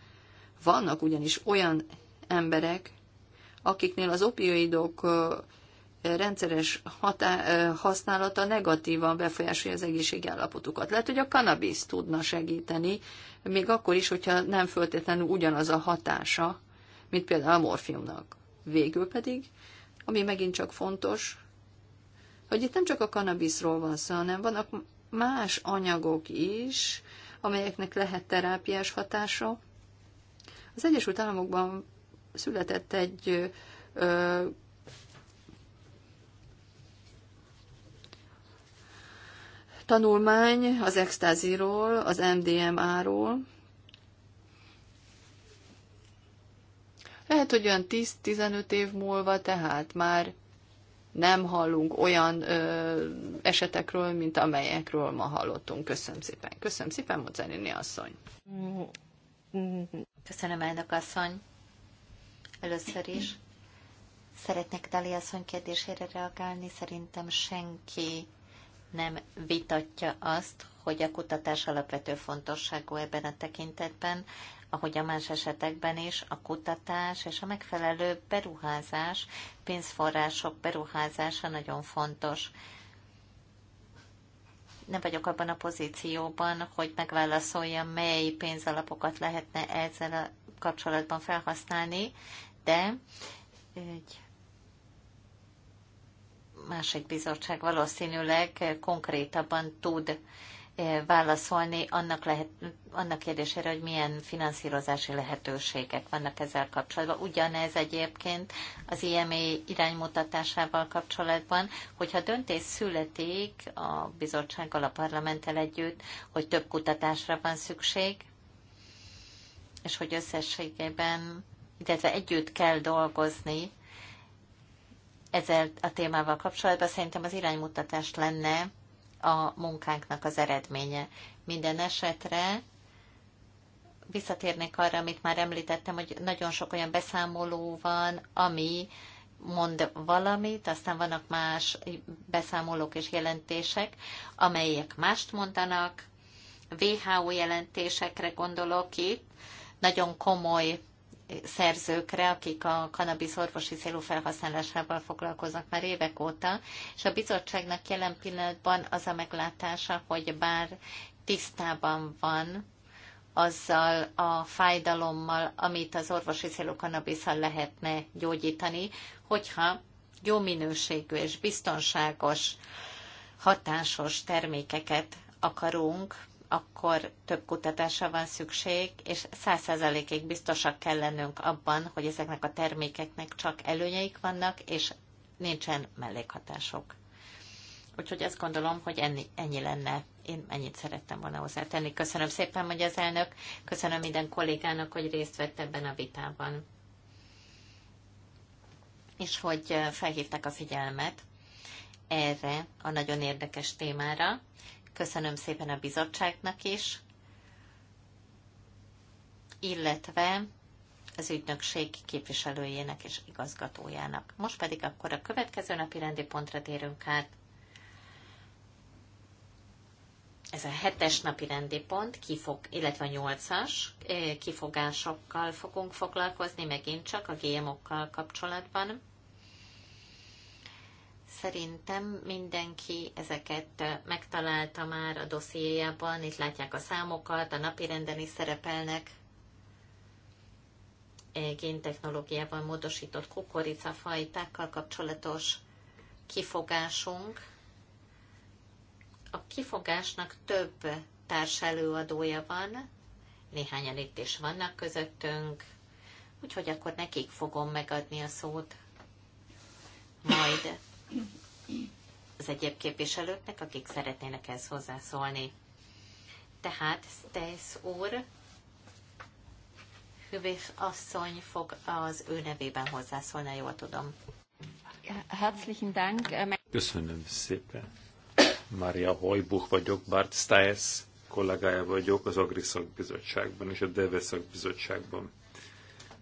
Vannak ugyanis olyan emberek, akiknél az opioidok rendszeres hatá- használata negatívan befolyásolja az egészségállapotukat. Lehet, hogy a kanabisz tudna segíteni, még akkor is, hogyha nem föltétlenül ugyanaz a hatása, mint például a morfiumnak. Végül pedig, ami megint csak fontos, hogy itt nem csak a kanabiszról van szó, hanem vannak más anyagok is, amelyeknek lehet terápiás hatása. Az Egyesült Államokban született egy ö, tanulmány az extáziról, az MDMA-ról, Lehet, hogy olyan 10-15 év múlva tehát már nem hallunk olyan ö, esetekről, mint amelyekről ma hallottunk. Köszönöm szépen. Köszönöm szépen, Mozerini asszony. Köszönöm, elnök asszony. Először is szeretnék Dali asszony kérdésére reagálni. Szerintem senki nem vitatja azt, hogy a kutatás alapvető fontosságú ebben a tekintetben ahogy a más esetekben is, a kutatás és a megfelelő beruházás, pénzforrások beruházása nagyon fontos. Nem vagyok abban a pozícióban, hogy megválaszoljam, mely pénzalapokat lehetne ezzel a kapcsolatban felhasználni, de egy másik bizottság valószínűleg konkrétabban tud válaszolni annak, lehet, annak kérdésére, hogy milyen finanszírozási lehetőségek vannak ezzel kapcsolatban. Ugyanez egyébként az IME iránymutatásával kapcsolatban, hogyha döntés születik a bizottsággal, a parlamenttel együtt, hogy több kutatásra van szükség, és hogy összességében, illetve együtt kell dolgozni ezzel a témával kapcsolatban, szerintem az iránymutatást lenne a munkánknak az eredménye. Minden esetre visszatérnék arra, amit már említettem, hogy nagyon sok olyan beszámoló van, ami mond valamit, aztán vannak más beszámolók és jelentések, amelyek mást mondanak. WHO jelentésekre gondolok itt, nagyon komoly szerzőkre, akik a kanabisz orvosi célú felhasználásával foglalkoznak már évek óta, és a bizottságnak jelen pillanatban az a meglátása, hogy bár tisztában van azzal a fájdalommal, amit az orvosi célú kanabiszal lehetne gyógyítani, hogyha jó minőségű és biztonságos, hatásos termékeket akarunk akkor több kutatásra van szükség, és száz százalékig biztosak kell lennünk abban, hogy ezeknek a termékeknek csak előnyeik vannak, és nincsen mellékhatások. Úgyhogy azt gondolom, hogy ennyi, ennyi lenne. Én ennyit szerettem volna hozzátenni. Köszönöm szépen, hogy az elnök. Köszönöm minden kollégának, hogy részt vett ebben a vitában. És hogy felhívták a figyelmet erre a nagyon érdekes témára, Köszönöm szépen a bizottságnak is, illetve az ügynökség képviselőjének és igazgatójának. Most pedig akkor a következő napi rendi pontra térünk át. Ez a hetes napi rendi pont, kifog, illetve a nyolcas eh, kifogásokkal fogunk foglalkozni, megint csak a GMO-kkal kapcsolatban. Szerintem mindenki ezeket megtalálta már a dossziéjában, itt látják a számokat, a napirenden is szerepelnek. Géntechnológiával módosított kukoricafajtákkal kapcsolatos kifogásunk. A kifogásnak több társelőadója van, néhányan itt is vannak közöttünk, úgyhogy akkor nekik fogom megadni a szót majd az egyéb képviselőknek, akik szeretnének ezt hozzászólni. Tehát Stace úr, Hüvés asszony fog az ő nevében hozzászólni, jól tudom. Herzlichen Dank. Äh, Köszönöm szépen. Maria Hojbuch vagyok, Bart Staes kollégája vagyok az Agri Szakbizottságban és a Deve Szakbizottságban.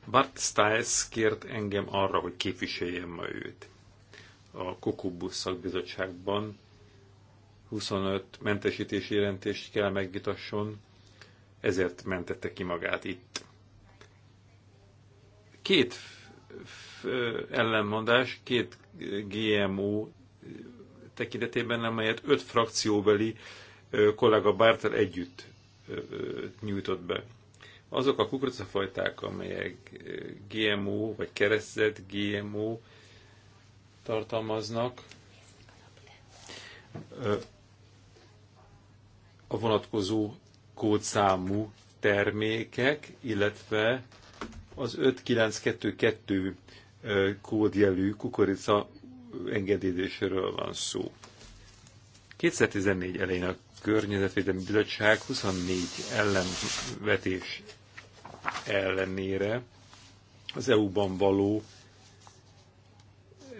Bart Stiles kért engem arra, hogy képviseljem ma őt a Kokubusz szakbizottságban 25 mentesítési jelentést kell megvitasson, ezért mentette ki magát itt. Két ellenmondás, két GMO tekintetében, amelyet öt frakcióbeli kollega Bártel együtt nyújtott be. Azok a kukoricafajták, amelyek GMO vagy keresztet GMO, tartalmaznak. A vonatkozó kódszámú termékek, illetve az 5922 kódjelű kukorica engedélyéséről van szó. 2014 elején a Környezetvédelmi Bizottság 24 ellenvetés ellenére az EU-ban való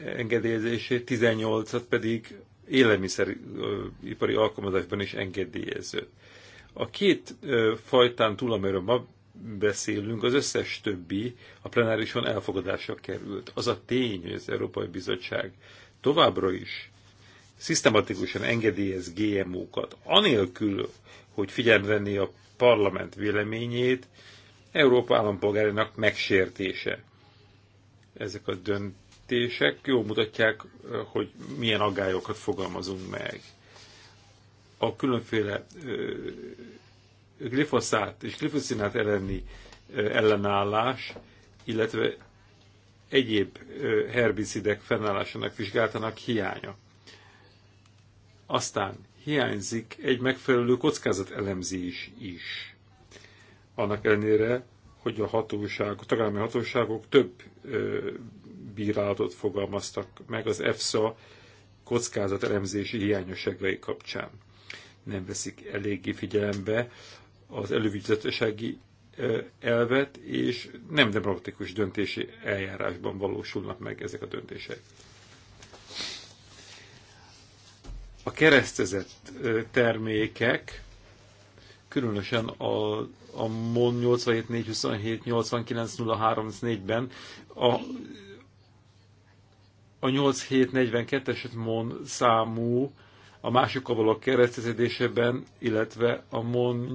engedélyezését, 18-at pedig élelmiszeripari alkalmazásban is engedélyező. A két fajtán túl, amiről ma beszélünk, az összes többi a plenárison elfogadásra került. Az a tény, hogy az Európai Bizottság továbbra is szisztematikusan engedélyez GMO-kat, anélkül, hogy figyelmenni a parlament véleményét, Európa állampolgárinak megsértése. Ezek a dönt jelentések jól mutatják, hogy milyen aggályokat fogalmazunk meg. A különféle glifoszát és glifoszinát elleni ellenállás, illetve egyéb herbicidek fennállásának vizsgáltanak hiánya. Aztán hiányzik egy megfelelő kockázatelemzés is. Annak ellenére, hogy a hatóságok, a tagállami hatóságok több ö, bírálatot fogalmaztak meg az EFSA kockázatelemzési hiányosságai kapcsán. Nem veszik eléggé figyelembe az elővigyzetősági elvet, és nem demokratikus döntési eljárásban valósulnak meg ezek a döntések. A keresztezett termékek, különösen a, a MON 87427 ben a a 8742-es MON számú a másikkal való kereszteződésében, illetve a MON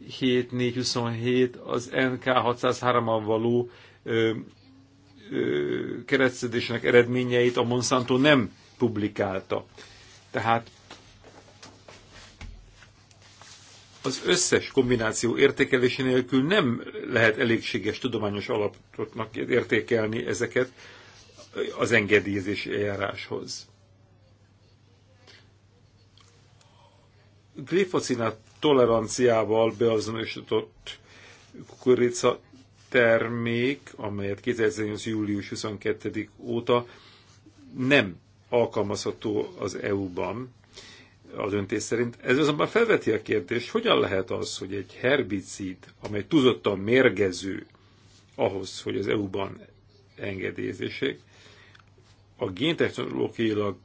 87427 az NK 603-mal való ö, eredményeit a Monsanto nem publikálta. Tehát az összes kombináció értékelési nélkül nem lehet elégséges tudományos alapotnak értékelni ezeket az engedélyezési eljáráshoz. Glifocinát toleranciával beazonosított kukorica termék, amelyet 2018. július 22 óta nem alkalmazható az EU-ban, a döntés szerint. Ez azonban felveti a kérdést, hogyan lehet az, hogy egy herbicid, amely tudottan mérgező ahhoz, hogy az EU-ban engedélyezésék, a géntechnológiailag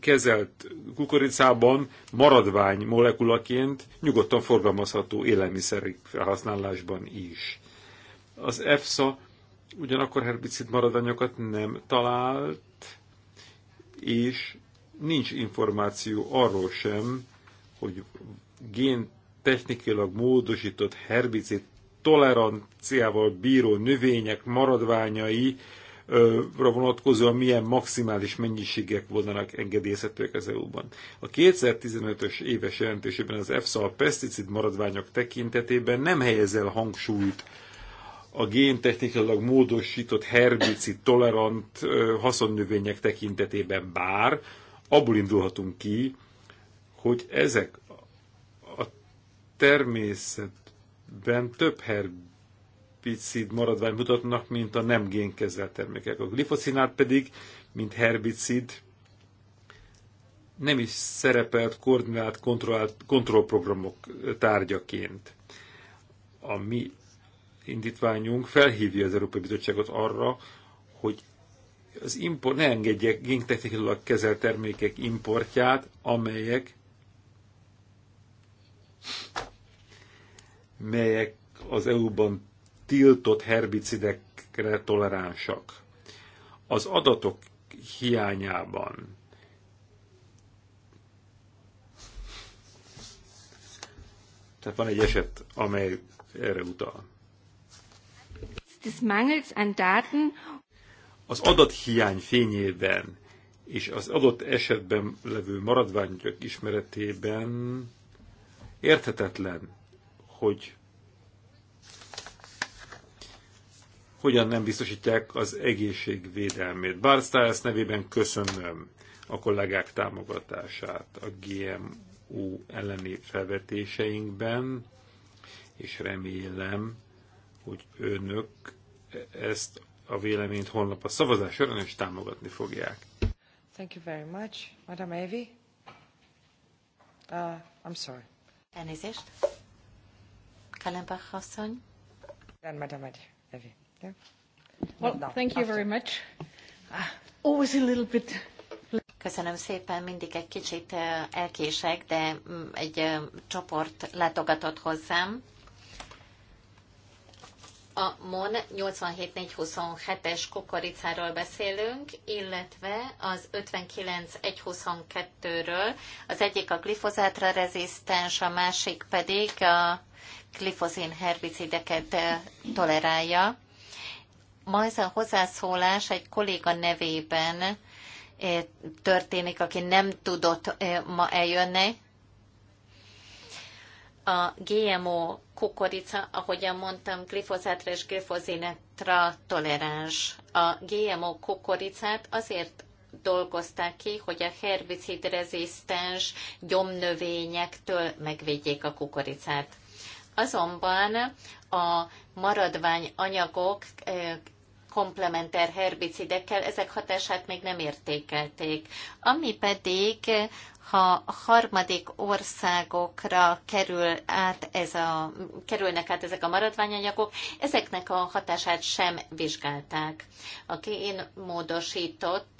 kezelt kukoricában maradvány molekulaként nyugodtan forgalmazható élelmiszerek felhasználásban is. Az EFSA ugyanakkor herbicid maradványokat nem talált, és nincs információ arról sem, hogy gén technikailag módosított herbicid toleranciával bíró növények maradványai vonatkozóan milyen maximális mennyiségek volnának engedélyezhetőek az EU-ban. A 2015-ös éves jelentésében az EFSA a peszticid maradványok tekintetében nem helyez el hangsúlyt a géntechnikailag módosított herbicid tolerant haszonnövények tekintetében bár, abból indulhatunk ki, hogy ezek a természetben több herbicid herbicid maradvány mutatnak, mint a nem génkezelt termékek. A glifoszinát pedig, mint herbicid, nem is szerepelt koordinált kontrollprogramok tárgyaként. A mi indítványunk felhívja az Európai Bizottságot arra, hogy az import, ne engedjek géntechnikailag kezelt termékek importját, amelyek melyek az EU-ban tiltott herbicidekre toleránsak. Az adatok hiányában Tehát van egy eset, amely erre utal. Az adat hiány az fényében és az adott esetben levő maradványok ismeretében érthetetlen, hogy hogyan nem biztosítják az egészségvédelmét. Bár Stiles nevében köszönöm a kollégák támogatását a GMO elleni felvetéseinkben, és remélem, hogy önök ezt a véleményt holnap a szavazás során is támogatni fogják. Thank you very much. Madam Evi? Uh, I'm sorry. Elnézést. Kallenbach asszony. Then Madam Evi there. Well, no, thank you very much. Ah, always a little bit Köszönöm szépen, mindig egy kicsit eh, elkések, de mm, egy eh, csoport látogatott hozzám. A MON 87427-es kukoricáról beszélünk, illetve az 59122-ről. Az egyik a glifozátra rezisztens, a másik pedig a glifozin herbicideket eh, tolerálja ma ez a hozzászólás egy kolléga nevében eh, történik, aki nem tudott eh, ma eljönni. A GMO kukorica, ahogyan mondtam, glifozátra és glifozinetra toleráns. A GMO kukoricát azért dolgozták ki, hogy a herbicid rezisztens gyomnövényektől megvédjék a kukoricát. Azonban a maradvány anyagok eh, komplementer herbicidekkel, ezek hatását még nem értékelték. Ami pedig, ha harmadik országokra kerül át ez a, kerülnek át ezek a maradványanyagok, ezeknek a hatását sem vizsgálták. A módosított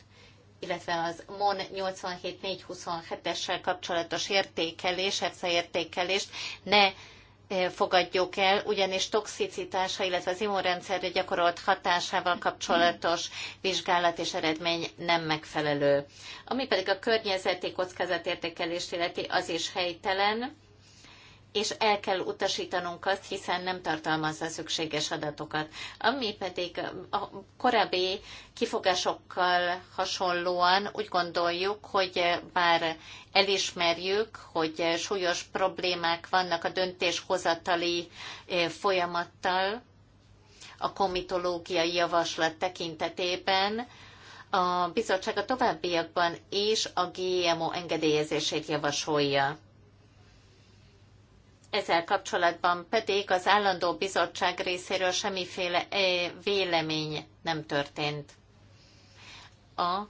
illetve az MON 87427-essel kapcsolatos értékelés, EFSA értékelést ne fogadjuk el, ugyanis toxicitása, illetve az immunrendszerre gyakorolt hatásával kapcsolatos vizsgálat és eredmény nem megfelelő. Ami pedig a környezeti kockázatértékelést illeti, az is helytelen, és el kell utasítanunk azt, hiszen nem tartalmazza szükséges adatokat. Ami pedig a korábbi kifogásokkal hasonlóan úgy gondoljuk, hogy bár elismerjük, hogy súlyos problémák vannak a döntéshozatali eh, folyamattal, a komitológiai javaslat tekintetében, a bizottság a továbbiakban is a GMO engedélyezését javasolja ezzel kapcsolatban pedig az állandó bizottság részéről semmiféle e, vélemény nem történt. A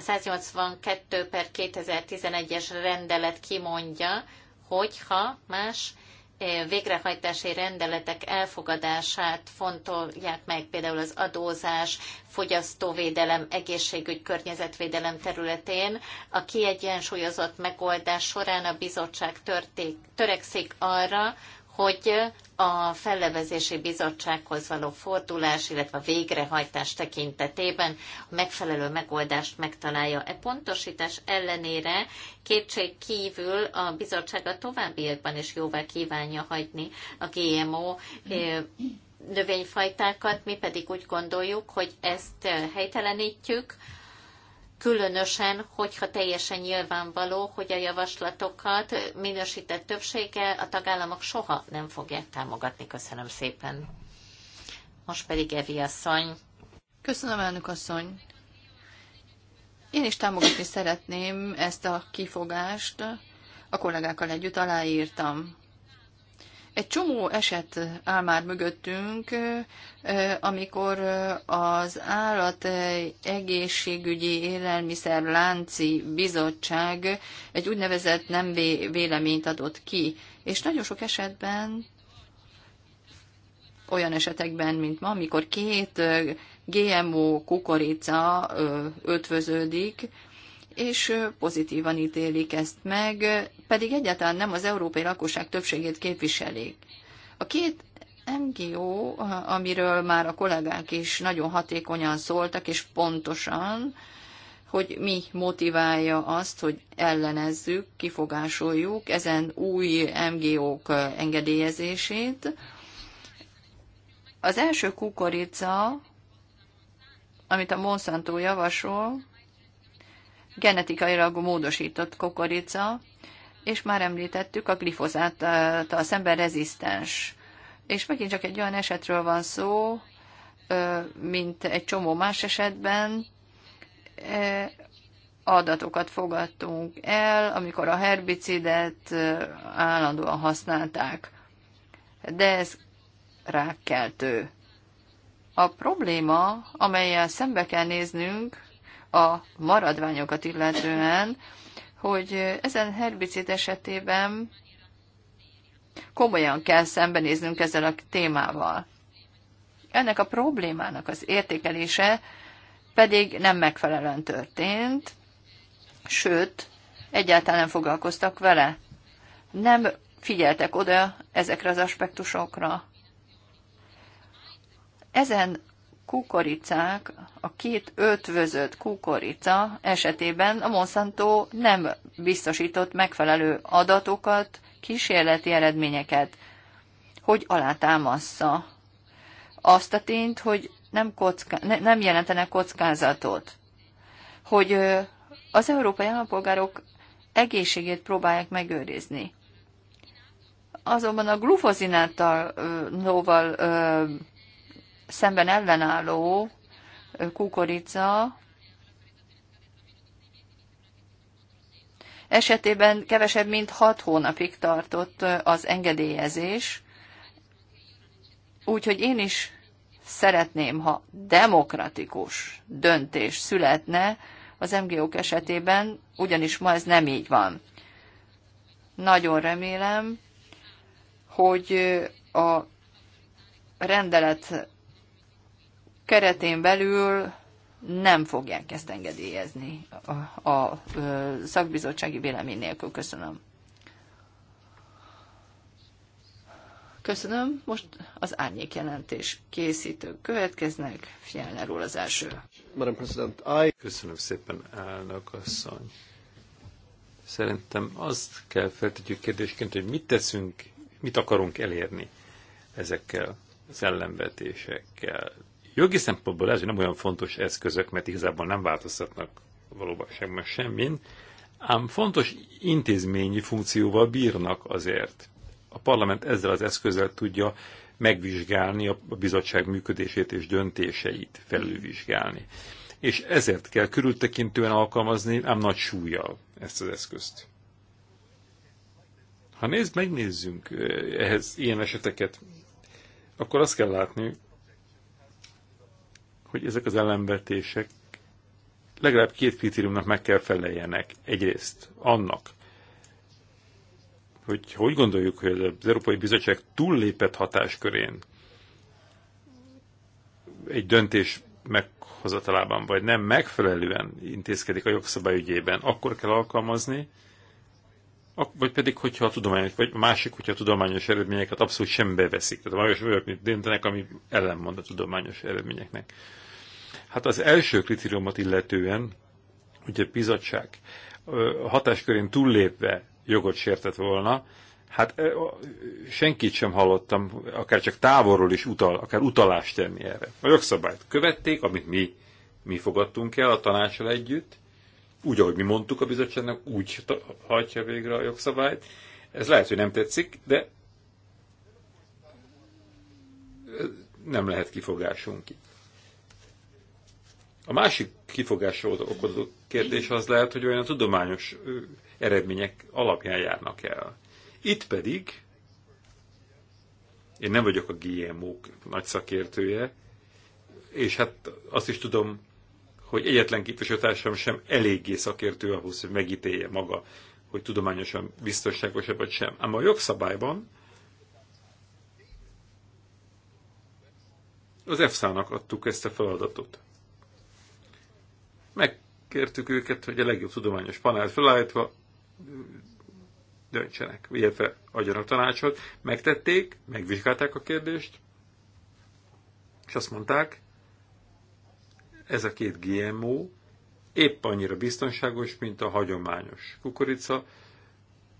182 per 2011-es rendelet kimondja, hogyha más végrehajtási rendeletek elfogadását fontolják meg, például az adózás, fogyasztóvédelem, egészségügy, környezetvédelem területén. A kiegyensúlyozott megoldás során a bizottság törték, törekszik arra, hogy a fellebezési bizottsághoz való fordulás, illetve a végrehajtás tekintetében a megfelelő megoldást megtalálja. E pontosítás ellenére kétség kívül a bizottság a továbbiakban is jóvá kívánja hagyni a GMO növényfajtákat, mi pedig úgy gondoljuk, hogy ezt helytelenítjük, Különösen, hogyha teljesen nyilvánvaló, hogy a javaslatokat minősített többsége a tagállamok soha nem fogják támogatni. Köszönöm szépen. Most pedig Evi asszony. Köszönöm, elnök asszony. Én is támogatni szeretném ezt a kifogást. A kollégákkal együtt aláírtam. Egy csomó eset áll már mögöttünk, amikor az állat egészségügyi élelmiszer lánci bizottság egy úgynevezett nem véleményt adott ki, és nagyon sok esetben olyan esetekben, mint ma, amikor két GMO kukorica ötvöződik, és pozitívan ítélik ezt meg, pedig egyáltalán nem az európai lakosság többségét képviselik. A két MGO, amiről már a kollégák is nagyon hatékonyan szóltak, és pontosan, hogy mi motiválja azt, hogy ellenezzük, kifogásoljuk ezen új MGO-k engedélyezését. Az első kukorica, amit a Monsanto javasol, genetikailag módosított kukorica, és már említettük, a eh, a szemben rezisztens. És megint csak egy olyan esetről van szó, eh, mint egy csomó más esetben, eh, adatokat fogadtunk el, amikor a herbicidet állandóan használták. De ez rákkeltő. A probléma, amelyel szembe kell néznünk, a maradványokat illetően, hogy ezen herbicid esetében komolyan kell szembenéznünk ezzel a témával. Ennek a problémának az értékelése pedig nem megfelelően történt, sőt, egyáltalán nem foglalkoztak vele. Nem figyeltek oda ezekre az aspektusokra. Ezen kukoricák, a két ötvözött kukorica esetében a Monsanto nem biztosított megfelelő adatokat, kísérleti eredményeket, hogy alátámassza azt a tényt, hogy nem, kocká, ne, nem jelentenek kockázatot, hogy az európai állampolgárok egészségét próbálják megőrizni. Azonban a glufozináttal, szemben ellenálló kukorica esetében kevesebb, mint 6 hónapig tartott az engedélyezés, úgyhogy én is szeretném, ha demokratikus döntés születne az MGO-k esetében, ugyanis ma ez nem így van. Nagyon remélem, hogy a rendelet keretén belül nem fogják ezt engedélyezni a, a szakbizottsági vélemény nélkül. Köszönöm. Köszönöm. Most az árnyék jelentés készítők következnek. Fjellner úr az első. Köszönöm szépen, elnök asszony. Szerintem azt kell feltetjük kérdésként, hogy mit teszünk, mit akarunk elérni ezekkel az ellenvetésekkel, Jogi szempontból ez nem olyan fontos eszközök, mert igazából nem változtatnak valóban sem, semmin, ám fontos intézményi funkcióval bírnak azért. A parlament ezzel az eszközzel tudja megvizsgálni a bizottság működését és döntéseit felülvizsgálni. És ezért kell körültekintően alkalmazni, ám nagy súlyjal ezt az eszközt. Ha nézd, megnézzünk eh, ehhez ilyen eseteket, akkor azt kell látni, hogy ezek az ellenvetések legalább két kritériumnak meg kell feleljenek. Egyrészt annak, hogy hogy gondoljuk, hogy az Európai Bizottság túllépett hatáskörén egy döntés meghozatalában, vagy nem megfelelően intézkedik a jogszabály ügyében, akkor kell alkalmazni, vagy pedig, hogyha a tudományos, vagy a másik, hogyha a tudományos eredményeket abszolút sem beveszik. Tehát a magas vagyok, mint döntenek, ami ellenmond a tudományos eredményeknek. Hát az első kritériumot illetően, ugye bizottság hatáskörén túllépve jogot sértett volna, hát senkit sem hallottam, akár csak távolról is utal, akár utalást tenni erre. A jogszabályt követték, amit mi, mi fogadtunk el a tanácsal együtt, úgy, ahogy mi mondtuk a bizottságnak, úgy hajtja végre a jogszabályt. Ez lehet, hogy nem tetszik, de nem lehet kifogásunk itt. A másik kifogásra okozó kérdés az lehet, hogy olyan tudományos eredmények alapján járnak el. Itt pedig, én nem vagyok a GMO-k nagy szakértője, és hát azt is tudom, hogy egyetlen képviselőtársam sem eléggé szakértő ahhoz, hogy megítélje maga, hogy tudományosan biztonságosabb vagy sem. Ám a jogszabályban az EFSA-nak adtuk ezt a feladatot Megkértük őket, hogy a legjobb tudományos panelt felállítva döntsenek, illetve adjanak tanácsot. Megtették, megvizsgálták a kérdést, és azt mondták, ez a két GMO épp annyira biztonságos, mint a hagyományos kukorica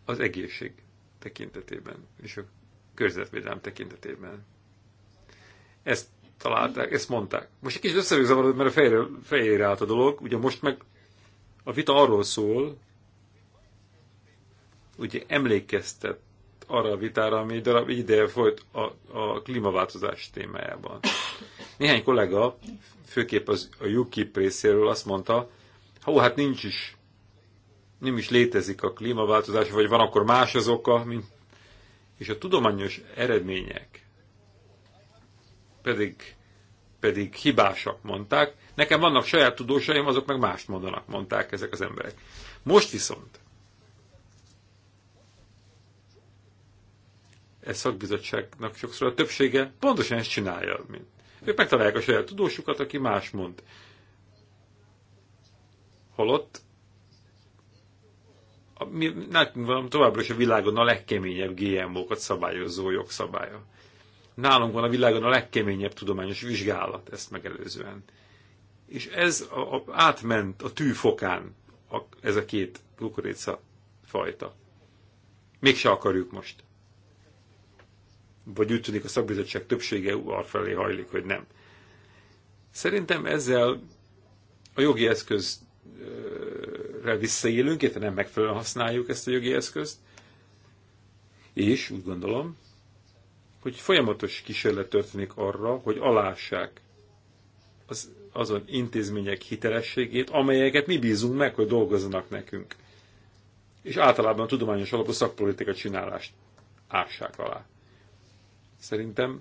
az egészség tekintetében és a környezetvédelem tekintetében. Ezt találták, ezt mondták. Most egy kicsit össze mert a fejére, fejére állt a dolog, ugye most meg a vita arról szól, ugye emlékeztet arra a vitára, ami egy darab ideje folyt a, a klímaváltozás témájában. Néhány kollega, főképp az, a UKIP részéről azt mondta, ha hát nincs is, nem is létezik a klímaváltozás, vagy van akkor más az oka, mint... És a tudományos eredmények pedig, pedig hibásak mondták. Nekem vannak saját tudósaim, azok meg mást mondanak, mondták ezek az emberek. Most viszont ez szakbizottságnak sokszor a többsége pontosan ezt csinálja. Mint. Ők megtalálják a saját tudósukat, aki más mond. Holott a, mi, nekünk van továbbra is a világon a legkeményebb GMO-kat szabályozó jogszabálya nálunk van a világon a legkeményebb tudományos vizsgálat ezt megelőzően. És ez a, a, átment a tűfokán a, ez a két kukorica fajta. Mégse akarjuk most. Vagy úgy tűnik a szakbizottság többsége felé hajlik, hogy nem. Szerintem ezzel a jogi eszközre visszaélünk, illetve nem megfelelően használjuk ezt a jogi eszközt, és úgy gondolom, hogy folyamatos kísérlet történik arra, hogy alássák az, azon intézmények hitelességét, amelyeket mi bízunk meg, hogy dolgozzanak nekünk. És általában a tudományos alapú szakpolitika csinálást ássák alá. Szerintem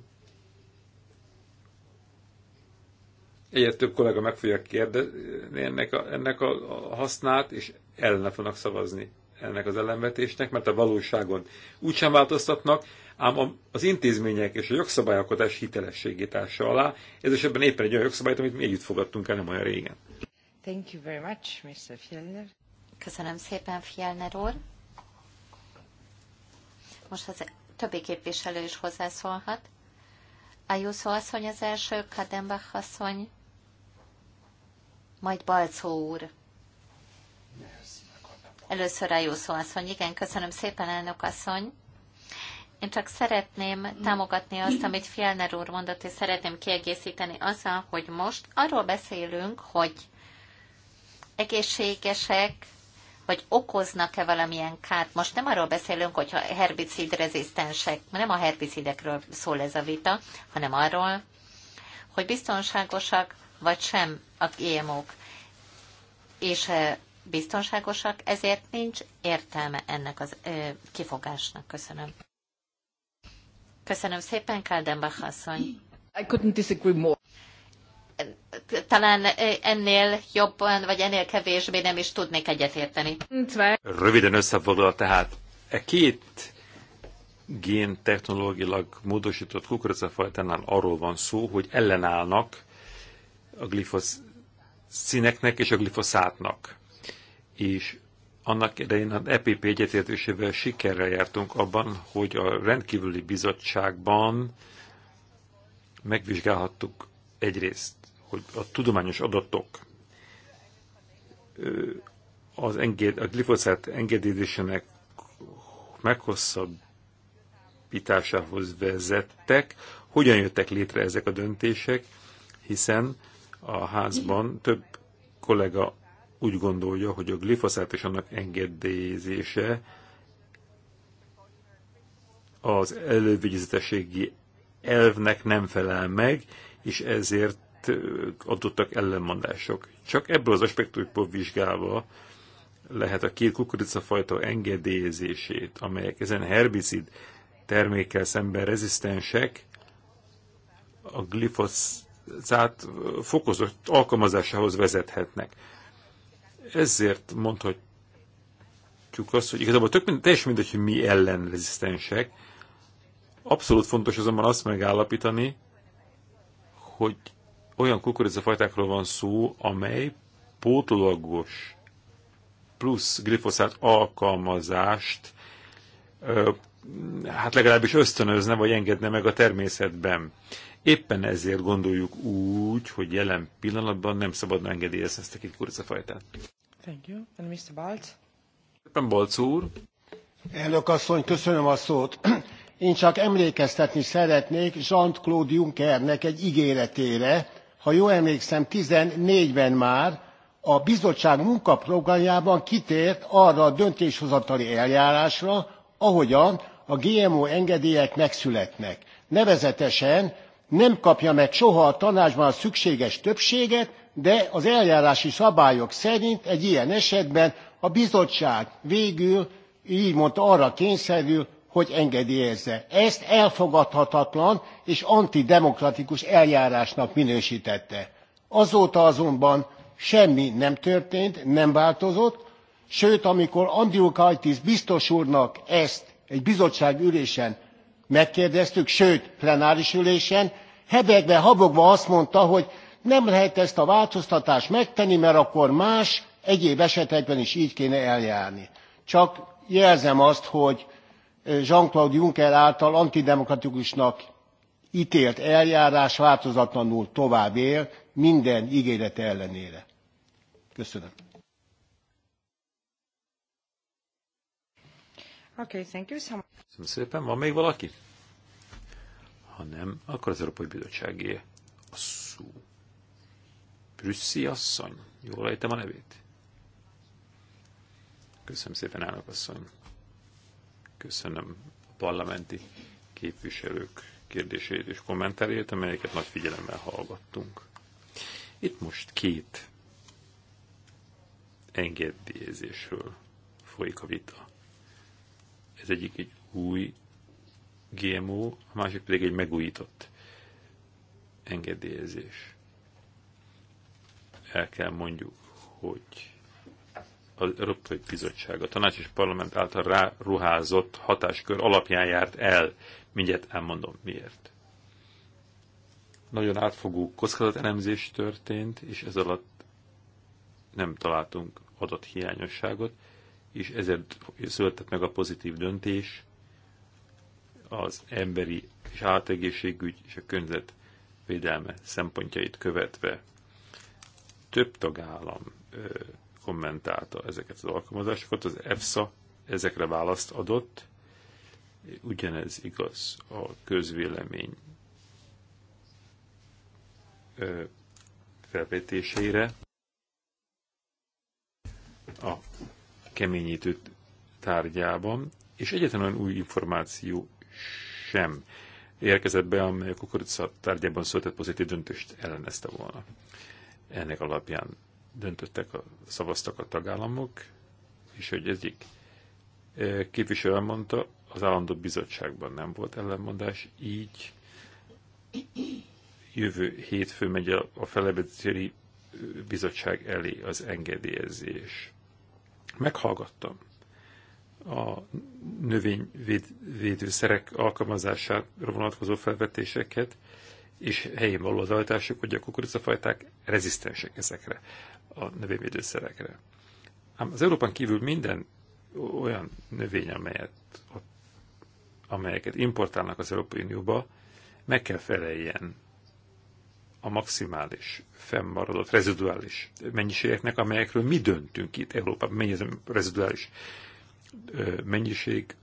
egyre több kollega meg fogja kérdezni ennek a, ennek a hasznát, és ellene fognak szavazni ennek az ellenvetésnek, mert a valóságon úgysem változtatnak, ám az intézmények és a jogszabályalkotás hitelességét ássa alá, ez esetben éppen egy olyan jogszabályt, amit mi együtt fogadtunk el nem olyan régen. Thank you very much, Mr. Fjellner. Köszönöm szépen, Fjellner úr. Most az többi képviselő is hozzászólhat. Ayuso asszony az első, Kadenbach asszony, majd Balcó úr. Először Ayuso asszony, igen, köszönöm szépen, elnök asszony. Én csak szeretném támogatni azt, amit Fjellner úr mondott, és szeretném kiegészíteni azzal, hogy most arról beszélünk, hogy egészségesek, vagy okoznak-e valamilyen kárt. Most nem arról beszélünk, hogyha herbicid rezisztensek, nem a herbicidekről szól ez a vita, hanem arról, hogy biztonságosak vagy sem a GMO-k. És biztonságosak, ezért nincs értelme ennek az kifogásnak. Köszönöm. Köszönöm szépen, Káldenbach asszony. I couldn't disagree more. Talán eh, ennél jobban, vagy ennél kevésbé nem is tudnék egyetérteni. Röviden összefoglalva tehát, e két gén technológilag módosított kukoricafajtánál arról van szó, hogy ellenállnak a glifoszíneknek és a glifoszátnak. És annak idején az EPP egyetértésével sikerrel jártunk abban, hogy a rendkívüli bizottságban megvizsgálhattuk egyrészt, hogy a tudományos adatok az enged, a glifoszát engedélyzésének meghosszabbításához vezettek, hogyan jöttek létre ezek a döntések, hiszen a házban több kollega úgy gondolja, hogy a glifoszát és annak engedélyezése az elővigyezetességi elvnek nem felel meg, és ezért adottak ellenmondások. Csak ebből az aspektusból vizsgálva lehet a két kukoricafajta engedélyezését, amelyek ezen herbicid termékkel szemben rezisztensek, a glifoszát fokozott alkalmazásához vezethetnek. Ezért mondhatjuk azt, hogy igazából tök mind, teljesen mindegy, hogy mi ellen rezisztensek. Abszolút fontos azonban azt megállapítani, hogy olyan kukoricafajtákról van szó, amely pótlagos plusz glifoszát alkalmazást hát legalábbis ösztönözne, vagy engedne meg a természetben. Éppen ezért gondoljuk úgy, hogy jelen pillanatban nem szabadna engedélyezni ezt a két kurcafajtát. Thank you. And Mr. Éppen Balc úr. Elnök asszony, köszönöm a szót. Én csak emlékeztetni szeretnék Jean-Claude Junckernek egy ígéretére, ha jól emlékszem, 14-ben már a bizottság munkaprogramjában kitért arra a döntéshozatali eljárásra, ahogyan a GMO engedélyek megszületnek. Nevezetesen nem kapja meg soha a tanácsban a szükséges többséget, de az eljárási szabályok szerint egy ilyen esetben a bizottság végül gy mondta arra kényszerül hogy engedélyezze. ezt elfogadhatatlan és antidemokratikus eljárásnak minőstette. azóta azonban semmi nem történt nem változott sőt amikor andriukaitis biztos úrnak ezt egy bizottsági ülésen megkérdeztük sőt plenáris ülésen hebegve habogva azt mondta hogy nem lehet ezt a változtatást megtenni mert akkor más egyéb esetekben is így kéne eljárni. csak jelzem azt hogy jean claude juncker által antidemokratikusnak ítélt eljárás változatlanul tovább él minden ígéret ellenére. köszönöm. Okay, thank you. Köszönöm szépen. Van még valaki? Ha nem, akkor az Európai Bizottságé a Rüsszi asszony. Jól ejtem a nevét? Köszönöm szépen, elnök asszony. Köszönöm a parlamenti képviselők kérdéseit és kommenterét, amelyeket nagy figyelemmel hallgattunk. Itt most két engedélyezésről folyik a vita. Ez egyik egy új GMO, a másik pedig egy megújított engedélyezés el kell mondjuk, hogy az Európai Bizottság a Tanács és Parlament által ráruházott hatáskör alapján járt el. Mindjárt elmondom miért. Nagyon átfogó kockázatelemzés történt, és ez alatt nem találtunk hiányosságot, és ezért született meg a pozitív döntés az emberi és átegészségügy és a környezet védelme szempontjait követve több tagállam kommentálta ezeket az alkalmazásokat, az EFSA ezekre választ adott, ugyanez igaz a közvélemény felvetéseire. A keményítő tárgyában, és egyetlen olyan új információ sem érkezett be, amely a kukoricatárgyában született pozitív döntést ellenezte volna ennek alapján döntöttek, a, szavaztak a tagállamok, és hogy egyik e, képviselő mondta, az állandó bizottságban nem volt ellenmondás, így jövő hétfő megy a, a felebezéli bizottság elé az engedélyezés. Meghallgattam a növényvédőszerek alkalmazására vonatkozó felvetéseket, és helyén való az ajtásuk, hogy a kukoricafajták rezisztensek ezekre a növényvédőszerekre. Ám az Európán kívül minden olyan növény, amelyet, amelyeket importálnak az Európai Unióba, meg kell feleljen a maximális fennmaradott reziduális mennyiségeknek, amelyekről mi döntünk itt Európában, mennyi ez a reziduális mennyiség,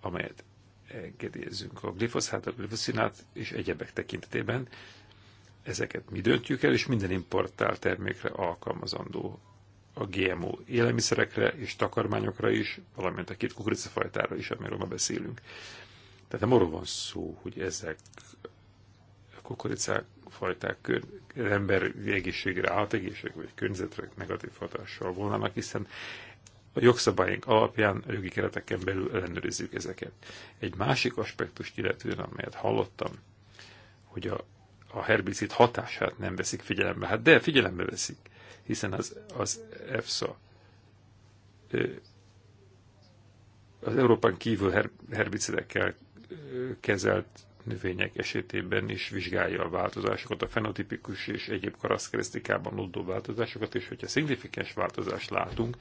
amelyet engedélyezünk a glifoszát, a glifoszinát és egyebek tekintetében. Ezeket mi döntjük el, és minden importált termékre alkalmazandó a GMO élelmiszerekre és takarmányokra is, valamint a két kukoricafajtára is, amiről ma beszélünk. Tehát nem arról van szó, hogy ezek a kukoricák, fajták ember egészségre, átegészségre vagy környezetre negatív hatással volnának, hiszen a jogszabályunk alapján a jogi kereteken belül ellenőrizzük ezeket. Egy másik aspektust illetően, amelyet hallottam, hogy a, a herbicid hatását nem veszik figyelembe. Hát de figyelembe veszik, hiszen az, az EFSA az Európán kívül her, herbicidekkel kezelt növények esetében is vizsgálja a változásokat, a fenotipikus és egyéb karaszkeresztikában lódó változásokat, és hogyha szignifikáns változást látunk,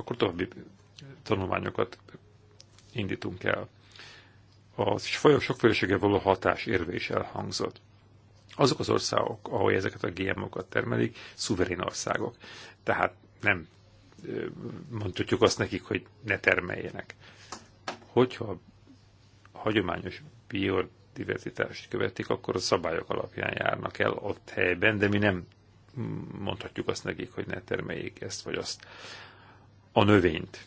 akkor további tanulmányokat indítunk el. A sokfélesége való hatás érve is elhangzott. Azok az országok, ahol ezeket a GMO-kat termelik, szuverén országok. Tehát nem mondhatjuk azt nekik, hogy ne termeljenek. Hogyha hagyományos biodiverzitást követik, akkor a szabályok alapján járnak el ott helyben, de mi nem mondhatjuk azt nekik, hogy ne termeljék ezt vagy azt a növényt,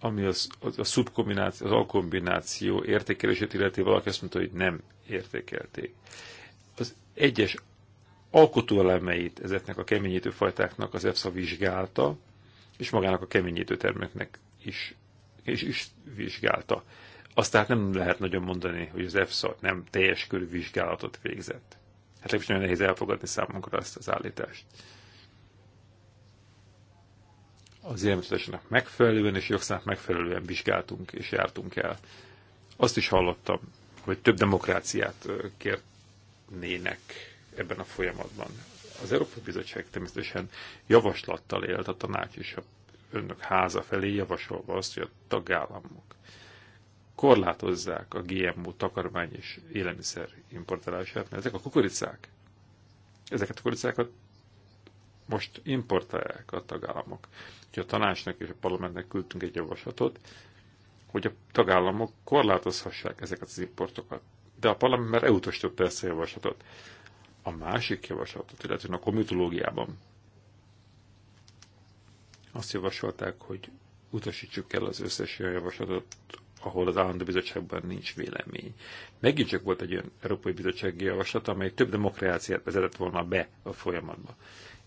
ami az, az, a szubkombináció, az alkombináció értékelését illeti, valaki azt mondta, hogy nem értékelték. Az egyes alkotóelemeit ezeknek a keményítő fajtáknak az EFSA vizsgálta, és magának a keményítő terméknek is, és is vizsgálta. Azt tehát nem lehet nagyon mondani, hogy az EFSA nem teljes körű vizsgálatot végzett. Hát legalábbis nagyon nehéz elfogadni számunkra ezt az állítást az érmetesnek megfelelően és jogszának megfelelően vizsgáltunk és jártunk el. Azt is hallottam, hogy több demokráciát kérnének ebben a folyamatban. Az Európai Bizottság természetesen javaslattal élt a tanács és a önök háza felé javasolva azt, hogy a tagállamok korlátozzák a GMO takarmány és élelmiszer importálását, mert ezek a kukoricák, ezeket a kukoricákat most importálják a tagállamok. Úgyhogy a tanácsnak és a parlamentnek küldtünk egy javaslatot, hogy a tagállamok korlátozhassák ezeket az importokat. De a parlament már elutasította ezt a javaslatot. A másik javaslatot, illetve a komitológiában azt javasolták, hogy utasítsuk el az összes olyan javaslatot, ahol az állandó bizottságban nincs vélemény. Megint csak volt egy olyan Európai Bizottsági javaslat, amely több demokráciát vezetett volna be a folyamatba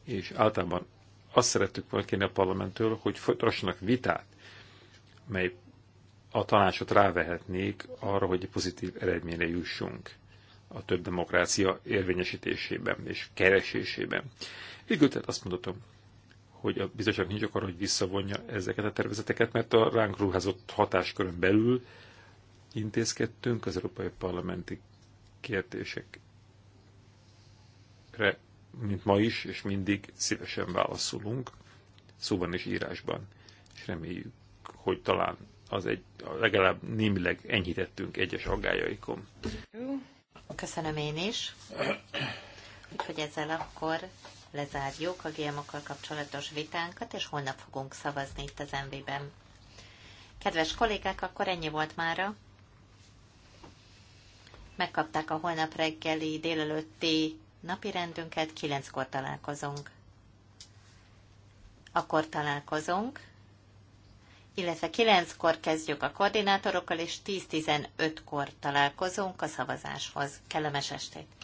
és általában azt szerettük volna kérni a parlamenttől, hogy folytassanak vitát, mely a tanácsot rávehetnék arra, hogy pozitív eredményre jussunk a több demokrácia érvényesítésében és keresésében. Végül tehát azt mondhatom, hogy a bizottság nincs akar, hogy visszavonja ezeket a tervezeteket, mert a ránk ruházott hatáskörön belül intézkedtünk az Európai Parlamenti kérdésekre mint ma is, és mindig szívesen válaszolunk, szóban és írásban, és reméljük, hogy talán az egy, legalább némileg enyhítettünk egyes aggájaikon. Köszönöm én is. Úgyhogy ezzel akkor lezárjuk a gmo kapcsolatos vitánkat, és holnap fogunk szavazni itt az MV-ben. Kedves kollégák, akkor ennyi volt mára. Megkapták a holnap reggeli délelőtti napi rendünket, kilenckor találkozunk. Akkor találkozunk, illetve kilenckor kezdjük a koordinátorokkal, és 10-15-kor találkozunk a szavazáshoz. Kellemes estét!